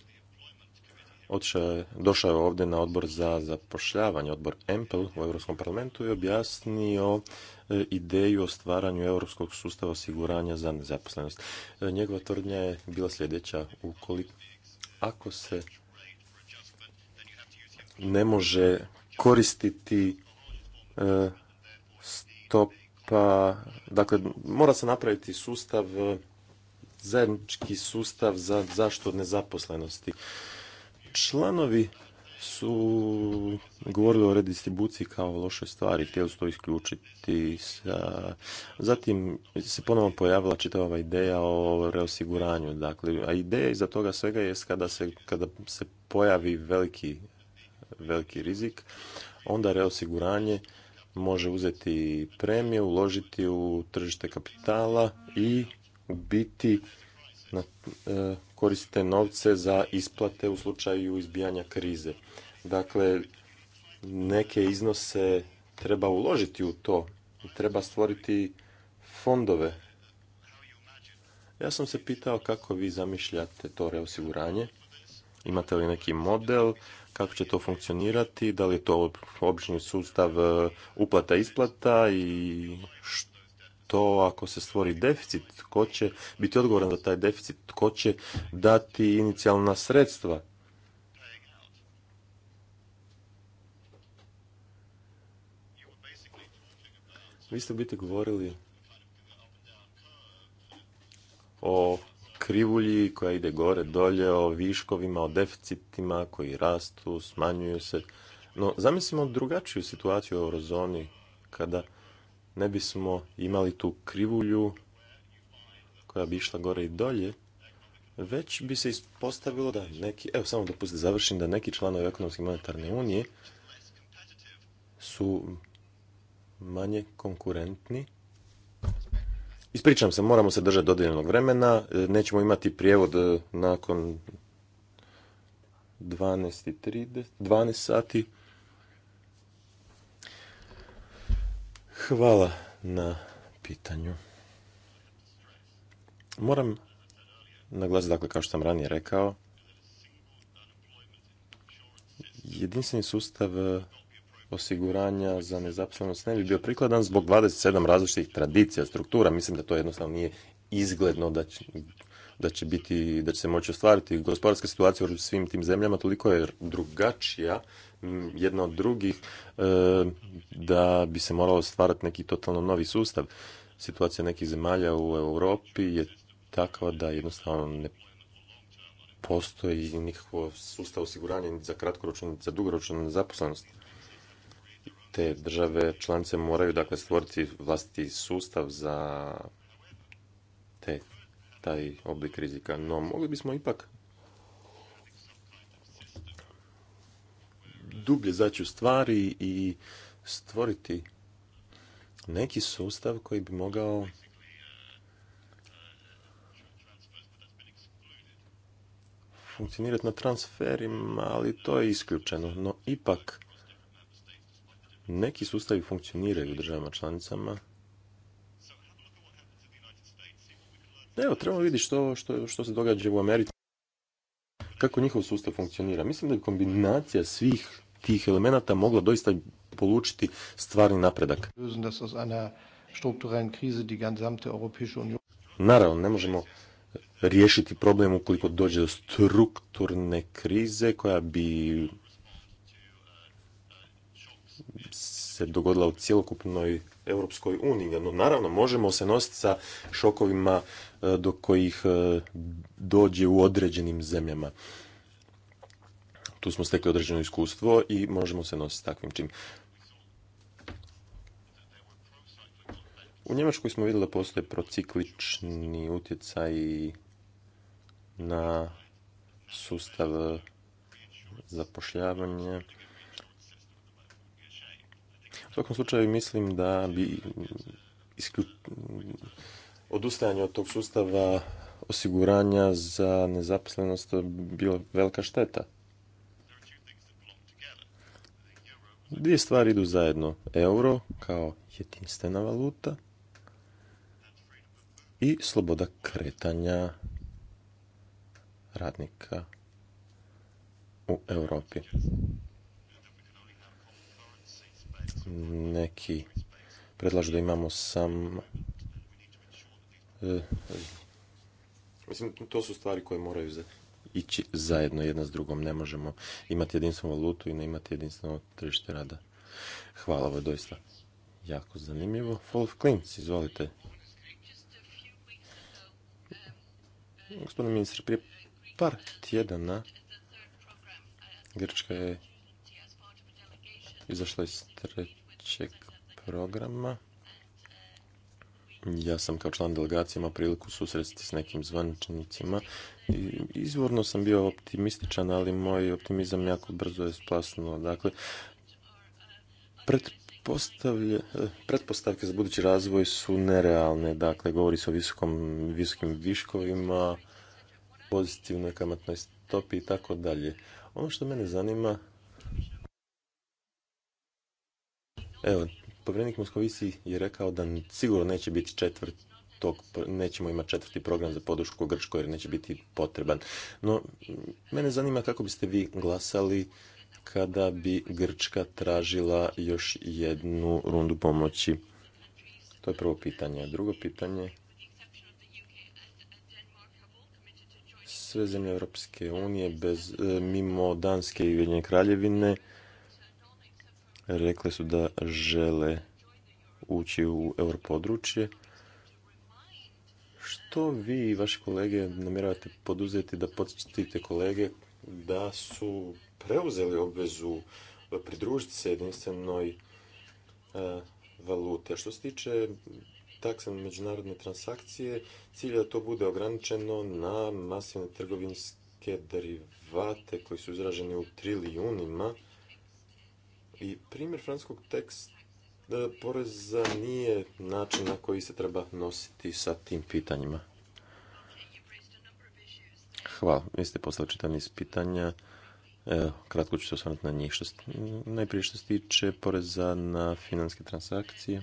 došao je ovdje na odbor za zapošljavanje, odbor empel u Europskom parlamentu i objasnio e, ideju o stvaranju europskog sustava osiguranja za nezaposlenost. E, njegova tvrdnja je bila sljedeća, ukoliko ako se ne može koristiti e, stopa, dakle mora se napraviti sustav, e, zajednički sustav za zaštitu od nezaposlenosti. Članovi su govorili o redistribuciji kao loše lošoj stvari, htjeli su to isključiti. Zatim se ponovno pojavila čitava ova ideja o reosiguranju. Dakle, a ideja iza toga svega je kada se, kada se pojavi veliki veliki rizik, onda reosiguranje može uzeti premije, uložiti u tržište kapitala i u biti e, koriste novce za isplate u slučaju izbijanja krize. Dakle, neke iznose treba uložiti u to, treba stvoriti fondove. Ja sam se pitao kako vi zamišljate to reosiguranje, imate li neki model, kako će to funkcionirati, da li je to obični sustav e, uplata isplata i što ako se stvori deficit, tko će biti odgovoran za taj deficit, tko će dati inicijalna sredstva. Vi ste biti govorili o krivulji koja ide gore, dolje, o viškovima, o deficitima koji rastu, smanjuju se. No, zamislimo drugačiju situaciju u eurozoni kada ne bismo imali tu krivulju koja bi išla gore i dolje, već bi se ispostavilo da neki, evo samo dopustite završim, da neki članovi ekonomske monetarne unije su manje konkurentni Ispričam se, moramo se držati dodijeljenog vremena, e, nećemo imati prijevod e, nakon 12 sati. Hvala na pitanju. Moram naglasiti, dakle, kao što sam ranije rekao, jedinstveni sustav osiguranja za nezaposlenost ne bi bio prikladan zbog 27 različitih tradicija, struktura. Mislim da to jednostavno nije izgledno da će, da će, biti, da će se moći ostvariti. Gospodarska situacija u svim tim zemljama toliko je drugačija jedna od drugih e, da bi se moralo stvarati neki totalno novi sustav. Situacija nekih zemalja u Europi je takva da jednostavno ne postoji nikakvo sustav osiguranja za kratkoročnu, za dugoročnu nezaposlenost te države članice moraju dakle stvoriti vlastiti sustav za te, taj oblik rizika. No, mogli bismo ipak dublje zaći u stvari i stvoriti neki sustav koji bi mogao funkcionirati na transferima, ali to je isključeno. No, ipak neki sustavi funkcioniraju u državama članicama. Evo, trebamo vidjeti što, što, što se događa u Americi, kako njihov sustav funkcionira. Mislim da bi kombinacija svih tih elemenata mogla doista polučiti stvarni napredak. Naravno, ne možemo riješiti problem ukoliko dođe do strukturne krize koja bi se dogodila u cijelokupnoj Europskoj uniji. No, naravno, možemo se nositi sa šokovima e, do kojih e, dođe u određenim zemljama. Tu smo stekli određeno iskustvo i možemo se nositi s takvim čim. U Njemačkoj smo vidjeli da postoje prociklični utjecaj na sustav zapošljavanja u svakom slučaju mislim da bi odustajanje od tog sustava osiguranja za nezaposlenost bila velika šteta. Dvije stvari idu zajedno. Euro kao jedinstvena valuta i sloboda kretanja radnika u Europi neki predlažu da imamo sam e, Mislim, to su stvari koje moraju ići zajedno jedna s drugom. Ne možemo imati jedinstvenu valutu i ne imati jedinstveno tržište rada. Hvala, ovo je doista jako zanimljivo. Wolf izvolite. Gospodine ministre, prije par tjedana Grčka je izašla iz treće programa. Ja sam kao član delegacije imao priliku susresti s nekim zvaničnicima. Izvorno sam bio optimističan, ali moj optimizam jako brzo je splasnuo. Dakle, pretpostavke za budući razvoj su nerealne. Dakle, govori se o visokim viškovima, pozitivnoj kamatnoj stopi i tako dalje. Ono što mene zanima Evo, povjerenik Moskovici je rekao da sigurno neće biti četvrt tog, nećemo imati četvrti program za podršku Grčkoj jer neće biti potreban. No, mene zanima kako biste vi glasali kada bi Grčka tražila još jednu rundu pomoći. To je prvo pitanje. Drugo pitanje, sve zemlje Europske unije bez, e, mimo Danske i Ujedinjene kraljevine rekle su da žele ući u europodručje. Što vi i vaše kolege namjeravate poduzeti da podsjetite kolege da su preuzeli obvezu pridružiti se jedinstvenoj e, valute. Što se tiče taksa na međunarodne transakcije, cilj je da to bude ograničeno na masivne trgovinske derivate koji su izraženi u trilijunima i primjer francuskog teksta e, poreza nije način na koji se treba nositi sa tim pitanjima. Hvala. Vi ste poslali čitav niz pitanja. E, kratko ću se osvrnuti na njih. Što, najprije što se tiče poreza na finanske transakcije.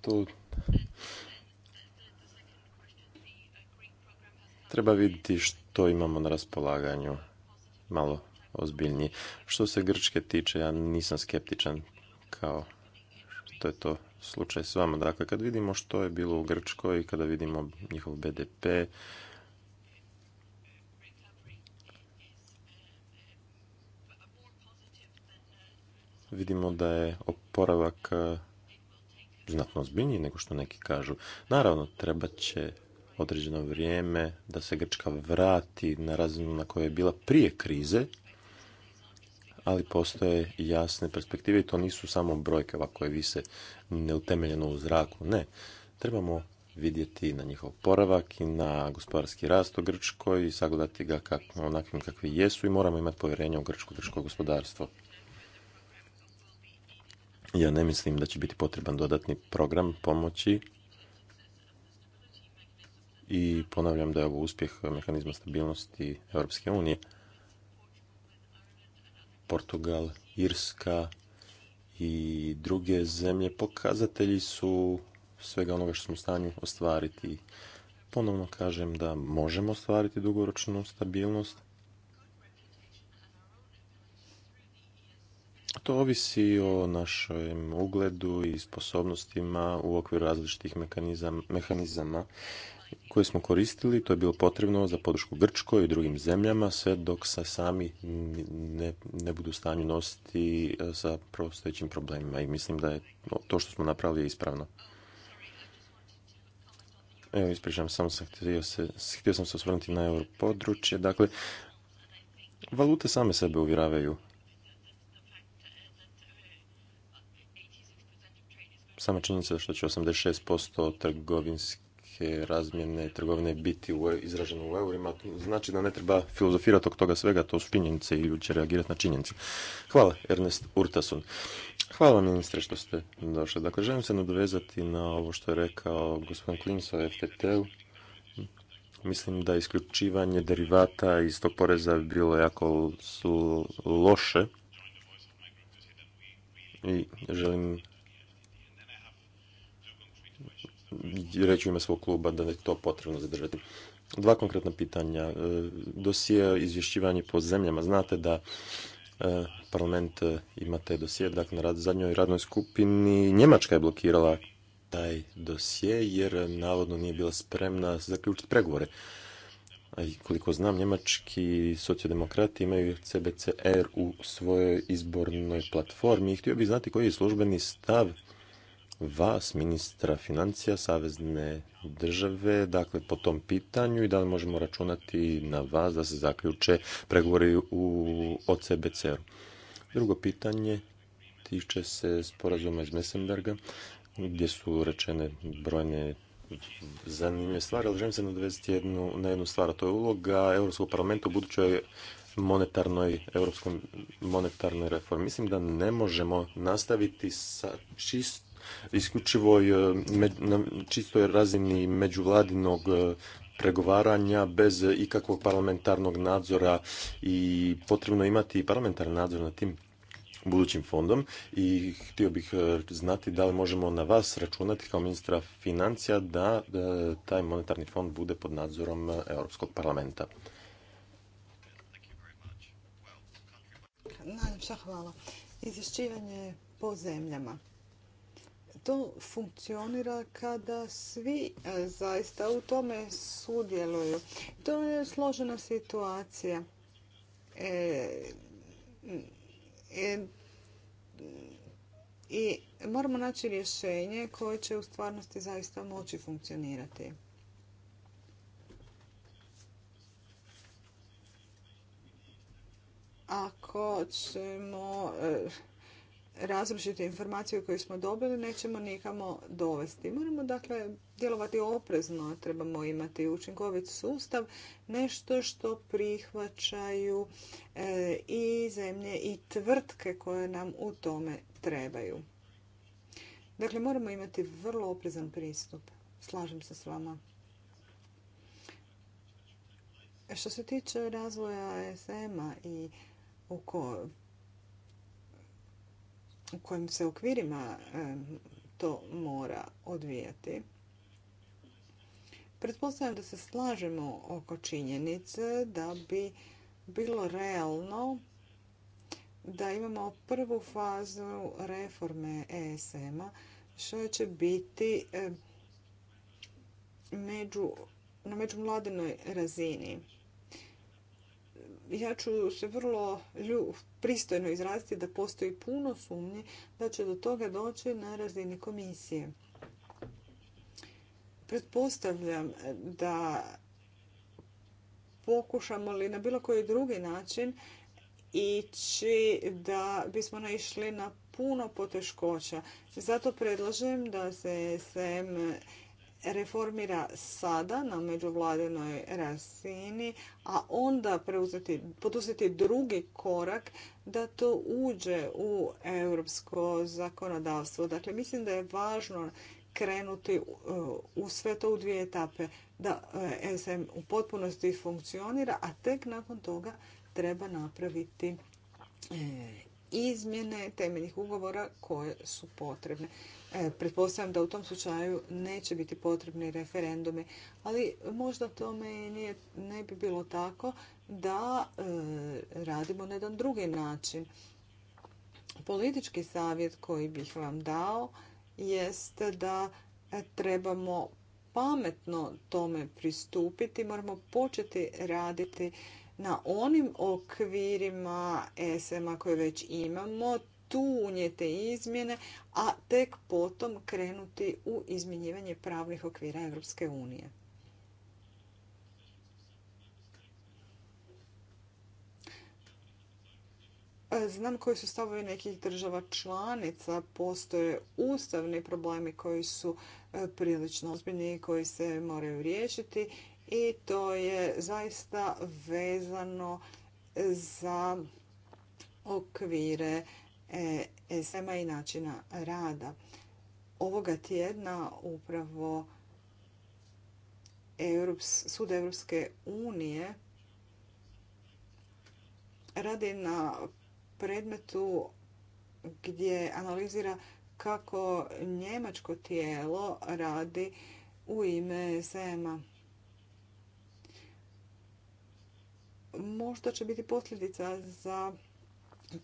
To Treba vidjeti što imamo na raspolaganju malo ozbiljnije. Što se Grčke tiče, ja nisam skeptičan kao što je to slučaj s vama. Dakle, kad vidimo što je bilo u Grčkoj, i kada vidimo njihov BDP, vidimo da je oporavak eh, znatno ozbiljniji nego što neki kažu. Naravno, treba će određeno vrijeme da se Grčka vrati na razinu na kojoj je bila prije krize, ali postoje jasne perspektive i to nisu samo brojke koje vise neutemeljeno u zraku. Ne, trebamo vidjeti na njihov poravak i na gospodarski rast u Grčkoj i sagledati ga onakvim kakvi jesu i moramo imati povjerenje u grčko, grčko gospodarstvo. Ja ne mislim da će biti potreban dodatni program pomoći i ponavljam da je ovo uspjeh mehanizma stabilnosti Europske unije. Portugal, Irska i druge zemlje pokazatelji su svega onoga što smo u stanju ostvariti. Ponovno kažem da možemo ostvariti dugoročnu stabilnost. To ovisi o našem ugledu i sposobnostima u okviru različitih mehanizama koje smo koristili, to je bilo potrebno za podršku Grčkoj i drugim zemljama, sve dok se sami ne, ne budu u stanju nositi e, sa prostojećim problemima i mislim da je to što smo napravili ispravno. Evo, ispričavam, samo sam htio se, htio sam se osvrnuti na euro područje. Dakle, valute same sebe uvjeravaju. Sama činjenica što će 86% trgovinski razmjene trgovine biti u, izraženo u eurima, znači da ne treba filozofirati oko toga svega, to su činjenice i ljudi će reagirati na činjenice. Hvala, Ernest Urtasun. Hvala vam, ministre, što ste došli. Dakle, želim se nadovezati na ovo što je rekao gospodin Klins o FTT-u. Mislim da isključivanje derivata iz tog poreza bi bilo jako su loše i želim reći u ime svog kluba da je to potrebno zadržati. Dva konkretna pitanja. E, dosije izvješćivanje po zemljama. Znate da e, parlament e, ima te dosije, dakle na zadnjoj radnoj skupini Njemačka je blokirala taj dosije jer navodno nije bila spremna zaključiti pregovore. i koliko znam, njemački socijaldemokrati imaju CBCR u svojoj izbornoj platformi i htio bih znati koji je službeni stav vas, ministra financija Savezne države, dakle po tom pitanju i da li možemo računati na vas da se zaključe pregovori u OCBCR-u. Drugo pitanje tiče se sporazuma iz Messenberga gdje su rečene brojne zanimljive stvari, ali želim se nadvesti jednu, na jednu stvar, a to je uloga Europskog parlamenta u budućoj monetarnoj, europskom monetarnoj reformi. Mislim da ne možemo nastaviti sa čisto isključivoj, e, na čistoj razini međuvladinog e, pregovaranja bez ikakvog parlamentarnog nadzora i potrebno imati parlamentarni nadzor nad tim budućim fondom i htio bih e, znati da li možemo na vas računati kao ministra financija da taj monetarni fond bude pod nadzorom Europskog parlamenta. Najljepša hvala. Izvješćivanje po zemljama to funkcionira kada svi e, zaista u tome sudjeluju. To je složena situacija. E, e, I moramo naći rješenje koje će u stvarnosti zaista moći funkcionirati. Ako ćemo... E, različite informacije koje smo dobili nećemo nikamo dovesti. Moramo dakle djelovati oprezno, trebamo imati učinkovit sustav, nešto što prihvaćaju e, i zemlje i tvrtke koje nam u tome trebaju. Dakle, moramo imati vrlo oprezan pristup. Slažem se s vama. Što se tiče razvoja SM-a i u kojim se okvirima to mora odvijati. Pretpostavljam da se slažemo oko činjenice da bi bilo realno da imamo prvu fazu reforme ESM-a što će biti među, na međumladinoj razini ja ću se vrlo pristojno izraziti da postoji puno sumnje da će do toga doći na razini komisije. Pretpostavljam da pokušamo li na bilo koji drugi način ići da bismo naišli na puno poteškoća. Zato predlažem da se sem reformira sada na međuvladenoj razini, a onda preuzeti, poduzeti drugi korak da to uđe u europsko zakonodavstvo. Dakle, mislim da je važno krenuti e, u sve to u dvije etape, da e, SM u potpunosti funkcionira, a tek nakon toga treba napraviti e, izmjene temeljnih ugovora koje su potrebne. E, pretpostavljam da u tom slučaju neće biti potrebni referendumi, ali možda tome nije, ne bi bilo tako da e, radimo na jedan drugi način. Politički savjet koji bih vam dao jest da e, trebamo pametno tome pristupiti, moramo početi raditi na onim okvirima SMA koje već imamo, tu unijete izmjene, a tek potom krenuti u izmjenjivanje pravnih okvira Europske unije. Znam koji su stavovi nekih država članica, postoje ustavni problemi koji su e, prilično ozbiljni i koji se moraju riješiti i to je zaista vezano za okvire e, sema i načina rada. Ovoga tjedna upravo Sud Evropske unije radi na predmetu gdje analizira kako njemačko tijelo radi u ime SEMA. možda će biti posljedica za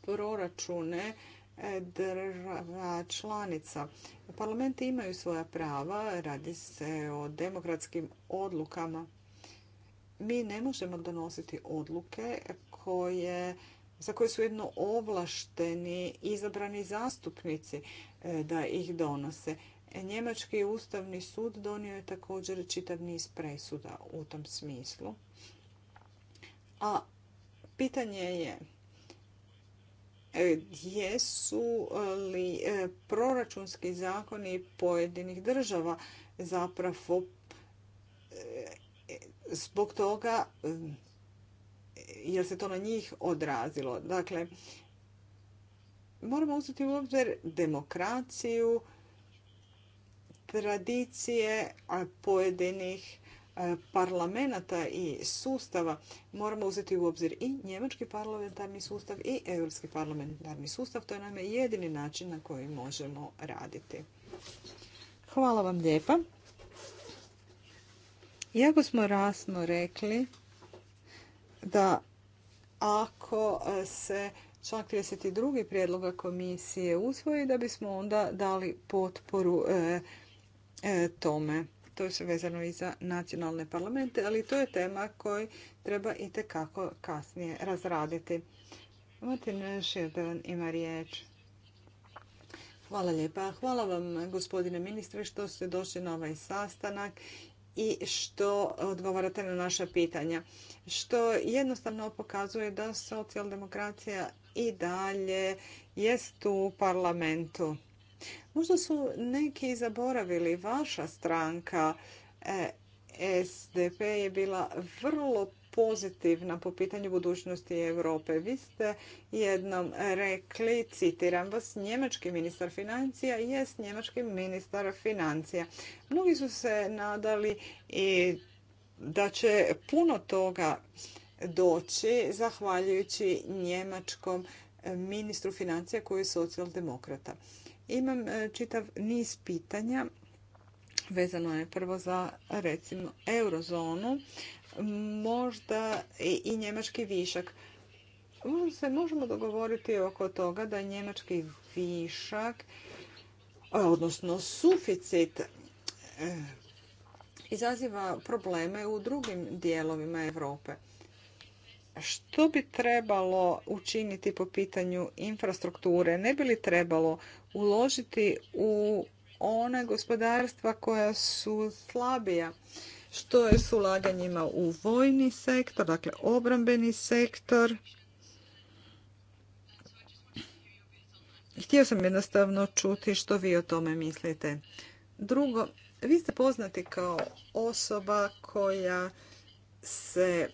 proračune e, država članica. Parlamenti imaju svoja prava, radi se o demokratskim odlukama. Mi ne možemo donositi odluke koje za koje su jedno ovlašteni izabrani zastupnici e, da ih donose. E, Njemački ustavni sud donio je također čitav niz presuda u tom smislu. A pitanje je e, jesu e, li e, proračunski zakoni pojedinih država zapravo zbog toga jer se to na njih odrazilo. Dakle, moramo uzeti u obzir demokraciju, tradicije pojedinih E, parlamenta i sustava moramo uzeti u obzir i njemački parlamentarni sustav i europski parlamentarni sustav. To je nam jedini način na koji možemo raditi. Hvala vam lijepa. Iako smo rasno rekli da ako e, se članak 32. prijedloga komisije usvoji, da bismo onda dali potporu e, tome. To je vezano i za nacionalne parlamente, ali to je tema koju treba i tekako kasnije razraditi. Martin ima riječ. Hvala lijepa. Hvala vam, gospodine ministre, što ste došli na ovaj sastanak i što odgovarate na naša pitanja. Što jednostavno pokazuje da socijaldemokracija i dalje jest u parlamentu. Možda su neki zaboravili, vaša stranka e, SDP je bila vrlo pozitivna po pitanju budućnosti Europe. Vi ste jednom rekli, citiram vas, njemački ministar financija jest njemački ministar financija. Mnogi su se nadali i da će puno toga doći zahvaljujući njemačkom ministru financija koji je socijaldemokrata. Imam e, čitav niz pitanja vezano je prvo za recimo eurozonu, možda i njemački višak. se možemo dogovoriti oko toga da njemački višak, e, odnosno suficit, e, izaziva probleme u drugim dijelovima Europe što bi trebalo učiniti po pitanju infrastrukture? Ne bi li trebalo uložiti u ona gospodarstva koja su slabija? Što je s ulaganjima u vojni sektor, dakle obrambeni sektor? Htio sam jednostavno čuti što vi o tome mislite. Drugo, vi ste poznati kao osoba koja se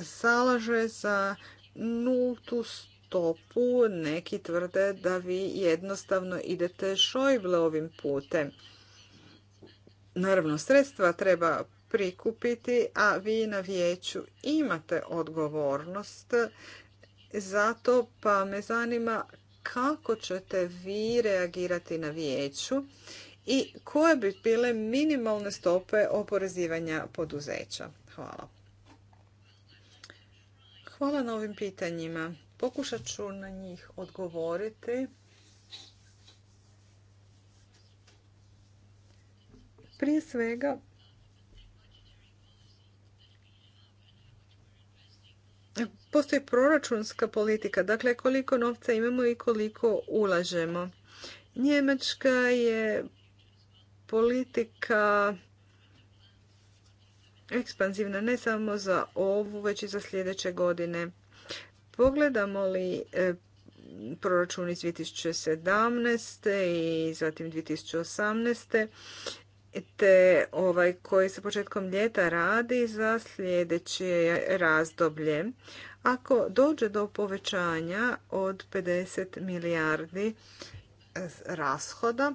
zalaže za nultu stopu. Neki tvrde da vi jednostavno idete šojble ovim putem. Naravno, sredstva treba prikupiti, a vi na vijeću imate odgovornost. Zato pa me zanima kako ćete vi reagirati na vijeću i koje bi bile minimalne stope oporezivanja poduzeća. Hvala. Hvala na ovim pitanjima. Pokušat ću na njih odgovoriti. Prije svega, postoji proračunska politika, dakle koliko novca imamo i koliko ulažemo. Njemačka je politika ekspanzivna ne samo za ovu, već i za sljedeće godine. Pogledamo li e, proračun iz 2017. i zatim 2018. te ovaj koji se početkom ljeta radi za sljedeće razdoblje. Ako dođe do povećanja od 50 milijardi e, rashoda,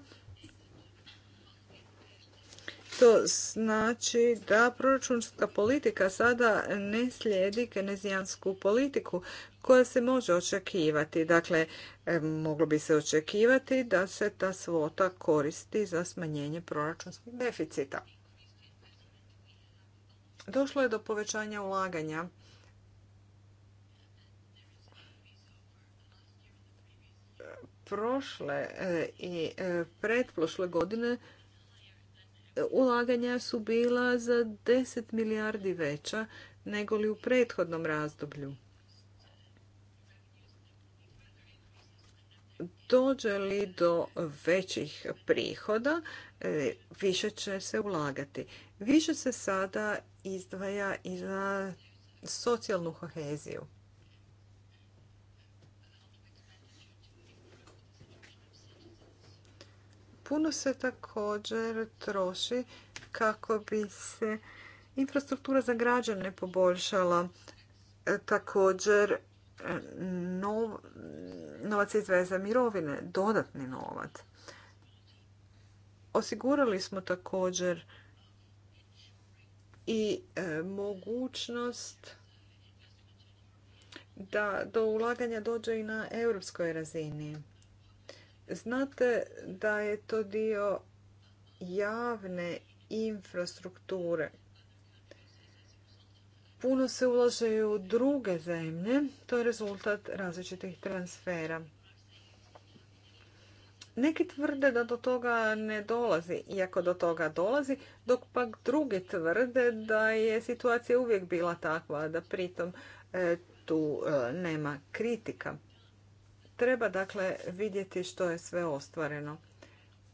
to znači da proračunska politika sada ne slijedi kenezijansku politiku koja se može očekivati. Dakle, e, moglo bi se očekivati da se ta svota koristi za smanjenje proračunskog deficita. Došlo je do povećanja ulaganja. Prošle e, i e, pretprošle godine ulaganja su bila za 10 milijardi veća nego li u prethodnom razdoblju. Dođe li do većih prihoda, e, više će se ulagati. Više se sada izdvaja i za socijalnu koheziju. Puno se također troši kako bi se infrastruktura za građane poboljšala. E, također e, novac izveza za mirovine, dodatni novac. Osigurali smo također i e, mogućnost da do ulaganja dođe i na europskoj razini. Znate da je to dio javne infrastrukture. Puno se ulaže u druge zemlje, to je rezultat različitih transfera. Neki tvrde da do toga ne dolazi, iako do toga dolazi, dok pak druge tvrde da je situacija uvijek bila takva, da pritom e, tu e, nema kritika. Treba dakle vidjeti što je sve ostvareno.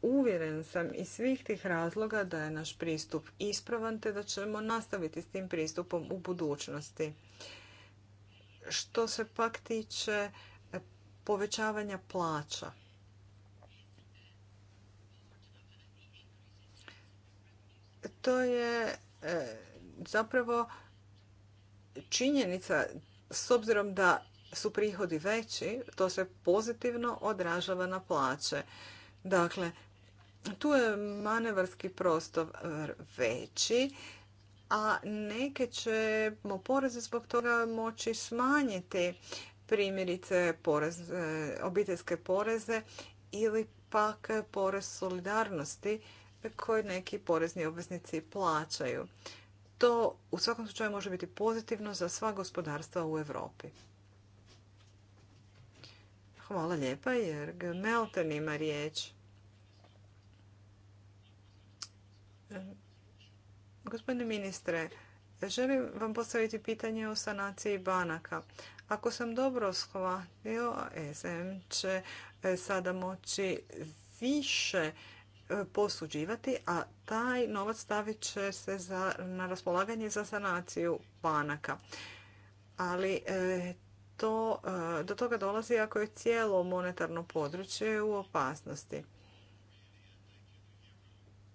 Uvjeren sam iz svih tih razloga da je naš pristup ispravan te da ćemo nastaviti s tim pristupom u budućnosti. Što se pak tiče povećavanja plaća. To je e, zapravo činjenica s obzirom da su prihodi veći, to se pozitivno odražava na plaće. Dakle, tu je manevarski prostor eh, veći, a neke ćemo poreze zbog toga moći smanjiti primjerice eh, obiteljske poreze ili pak porez solidarnosti koje neki porezni obveznici plaćaju. To u svakom slučaju može biti pozitivno za sva gospodarstva u Europi. Hvala lijepa jer Melton ima riječ. Gospodine ministre, želim vam postaviti pitanje o sanaciji banaka. Ako sam dobro shvatio, SM će e, sada moći više e, posuđivati, a taj novac stavit će se za, na raspolaganje za sanaciju banaka. Ali e, to, e, do toga dolazi ako je cijelo monetarno područje u opasnosti.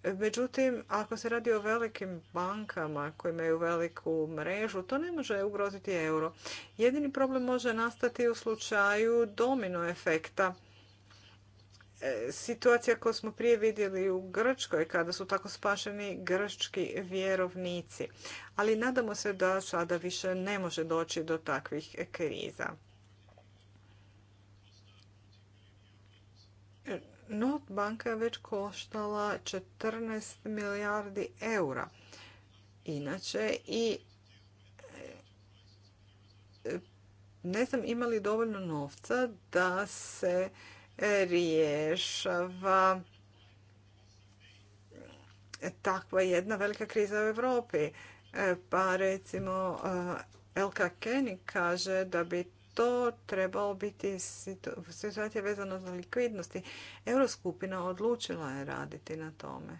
Međutim, ako se radi o velikim bankama koje imaju veliku mrežu, to ne može ugroziti euro. Jedini problem može nastati u slučaju domino efekta situacija koju smo prije vidjeli u Grčkoj kada su tako spašeni grčki vjerovnici. Ali nadamo se da sada više ne može doći do takvih kriza. Not banka je već koštala 14 milijardi eura. Inače i e, ne znam imali dovoljno novca da se rješava takva jedna velika kriza u Europi. E, pa recimo Elka Kenny kaže da bi to trebalo biti situacija vezana za likvidnosti. Euroskupina odlučila je raditi na tome.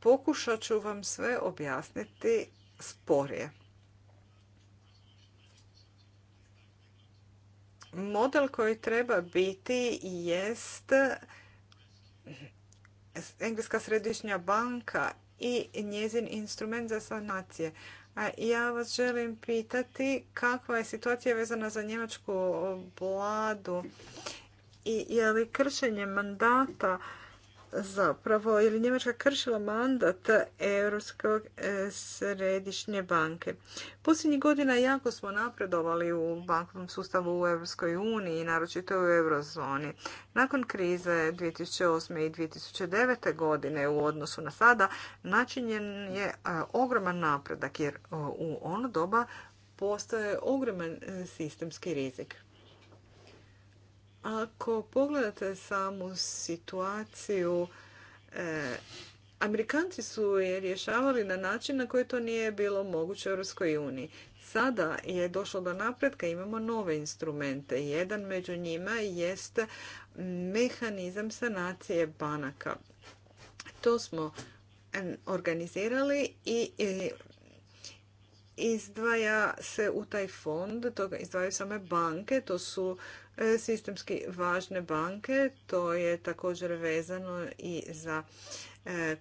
Pokušat ću vam sve objasniti sporije. model koji treba biti jest Engleska središnja banka i njezin instrument za sanacije. ja vas želim pitati kakva je situacija vezana za njemačku vladu i je li kršenje mandata zapravo li Njemačka kršila mandat Europskog e, središnje banke. Posljednjih godina jako smo napredovali u bankovnom sustavu u Europskoj uniji, naročito u eurozoni. Nakon krize 2008. i 2009. godine u odnosu na sada načinjen je e, ogroman napredak jer e, u ono doba postoje ogroman sistemski rizik. Ako pogledate samu situaciju, e, Amerikanci su je rješavali na način na koji to nije bilo moguće u Europskoj uniji. Sada je došlo do napretka, imamo nove instrumente. Jedan među njima jest mehanizam sanacije banaka. To smo e, organizirali i e, izdvaja se u taj fond, toga izdvajaju same banke, to su E, sistemski važne banke. To je također vezano i za e,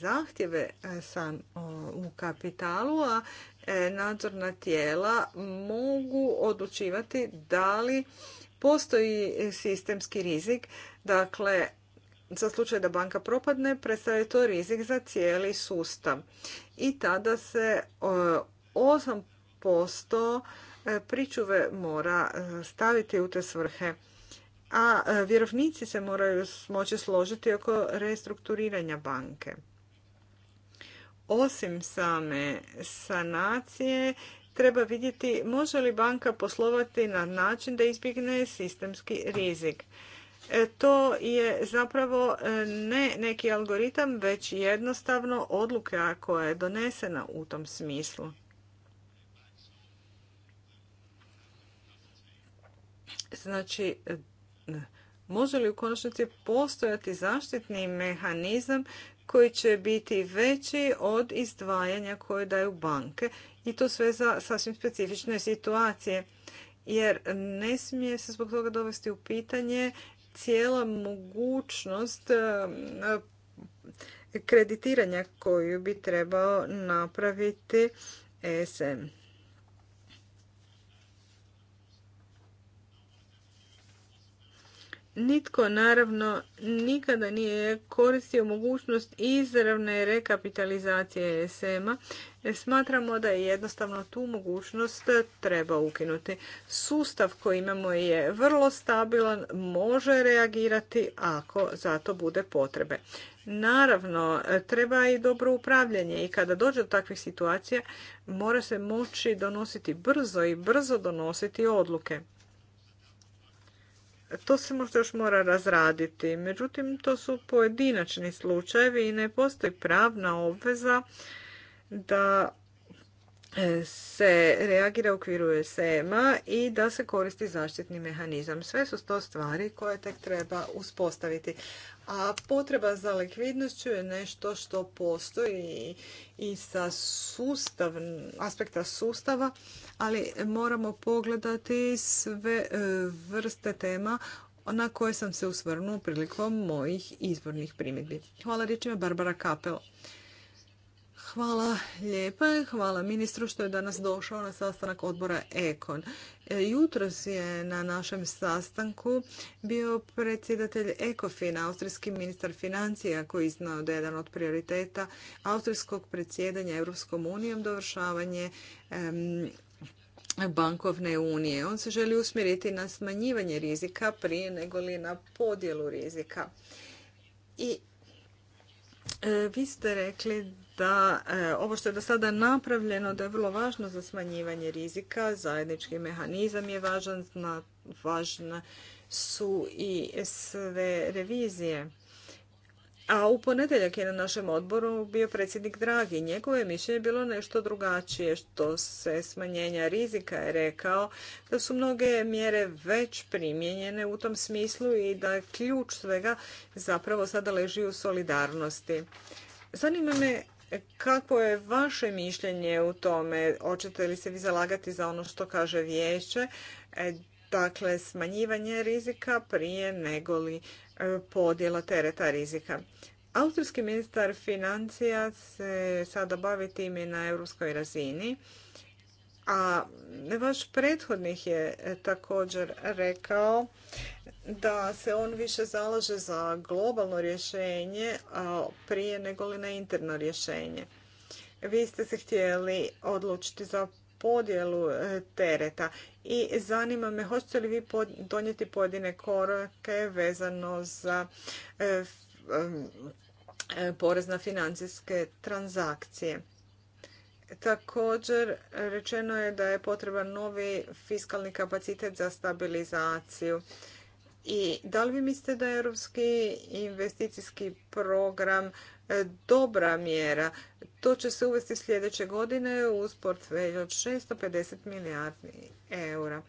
zahtjeve e, sam u kapitalu, a nadzorna tijela mogu odlučivati da li postoji sistemski rizik. Dakle, za slučaj da banka propadne, predstavlja to rizik za cijeli sustav. I tada se 8% E, pričuve mora e, staviti u te svrhe. A e, vjerovnici se moraju moći složiti oko restrukturiranja banke. Osim same sanacije, treba vidjeti može li banka poslovati na način da izbjegne sistemski rizik. To je zapravo ne neki algoritam, već jednostavno odluka koja je donesena u tom smislu. Znači, e, može li u konačnici postojati zaštitni mehanizam koji će biti veći od izdvajanja koje daju banke i to sve za sasvim specifične situacije. Jer ne smije se zbog toga dovesti u pitanje cijela mogućnost e, kreditiranja koju bi trebao napraviti ESM. Nitko naravno nikada nije koristio mogućnost izravne rekapitalizacije e sm a e, Smatramo da je jednostavno tu mogućnost treba ukinuti. Sustav koji imamo je vrlo stabilan, može reagirati ako za to bude potrebe. Naravno, treba i dobro upravljanje i kada dođe do takvih situacija mora se moći donositi brzo i brzo donositi odluke to se možda još mora razraditi. Međutim, to su pojedinačni slučajevi i ne postoji pravna obveza da se reagira u okviru SMA i da se koristi zaštitni mehanizam. Sve su to stvari koje tek treba uspostaviti. A potreba za likvidnošću je nešto što postoji i sa sustav, aspekta sustava, ali moramo pogledati sve e, vrste tema na koje sam se usvrnuo prilikom mojih izbornih primjedbi. Hvala riječima Barbara Kapel. Hvala lijepa hvala ministru što je danas došao na sastanak odbora Ekon. E, jutros je na našem sastanku bio predsjedatelj Ekofin, austrijski ministar financija koji znao da je jedan od prioriteta austrijskog predsjedanja Europskom unijom dovršavanje bankovne unije. On se želi usmjeriti na smanjivanje rizika prije nego li na podjelu rizika. I e, vi ste rekli da e, ovo što je do sada napravljeno da je vrlo važno za smanjivanje rizika, zajednički mehanizam je važan, važna su i sve revizije. A u ponedjeljak je na našem odboru bio predsjednik Dragi. Njegovo je bilo nešto drugačije što se smanjenja rizika je rekao da su mnoge mjere već primijenjene u tom smislu i da ključ svega zapravo sada leži u solidarnosti. Zanima me kako je vaše mišljenje u tome? Hoćete li se vi zalagati za ono što kaže vijeće? E, dakle, smanjivanje rizika prije negoli e, podjela tereta rizika. Austrijski ministar financija se sada bavi i na europskoj razini a vaš prethodnik je e, također rekao da se on više zalaže za globalno rješenje a prije nego li na interno rješenje. Vi ste se htjeli odlučiti za podjelu e, tereta i zanima me hoćete li vi donijeti pojedine korake vezano za e, porez na financijske transakcije. Također rečeno je da je potreban novi fiskalni kapacitet za stabilizaciju. I da li vi mislite da je Europski investicijski program e, dobra mjera? To će se uvesti sljedeće godine uz portfelj od 650 milijardi eura.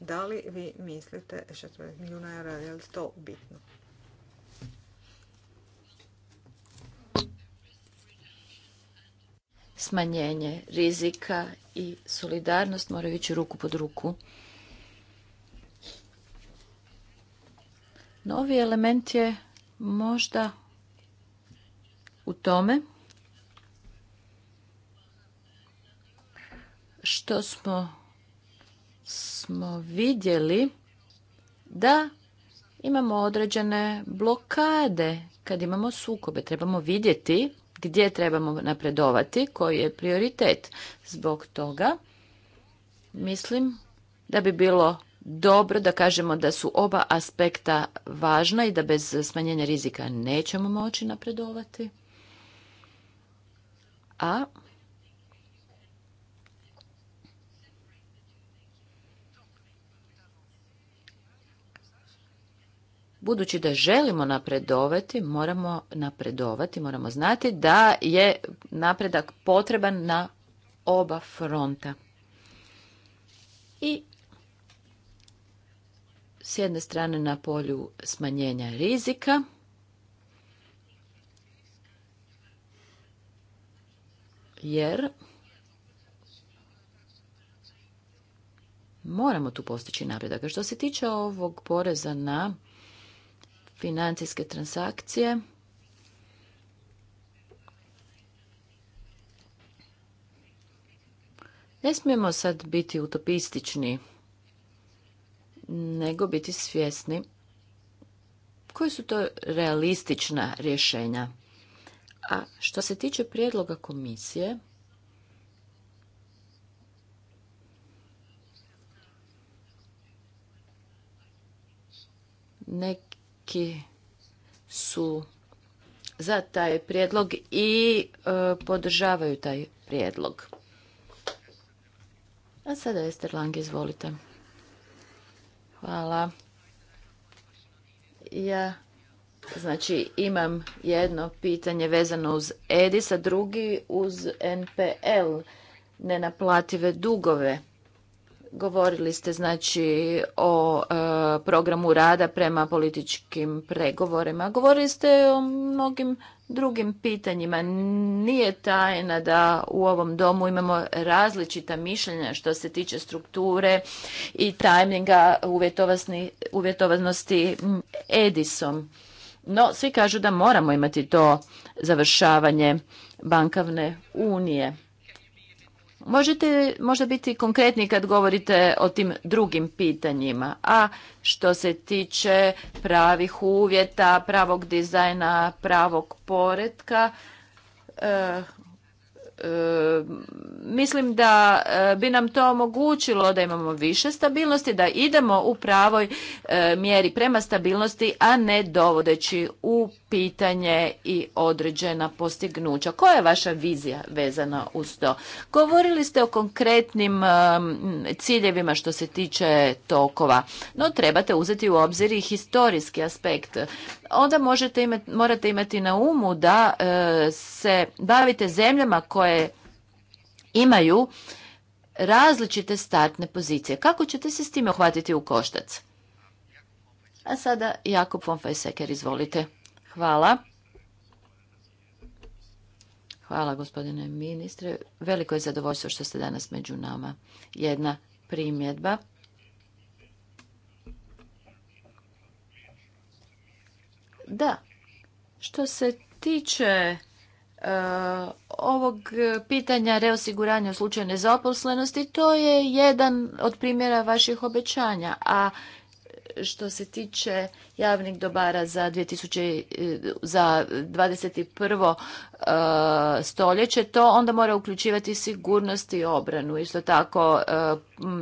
Da li vi mislite, 650 milijuna eura, je li to bitno? smanjenje rizika i solidarnost moraju ići ruku pod ruku. Novi element je možda u tome što smo, smo vidjeli da imamo određene blokade kad imamo sukobe. Trebamo vidjeti gdje trebamo napredovati, koji je prioritet. Zbog toga mislim da bi bilo dobro da kažemo da su oba aspekta važna i da bez smanjenja rizika nećemo moći napredovati. A Budući da želimo napredovati, moramo napredovati, moramo znati da je napredak potreban na oba fronta. I s jedne strane na polju smanjenja rizika, jer moramo tu postići napredak. Što se tiče ovog poreza na financijske transakcije. Ne smijemo sad biti utopistični, nego biti svjesni koji su to realistična rješenja. A što se tiče prijedloga komisije, neki neki su za taj prijedlog i e, podržavaju taj prijedlog. A sada Ester Lang, izvolite. Hvala. Ja znači imam jedno pitanje vezano uz EDIS, a drugi uz NPL, nenaplative dugove. Govorili ste znači o e, programu rada prema političkim pregovorima. Govorili ste o mnogim drugim pitanjima. Nije tajna da u ovom domu imamo različita mišljenja što se tiče strukture i tajminga uvjetovanosti Edisom. No, svi kažu da moramo imati to završavanje bankavne unije. Možete možda biti konkretni kad govorite o tim drugim pitanjima, a što se tiče pravih uvjeta, pravog dizajna, pravog poretka, e, E, mislim da e, bi nam to omogućilo da imamo više stabilnosti, da idemo u pravoj e, mjeri prema stabilnosti, a ne dovodeći u pitanje i određena postignuća. Koja je vaša vizija vezana uz to? Govorili ste o konkretnim ciljevima što se tiče tokova, no trebate uzeti u obzir i historijski aspekt onda možete morate imati na umu da e, se bavite zemljama koje imaju različite startne pozicije. Kako ćete se s time uhvatiti u koštac? A sada Jakub von Fajseker, izvolite. Hvala. Hvala gospodine ministre. Veliko je zadovoljstvo što ste danas među nama. Jedna primjedba Da, što se tiče e, ovog pitanja reosiguranja u slučaju nezaposlenosti, to je jedan od primjera vaših obećanja. A što se tiče javnih dobara za 2000, e, za 21. E, stoljeće, to onda mora uključivati sigurnost i obranu, isto tako e,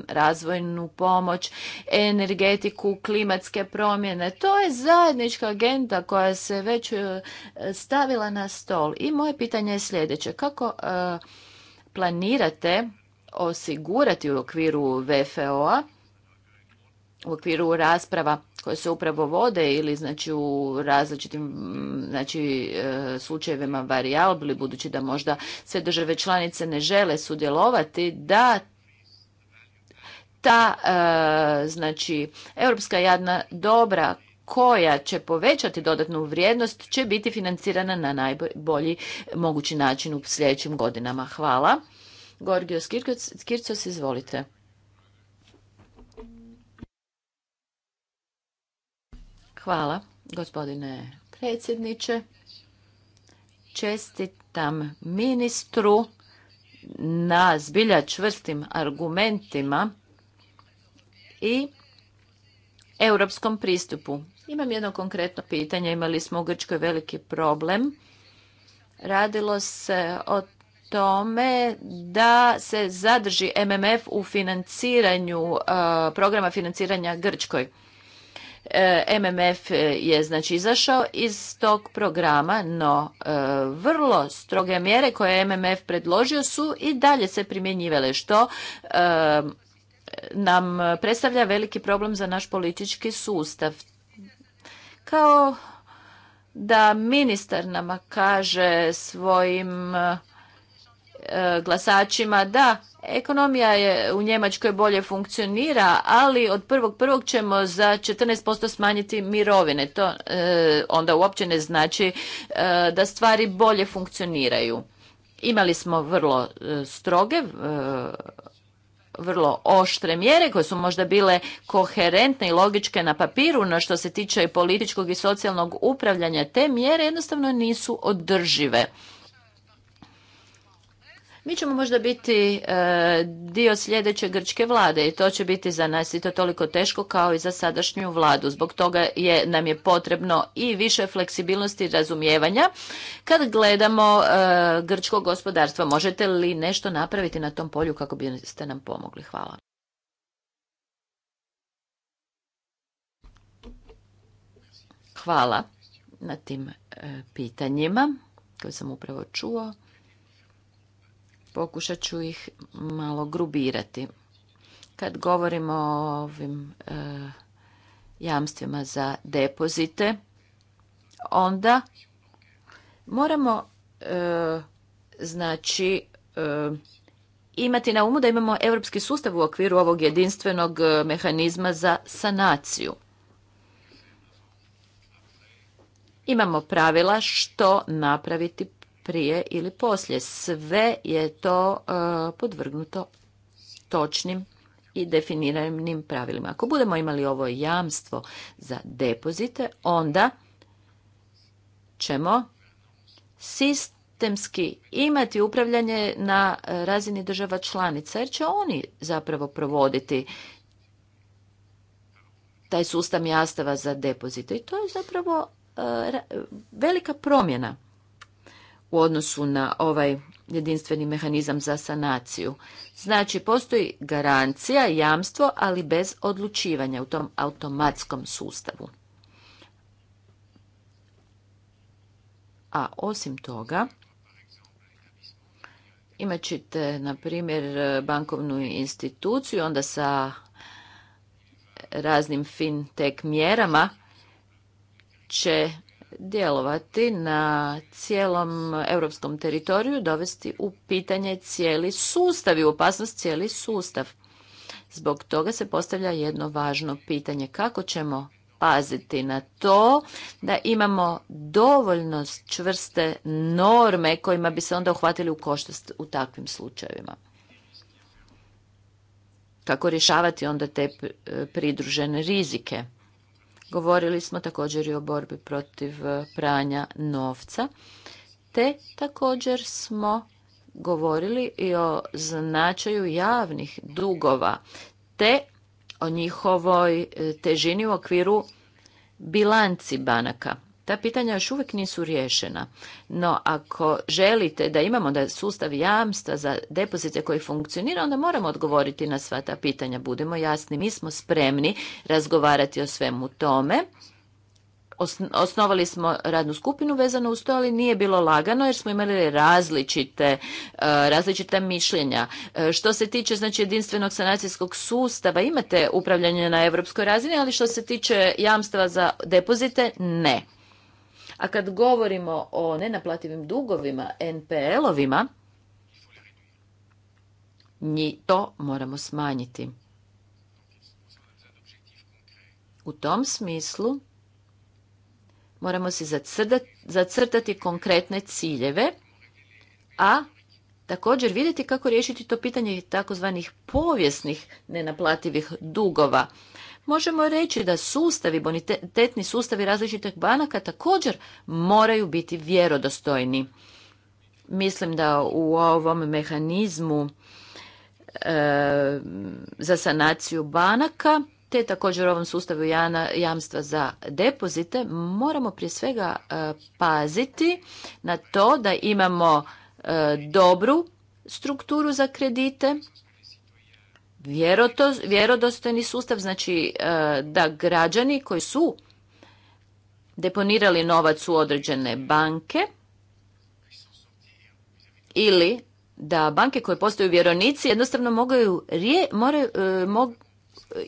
razvojnu pomoć, energetiku, klimatske promjene. To je zajednička agenda koja se već stavila na stol. I moje pitanje je sljedeće. Kako planirate osigurati u okviru VFO-a u okviru rasprava koje se upravo vode ili znači u različitim mm, znači, e, slučajevima variabli, budući da možda sve države članice ne žele sudjelovati, da ta e, znači europska jadna dobra koja će povećati dodatnu vrijednost će biti financirana na najbolji mogući način u sljedećim godinama. Hvala. Gorgio Skircos, izvolite. Hvala, gospodine predsjedniče. Čestitam ministru na zbilja čvrstim argumentima i europskom pristupu. Imam jedno konkretno pitanje. Imali smo u Grčkoj veliki problem. Radilo se o tome da se zadrži MMF u financiranju, eh, programa financiranja Grčkoj. E, MMF e, je znači izašao iz tog programa, no e, vrlo stroge mjere koje je MMF predložio su i dalje se primjenjivale, što nam predstavlja veliki problem za naš politički sustav. Kao da ministar nama kaže svojim E, glasačima da ekonomija je u Njemačkoj bolje funkcionira, ali od prvog prvog ćemo za 14% smanjiti mirovine. To e, onda uopće ne znači e, da stvari bolje funkcioniraju. Imali smo vrlo stroge vrlo oštre mjere koje su možda bile koherentne i logičke na papiru, no što se tiče političkog i socijalnog upravljanja, te mjere jednostavno nisu održive. Mi ćemo možda biti e, dio sljedeće grčke vlade i to će biti za nas i to toliko teško kao i za sadašnju vladu. Zbog toga je, nam je potrebno i više fleksibilnosti i razumijevanja. Kad gledamo e, grčko gospodarstvo, možete li nešto napraviti na tom polju kako biste nam pomogli? Hvala. Hvala na tim e, pitanjima koje sam upravo čuo. Pokušat ću ih malo grubirati. Kad govorimo o ovim e, jamstvima za depozite, onda moramo e, znači e, imati na umu da imamo europski sustav u okviru ovog jedinstvenog mehanizma za sanaciju. Imamo pravila što napraviti prije ili poslije. Sve je to e, podvrgnuto točnim i definiranim pravilima. Ako budemo imali ovo jamstvo za depozite, onda ćemo sistemski imati upravljanje na razini država članica, jer će oni zapravo provoditi taj sustav jastava za depozite. I to je zapravo e, velika promjena u odnosu na ovaj jedinstveni mehanizam za sanaciju. Znači, postoji garancija, jamstvo, ali bez odlučivanja u tom automatskom sustavu. A osim toga, imat ćete, na primjer, bankovnu instituciju, onda sa raznim fintech mjerama će djelovati na cijelom europskom teritoriju, dovesti u pitanje cijeli sustav i u opasnost cijeli sustav. Zbog toga se postavlja jedno važno pitanje kako ćemo paziti na to da imamo dovoljno čvrste norme kojima bi se onda uhvatili u koštost u takvim slučajevima. Kako rješavati onda te e, pridružene rizike? Govorili smo također i o borbi protiv e, pranja novca, te također smo govorili i o značaju javnih dugova, te o njihovoj e, težini u okviru bilanci banaka ta pitanja još uvijek nisu riješena. No ako želite da imamo da sustav jamstva za depozite koji funkcionira, onda moramo odgovoriti na sva ta pitanja. Budemo jasni, mi smo spremni razgovarati o svemu tome. Osnovali smo radnu skupinu vezano uz to, ali nije bilo lagano jer smo imali različite, e, različita mišljenja. E, što se tiče znači, jedinstvenog sanacijskog sustava, imate upravljanje na europskoj razini, ali što se tiče jamstva za depozite, ne. A kad govorimo o nenaplativim dugovima, NPL-ovima, to moramo smanjiti. U tom smislu moramo se zacrtati konkretne ciljeve, a također vidjeti kako riješiti to pitanje takozvanih povijesnih nenaplativih dugova možemo reći da sustavi, bonitetni sustavi različitih banaka također moraju biti vjerodostojni. Mislim da u ovom mehanizmu e, za sanaciju banaka te također u ovom sustavu jamstva za depozite moramo prije svega e, paziti na to da imamo e, dobru strukturu za kredite vjerodostojni sustav, znači e, da građani koji su deponirali novac u određene banke ili da banke koje postaju vjeronici jednostavno mogaju, moraju, e,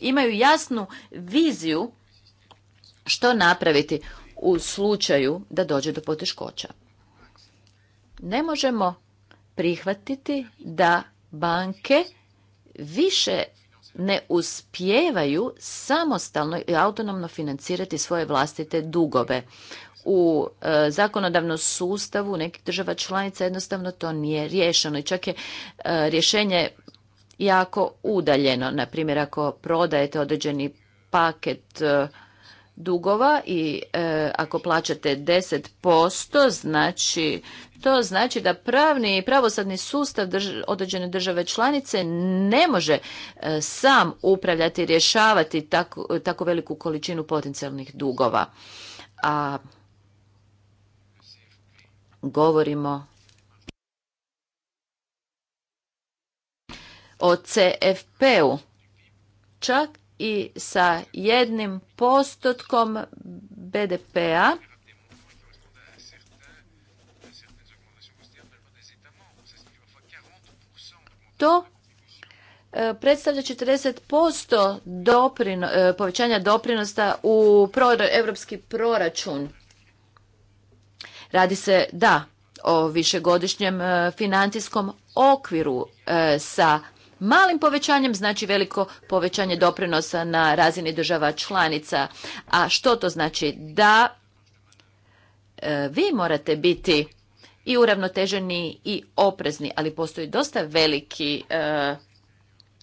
imaju jasnu viziju što napraviti u slučaju da dođe do poteškoća. Ne možemo prihvatiti da banke više ne uspijevaju samostalno i autonomno financirati svoje vlastite dugove. U e, zakonodavnom sustavu nekih država članica jednostavno to nije riješeno i čak je e, rješenje jako udaljeno. Na ako prodajete određeni paket e, dugova i e, ako plaćate 10%, znači to znači da pravni i pravosadni sustav određene države članice ne može e, sam upravljati i rješavati tako, tako veliku količinu potencijalnih dugova. A govorimo o CFP-u. Čak i sa jednim postotkom BDP-a to e, predstavlja 40% posto e, povećanja doprinosta u europski proračun. Radi se, da, o višegodišnjem e, financijskom okviru sa malim povećanjem znači veliko povećanje doprinosa na razini država članica. A što to znači? Da e, vi morate biti i uravnoteženi i oprezni, ali postoji dosta veliki e,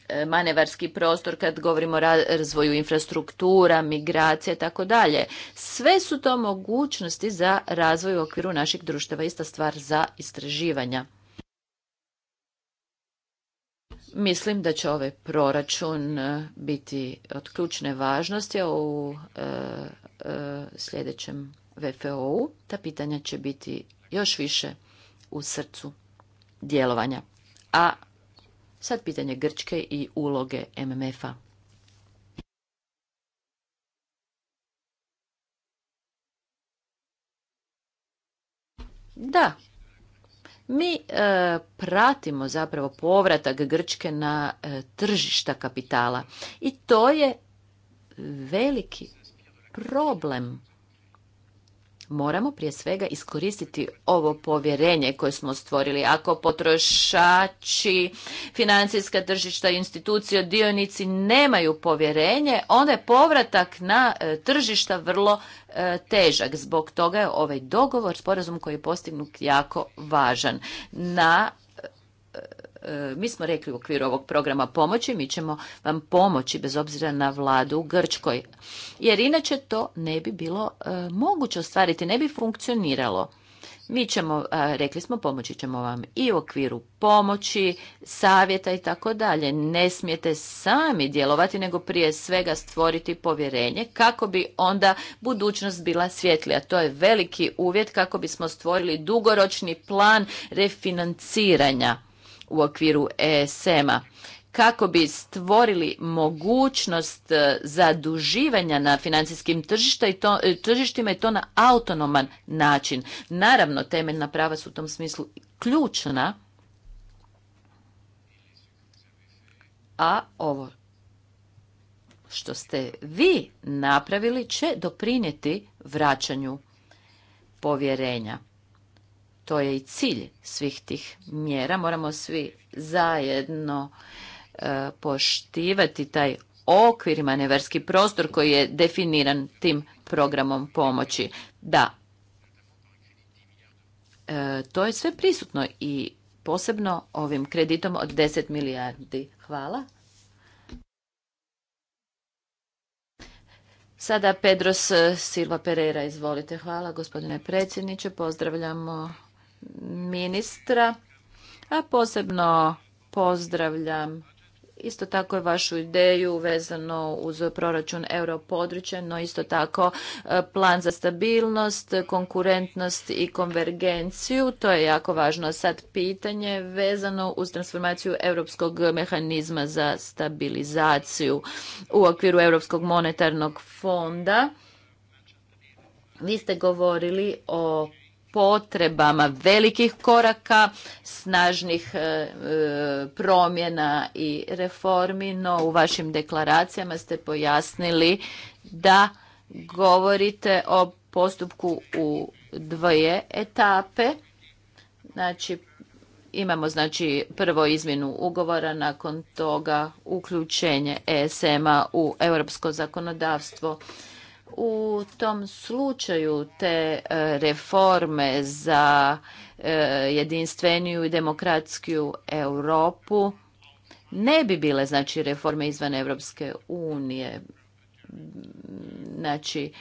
e, manevarski prostor kad govorimo o razvoju infrastruktura, migracije i tako dalje. Sve su to mogućnosti za razvoj u okviru naših društava. Ista stvar za istraživanja. Mislim da će ovaj proračun e, biti od ključne važnosti u e, e, sljedećem VFO-u. Ta pitanja će biti još više u srcu djelovanja. A sad pitanje Grčke i uloge MMF-a. Da, mi e, pratimo zapravo povratak Grčke na e, tržišta kapitala i to je veliki problem moramo prije svega iskoristiti ovo povjerenje koje smo stvorili. Ako potrošači, financijska tržišta, institucije, dionici nemaju povjerenje, onda je povratak na e, tržišta vrlo e, težak. Zbog toga je ovaj dogovor, sporazum koji je postignut jako važan. Na e, E, mi smo rekli u okviru ovog programa pomoći, mi ćemo vam pomoći bez obzira na vladu u Grčkoj. Jer inače to ne bi bilo e, moguće ostvariti, ne bi funkcioniralo. Mi ćemo, e, rekli smo, pomoći ćemo vam i u okviru pomoći, savjeta i tako dalje. Ne smijete sami djelovati, nego prije svega stvoriti povjerenje kako bi onda budućnost bila svjetlija. To je veliki uvjet kako bismo stvorili dugoročni plan refinanciranja u okviru ESM-a kako bi stvorili mogućnost e, zaduživanja na financijskim e, tržištima i to na autonoman način. Naravno, temeljna prava su u tom smislu ključna, a ovo što ste vi napravili će doprinijeti vraćanju povjerenja to je i cilj svih tih mjera. Moramo svi zajedno e, poštivati taj okvir manevarski prostor koji je definiran tim programom pomoći. Da, e, to je sve prisutno i posebno ovim kreditom od 10 milijardi. Hvala. Sada Pedros Silva Pereira, izvolite. Hvala gospodine predsjedniče, pozdravljamo ministra, a posebno pozdravljam Isto tako je vašu ideju vezano uz proračun europodručja, no isto tako e, plan za stabilnost, konkurentnost i konvergenciju. To je jako važno sad pitanje vezano uz transformaciju europskog mehanizma za stabilizaciju u okviru Europskog monetarnog fonda. Vi ste govorili o potrebama velikih koraka, snažnih e, e, promjena i reformi, no u vašim deklaracijama ste pojasnili da govorite o postupku u dvoje etape. Znači, imamo znači prvo izmjenu ugovora, nakon toga uključenje ESM-a u europsko zakonodavstvo u tom slučaju te e, reforme za e, jedinstveniju i demokratskiju Europu ne bi bile znači reforme izvan Europske unije znači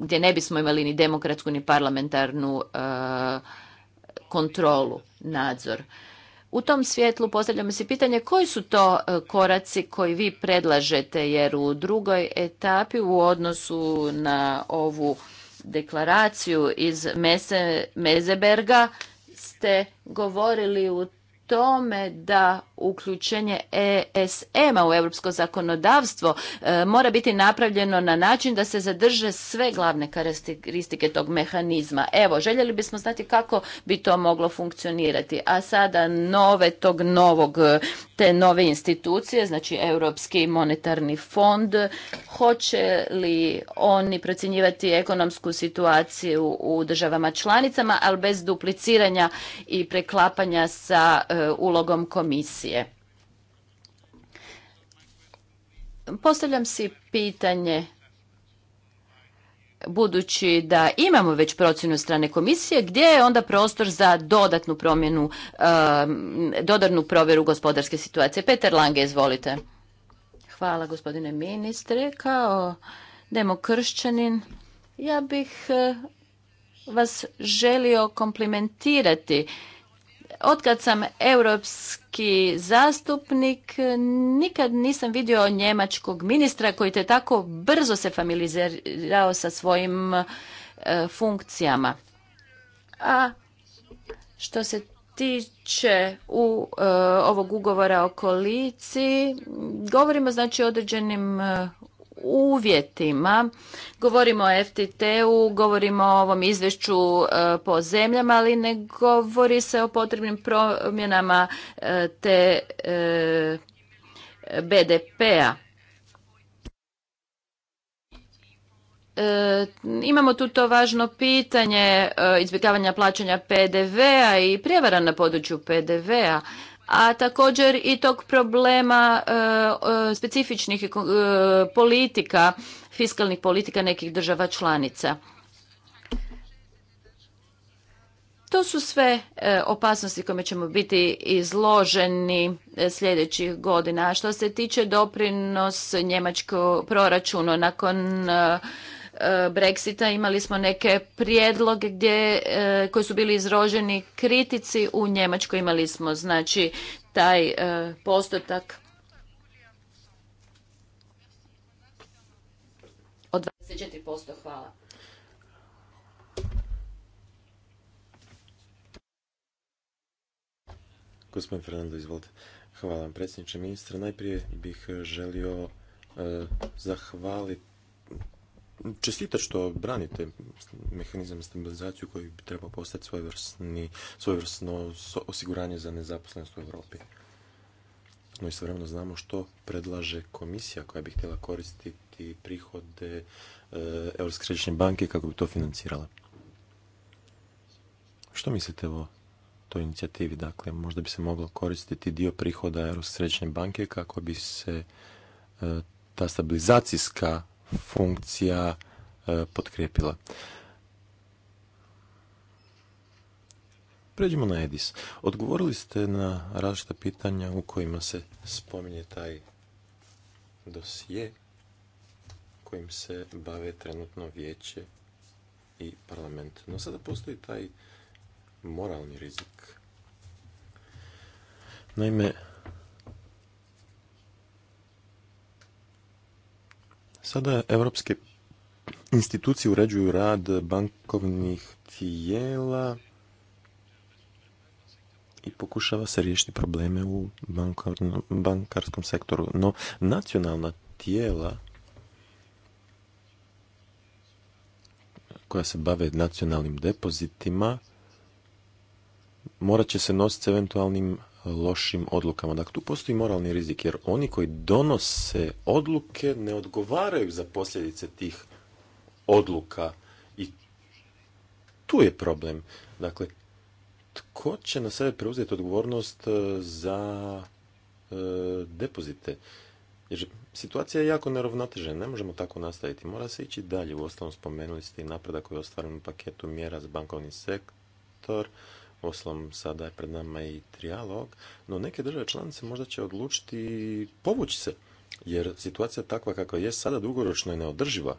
gdje ne bismo imali ni demokratsku ni parlamentarnu e, kontrolu, nadzor. U tom svjetlu postavljamo si pitanje koji su to e, koraci koji vi predlažete jer u drugoj etapi u odnosu na ovu deklaraciju iz Meseberga Mezeberga ste govorili u tome da uključenje ESM-a u europsko zakonodavstvo e, mora biti napravljeno na način da se zadrže sve glavne karakteristike tog mehanizma. Evo, željeli bismo znati kako bi to moglo funkcionirati. A sada nove tog novog, te nove institucije, znači Europski monetarni fond, hoće li oni procjenjivati ekonomsku situaciju u državama članicama, ali bez dupliciranja i preklapanja sa e, ulogom komisije korupcije. Postavljam si pitanje budući da imamo već procjenu strane komisije, gdje je onda prostor za dodatnu promjenu, um, dodatnu provjeru gospodarske situacije? Peter Lange, izvolite. Hvala gospodine ministre. Kao demokršćanin ja bih eh, vas želio komplimentirati kad sam europski zastupnik, nikad nisam vidio njemačkog ministra koji te tako brzo se familizirao sa svojim e, funkcijama. A što se tiče u e, ovog ugovora o koaliciji, govorimo znači o određenim e, uvjetima. Govorimo o FTT-u, govorimo o ovom izvješću e, po zemljama, ali ne govori se o potrebnim promjenama e, te e, BDP-a. imamo tu to važno pitanje izbjegavanja plaćanja PDV-a i prijevara na području PDV-a a također i tog problema e, e, specifičnih e, politika, fiskalnih politika nekih država članica. To su sve opasnosti kome ćemo biti izloženi sljedećih godina. A što se tiče doprinos njemačkog proračunu nakon Eh, Brexita imali smo neke prijedloge gdje, eh, koji su bili izroženi kritici u Njemačkoj. Imali smo znači taj eh, postotak od 24%. Hvala. Gospodin Fernando, izvolite. Hvala vam predsjedniče ministra. Najprije bih želio zahvaliti čestite što branite mehanizam stabilizaciju koji bi trebao postati svojevrsno osiguranje za nezaposlenost u Europi. No istovremeno znamo što predlaže komisija koja bi htjela koristiti prihode e, Europske središnje banke kako bi to financirala. Što mislite o toj inicijativi? Dakle, možda bi se moglo koristiti dio prihoda Europske središnje banke kako bi se e, ta stabilizacijska funkcija e, potkrijepila. Pređimo na EDIS. Odgovorili ste na različita pitanja u kojima se spominje taj dosije kojim se bave trenutno vijeće i parlament. No sada postoji taj moralni rizik. Naime, Sada evropske institucije uređuju rad bankovnih tijela i pokušava se riješiti probleme u bankarskom sektoru. No, nacionalna tijela koja se bave nacionalnim depozitima morat će se nositi s eventualnim lošim odlukama. Dakle, tu postoji moralni rizik jer oni koji donose odluke ne odgovaraju za posljedice tih odluka i tu je problem. Dakle, tko će na sebe preuzeti odgovornost e, za e, depozite? Jer situacija je jako neravnotežena, ne možemo tako nastaviti. Mora se ići dalje. U ostalom spomenuli ste i napredak koji je ostvaren u paketu mjera za bankovni sektor poslom. Sada je pred nama i trijalog, no neke države članice možda će odlučiti povući se, jer situacija takva kakva je sada dugoročno je neodrživa.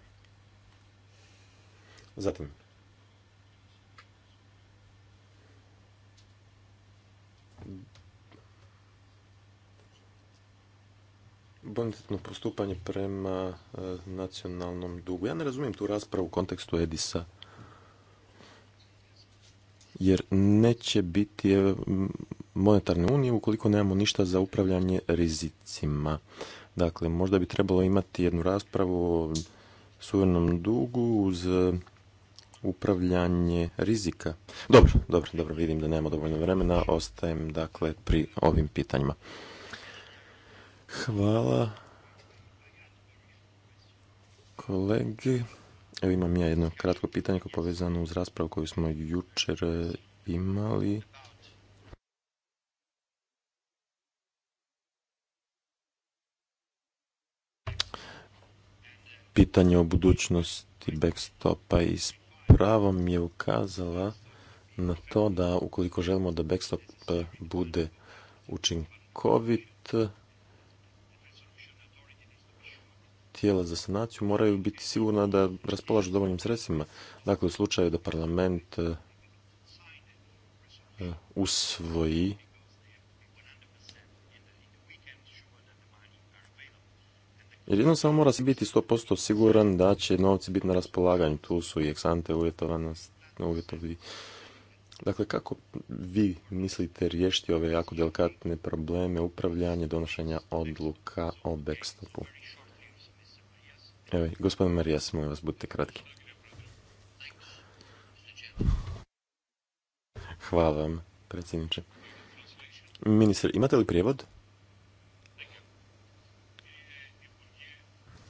Zatim, bonitetno postupanje prema e, nacionalnom dugu. Ja ne razumijem tu raspravu u kontekstu Edisa jer neće biti e, monetarne unije ukoliko nemamo ništa za upravljanje rizicima. Dakle, možda bi trebalo imati jednu raspravu o suverenom dugu uz e, upravljanje rizika. Dobro, dobro, dobro, vidim da nemamo dovoljno vremena, ostajem dakle pri ovim pitanjima. Hvala kolegi. Evo imam ja jedno kratko pitanje koje je povezano uz raspravu koju smo jučer e, imali. Pitanje o budućnosti backstopa i s pravom je ukazala na to da ukoliko želimo da backstop e, bude učinkovit, tijela za sanaciju moraju biti sigurna da raspolažu dovoljnim sredstvima. Dakle, u slučaju da parlament e, e, usvoji Jer samo mora se biti 100% siguran da će novci biti na raspolaganju. Tu su i eksante uvjetovani. Dakle, kako vi mislite riješiti ove jako delikatne probleme upravljanja donošenja odluka o backstopu? Evo, gospodin Marijas, molim vas, budite kratki. Hvala vam, predsjedniče. Ministar, imate li prijevod?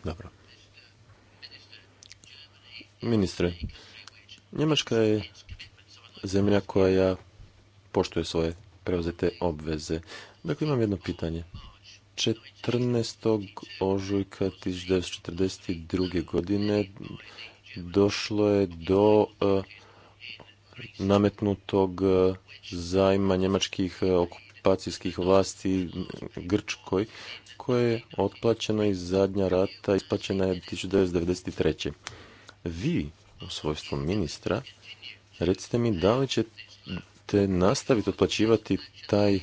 Dobro. Ministre, Njemačka je zemlja koja poštuje svoje preuzete obveze. Dakle, imam jedno pitanje. 14. ožujka 1942. godine došlo je do eh, nametnutog eh, zajma njemačkih eh, okupacijskih vlasti Grčkoj koje je otplaćeno iz zadnja rata isplaćena je 1993. Vi u svojstvu ministra recite mi da li ćete nastaviti otplaćivati taj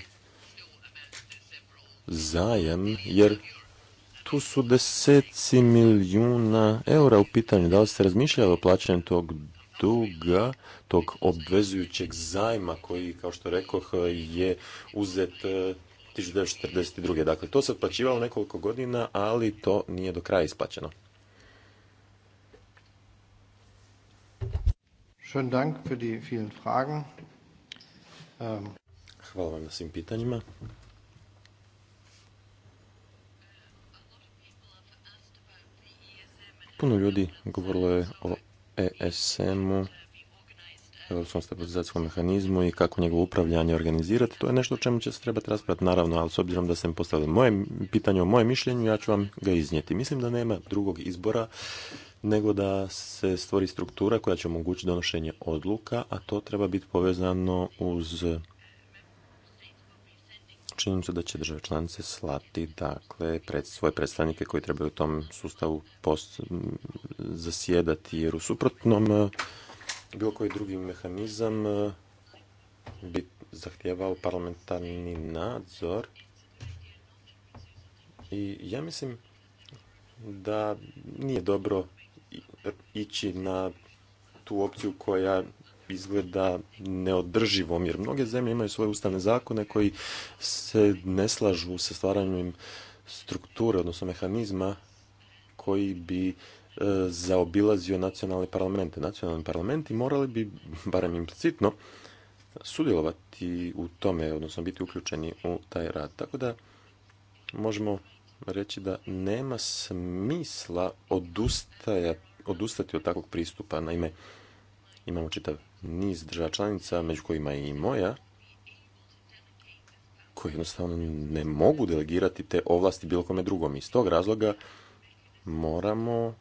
zajam, jer tu su deseci milijuna eura u pitanju. Da li ste razmišljali o plaćanju tog duga, tog obvezujućeg zajma koji, kao što rekoh, je uzet 1942. E, dakle, to se otplaćivalo nekoliko godina, ali to nije do kraja isplaćeno. Ähm, Hvala vam na svim pitanjima. Puno ljudi govorilo je o ESM-u, Europskom stabilizacijskom mehanizmu i kako njegovo upravljanje organizirati. To je nešto o čemu će se trebati raspraviti, naravno, ali s obzirom da sam postavili moje pitanje o mojem mišljenju, ja ću vam ga iznijeti. Mislim da nema drugog izbora nego da se stvori struktura koja će omogućiti donošenje odluka, a to treba biti povezano uz činjenicu da će države članice slati dakle pred svoje predstavnike koji trebaju u tom sustavu post zasjedati jer u suprotnom e, bilo koji drugi mehanizam e, bi zahtijevao parlamentarni nadzor i ja mislim da nije dobro ići na tu opciju koja izgleda neodrživom, jer mnoge zemlje imaju svoje ustavne zakone koji se ne slažu sa stvaranjem strukture, odnosno mehanizma koji bi e, zaobilazio nacionalne parlamente. Nacionalni parlamenti morali bi, barem implicitno, sudjelovati u tome, odnosno biti uključeni u taj rad. Tako da možemo reći da nema smisla odustaja, odustati od takvog pristupa. Naime, imamo čitav niz država članica, među kojima je i moja, koje jednostavno ne mogu delegirati te ovlasti bilo kome drugom. Iz tog razloga moramo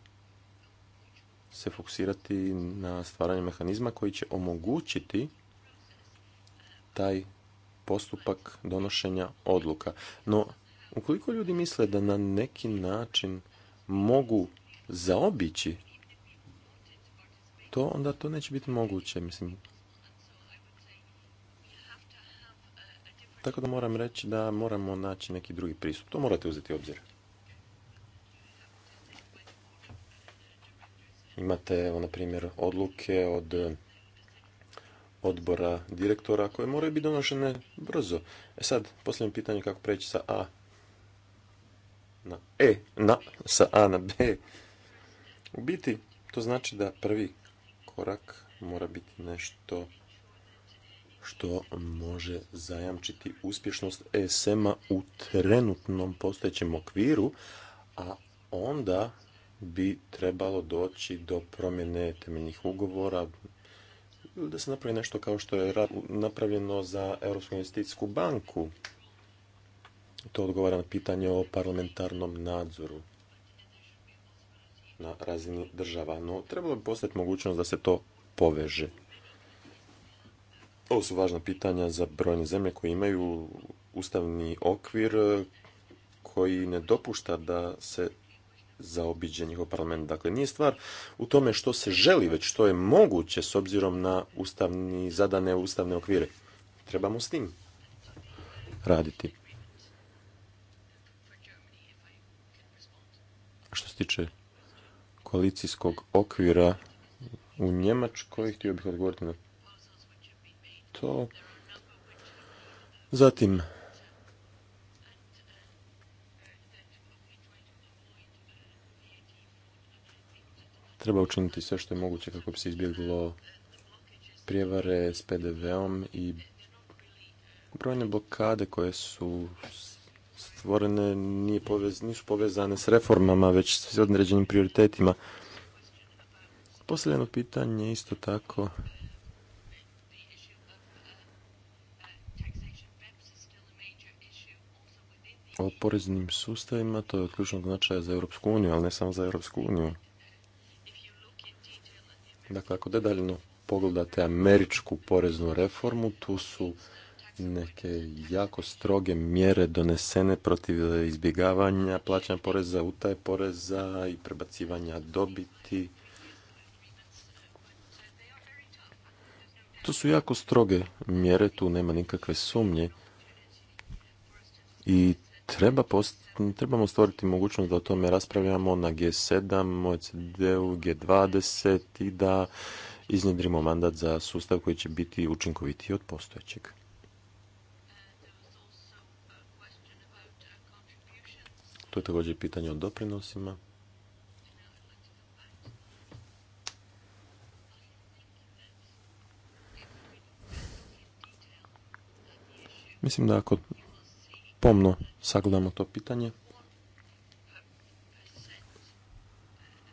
se fokusirati na stvaranje mehanizma koji će omogućiti taj postupak donošenja odluka. No, ukoliko ljudi misle da na neki način mogu zaobići to, onda to neće biti moguće, mislim. Tako da moram reći da moramo naći neki drugi pristup. To morate uzeti u obzir. Imate, evo, na primjer, odluke od odbora direktora koje moraju biti donošene brzo. E sad, posljedno pitanje kako preći sa A na E, na, sa A na B. U biti, to znači da prvi korak mora biti nešto što može zajamčiti uspješnost ESM-a u trenutnom postojećem okviru, a onda bi trebalo doći do promjene temeljnih ugovora, da se napravi nešto kao što je napravljeno za Europsku investicijsku banku. To odgovara na pitanje o parlamentarnom nadzoru na razini država, no trebalo bi postati mogućnost da se to poveže. Ovo su važna pitanja za brojne zemlje koje imaju ustavni okvir e, koji ne dopušta da se zaobiđe njihov parlament. Dakle, nije stvar u tome što se želi, već što je moguće s obzirom na ustavni, zadane ustavne okvire. Trebamo s tim raditi. Što se tiče koalicijskog okvira u Njemačkoj. Htio bih odgovoriti na to. Zatim, treba učiniti sve što je moguće kako bi se izbjeglo prijevare s PDV-om i brojne blokade koje su stvorene nije povez, nisu povezane s reformama, već s određenim prioritetima. Posljedno pitanje isto tako o poreznim sustavima, to je od ključnog značaja za Europsku uniju, ali ne samo za Europsku uniju. Dakle, ako detaljno pogledate američku poreznu reformu, tu su neke jako stroge mjere donesene protiv izbjegavanja plaćanja poreza, utaje poreza i prebacivanja dobiti. To su jako stroge mjere, tu nema nikakve sumnje. I treba trebamo stvoriti mogućnost da o tome raspravljamo na G7, OECD-u, G20 i da iznjedrimo mandat za sustav koji će biti učinkovitiji od postojećeg. To je također pitanje o doprinosima. Mislim da ako pomno sagledamo to pitanje,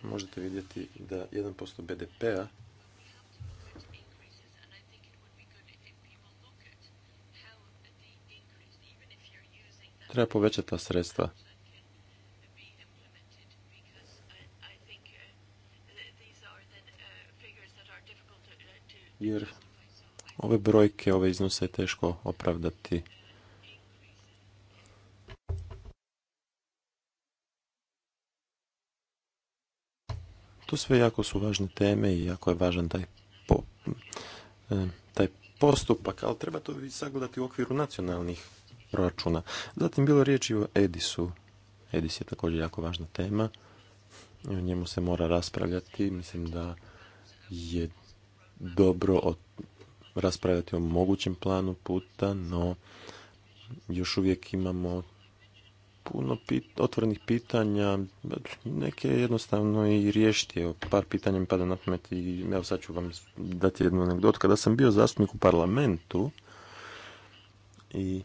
možete vidjeti da 1% BDP-a treba povećati ta sredstva. jer ove brojke, ove iznose je teško opravdati. To sve jako su važne teme i jako je važan taj, e, taj postupak, ali treba to sagledati u okviru nacionalnih proračuna. Zatim bilo riječi o Edisu. Edis je također jako važna tema. O njemu se mora raspravljati. Mislim da je dobro o, raspravljati o mogućem planu puta, no još uvijek imamo puno pit, otvorenih pitanja, neke jednostavno i riješiti. Evo, par pitanja mi pada na pamet i evo sad ću vam dati jednu anegdotu. Kada sam bio zastupnik u parlamentu i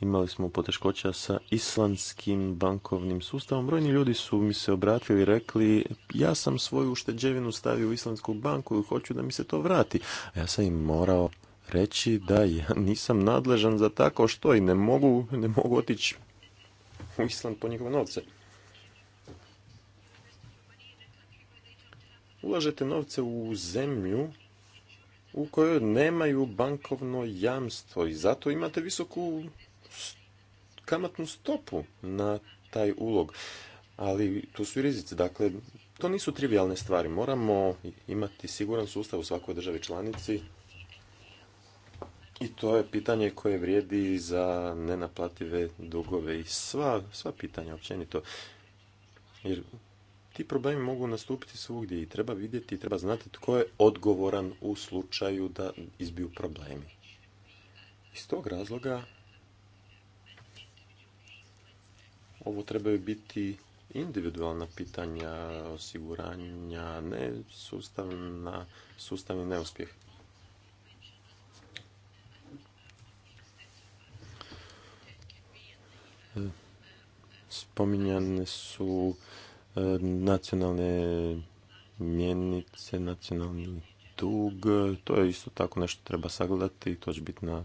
imali smo poteškoća sa islandskim bankovnim sustavom. Brojni ljudi su mi se obratili i rekli ja sam svoju ušteđevinu stavio u islandsku banku i hoću da mi se to vrati. A ja sam im morao reći da ja nisam nadležan za tako što i ne mogu, ne mogu otići u Island po njihove novce. Ulažete novce u zemlju u kojoj nemaju bankovno jamstvo i zato imate visoku kamatnu stopu na taj ulog. Ali tu su i rizici. Dakle, to nisu trivialne stvari. Moramo imati siguran sustav u svakoj državi članici i to je pitanje koje vrijedi za nenaplative dugove i sva, sva pitanja općenito. Jer ti problemi mogu nastupiti svugdje i treba vidjeti i treba znati tko je odgovoran u slučaju da izbiju problemi. Iz tog razloga ovo trebaju biti individualna pitanja osiguranja, ne sustavna, sustavni neuspjeh. Spominjane su e, nacionalne mjenice, nacionalni dug. To je isto tako nešto treba sagledati to će biti na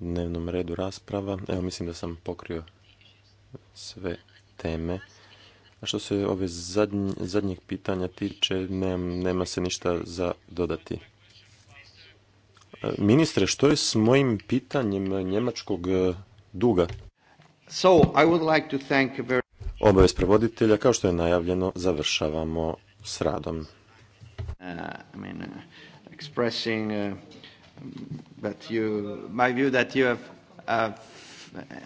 dnevnom redu rasprava. Evo, mislim da sam pokrio sve teme. A što se ove zadnjeg pitanja tiče, nema se ništa za dodati. E, ministre, što je s mojim pitanjem njemačkog e, duga? So, I would to Obavez prevoditelja, kao što je najavljeno, završavamo s radom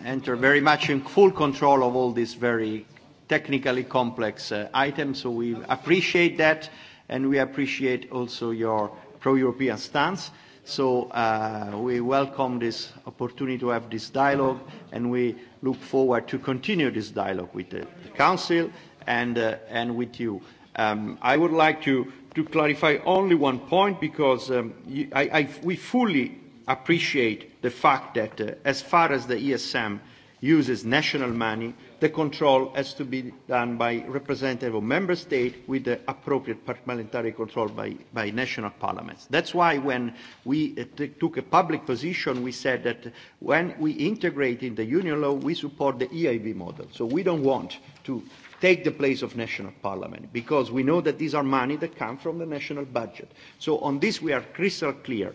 enter very much in full control of all these very technically complex uh, items, so we appreciate that, and we appreciate also your pro-European stance. So uh, we welcome this opportunity to have this dialogue, and we look forward to continue this dialogue with the, Council and, uh, and with you. Um, I would like to, to clarify only one point, because um, I, I, we fully appreciate the fact that uh, as far as the ESM uses national money, the control has to be done by representative of member state with the appropriate parliamentary control by, by national parliaments. That's why when we uh, took a public position, we said that when we integrate in the union law, we support the EIB model. So we don't want to take the place of national parliament because we know that these are money that come from the national budget. So on this we are crystal clear.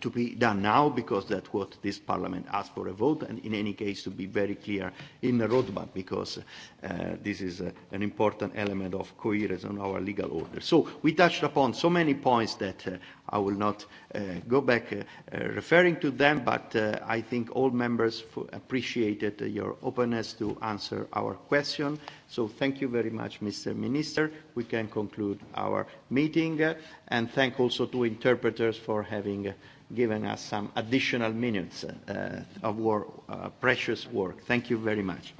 to be done now because that's what this parliament asked for a vote and in any case to be very clear in the roadmap because uh, this is a, uh, an important element of coherence on our legal order. So we touched upon so many points that uh, I will not Uh, go back uh, referring to them, but uh, I think all members appreciated your openness to answer our question. So thank you very much, Mr. Minister. We can conclude our meeting, and thank also to interpreters for having given us some additional minutes of work, precious work. Thank you very much.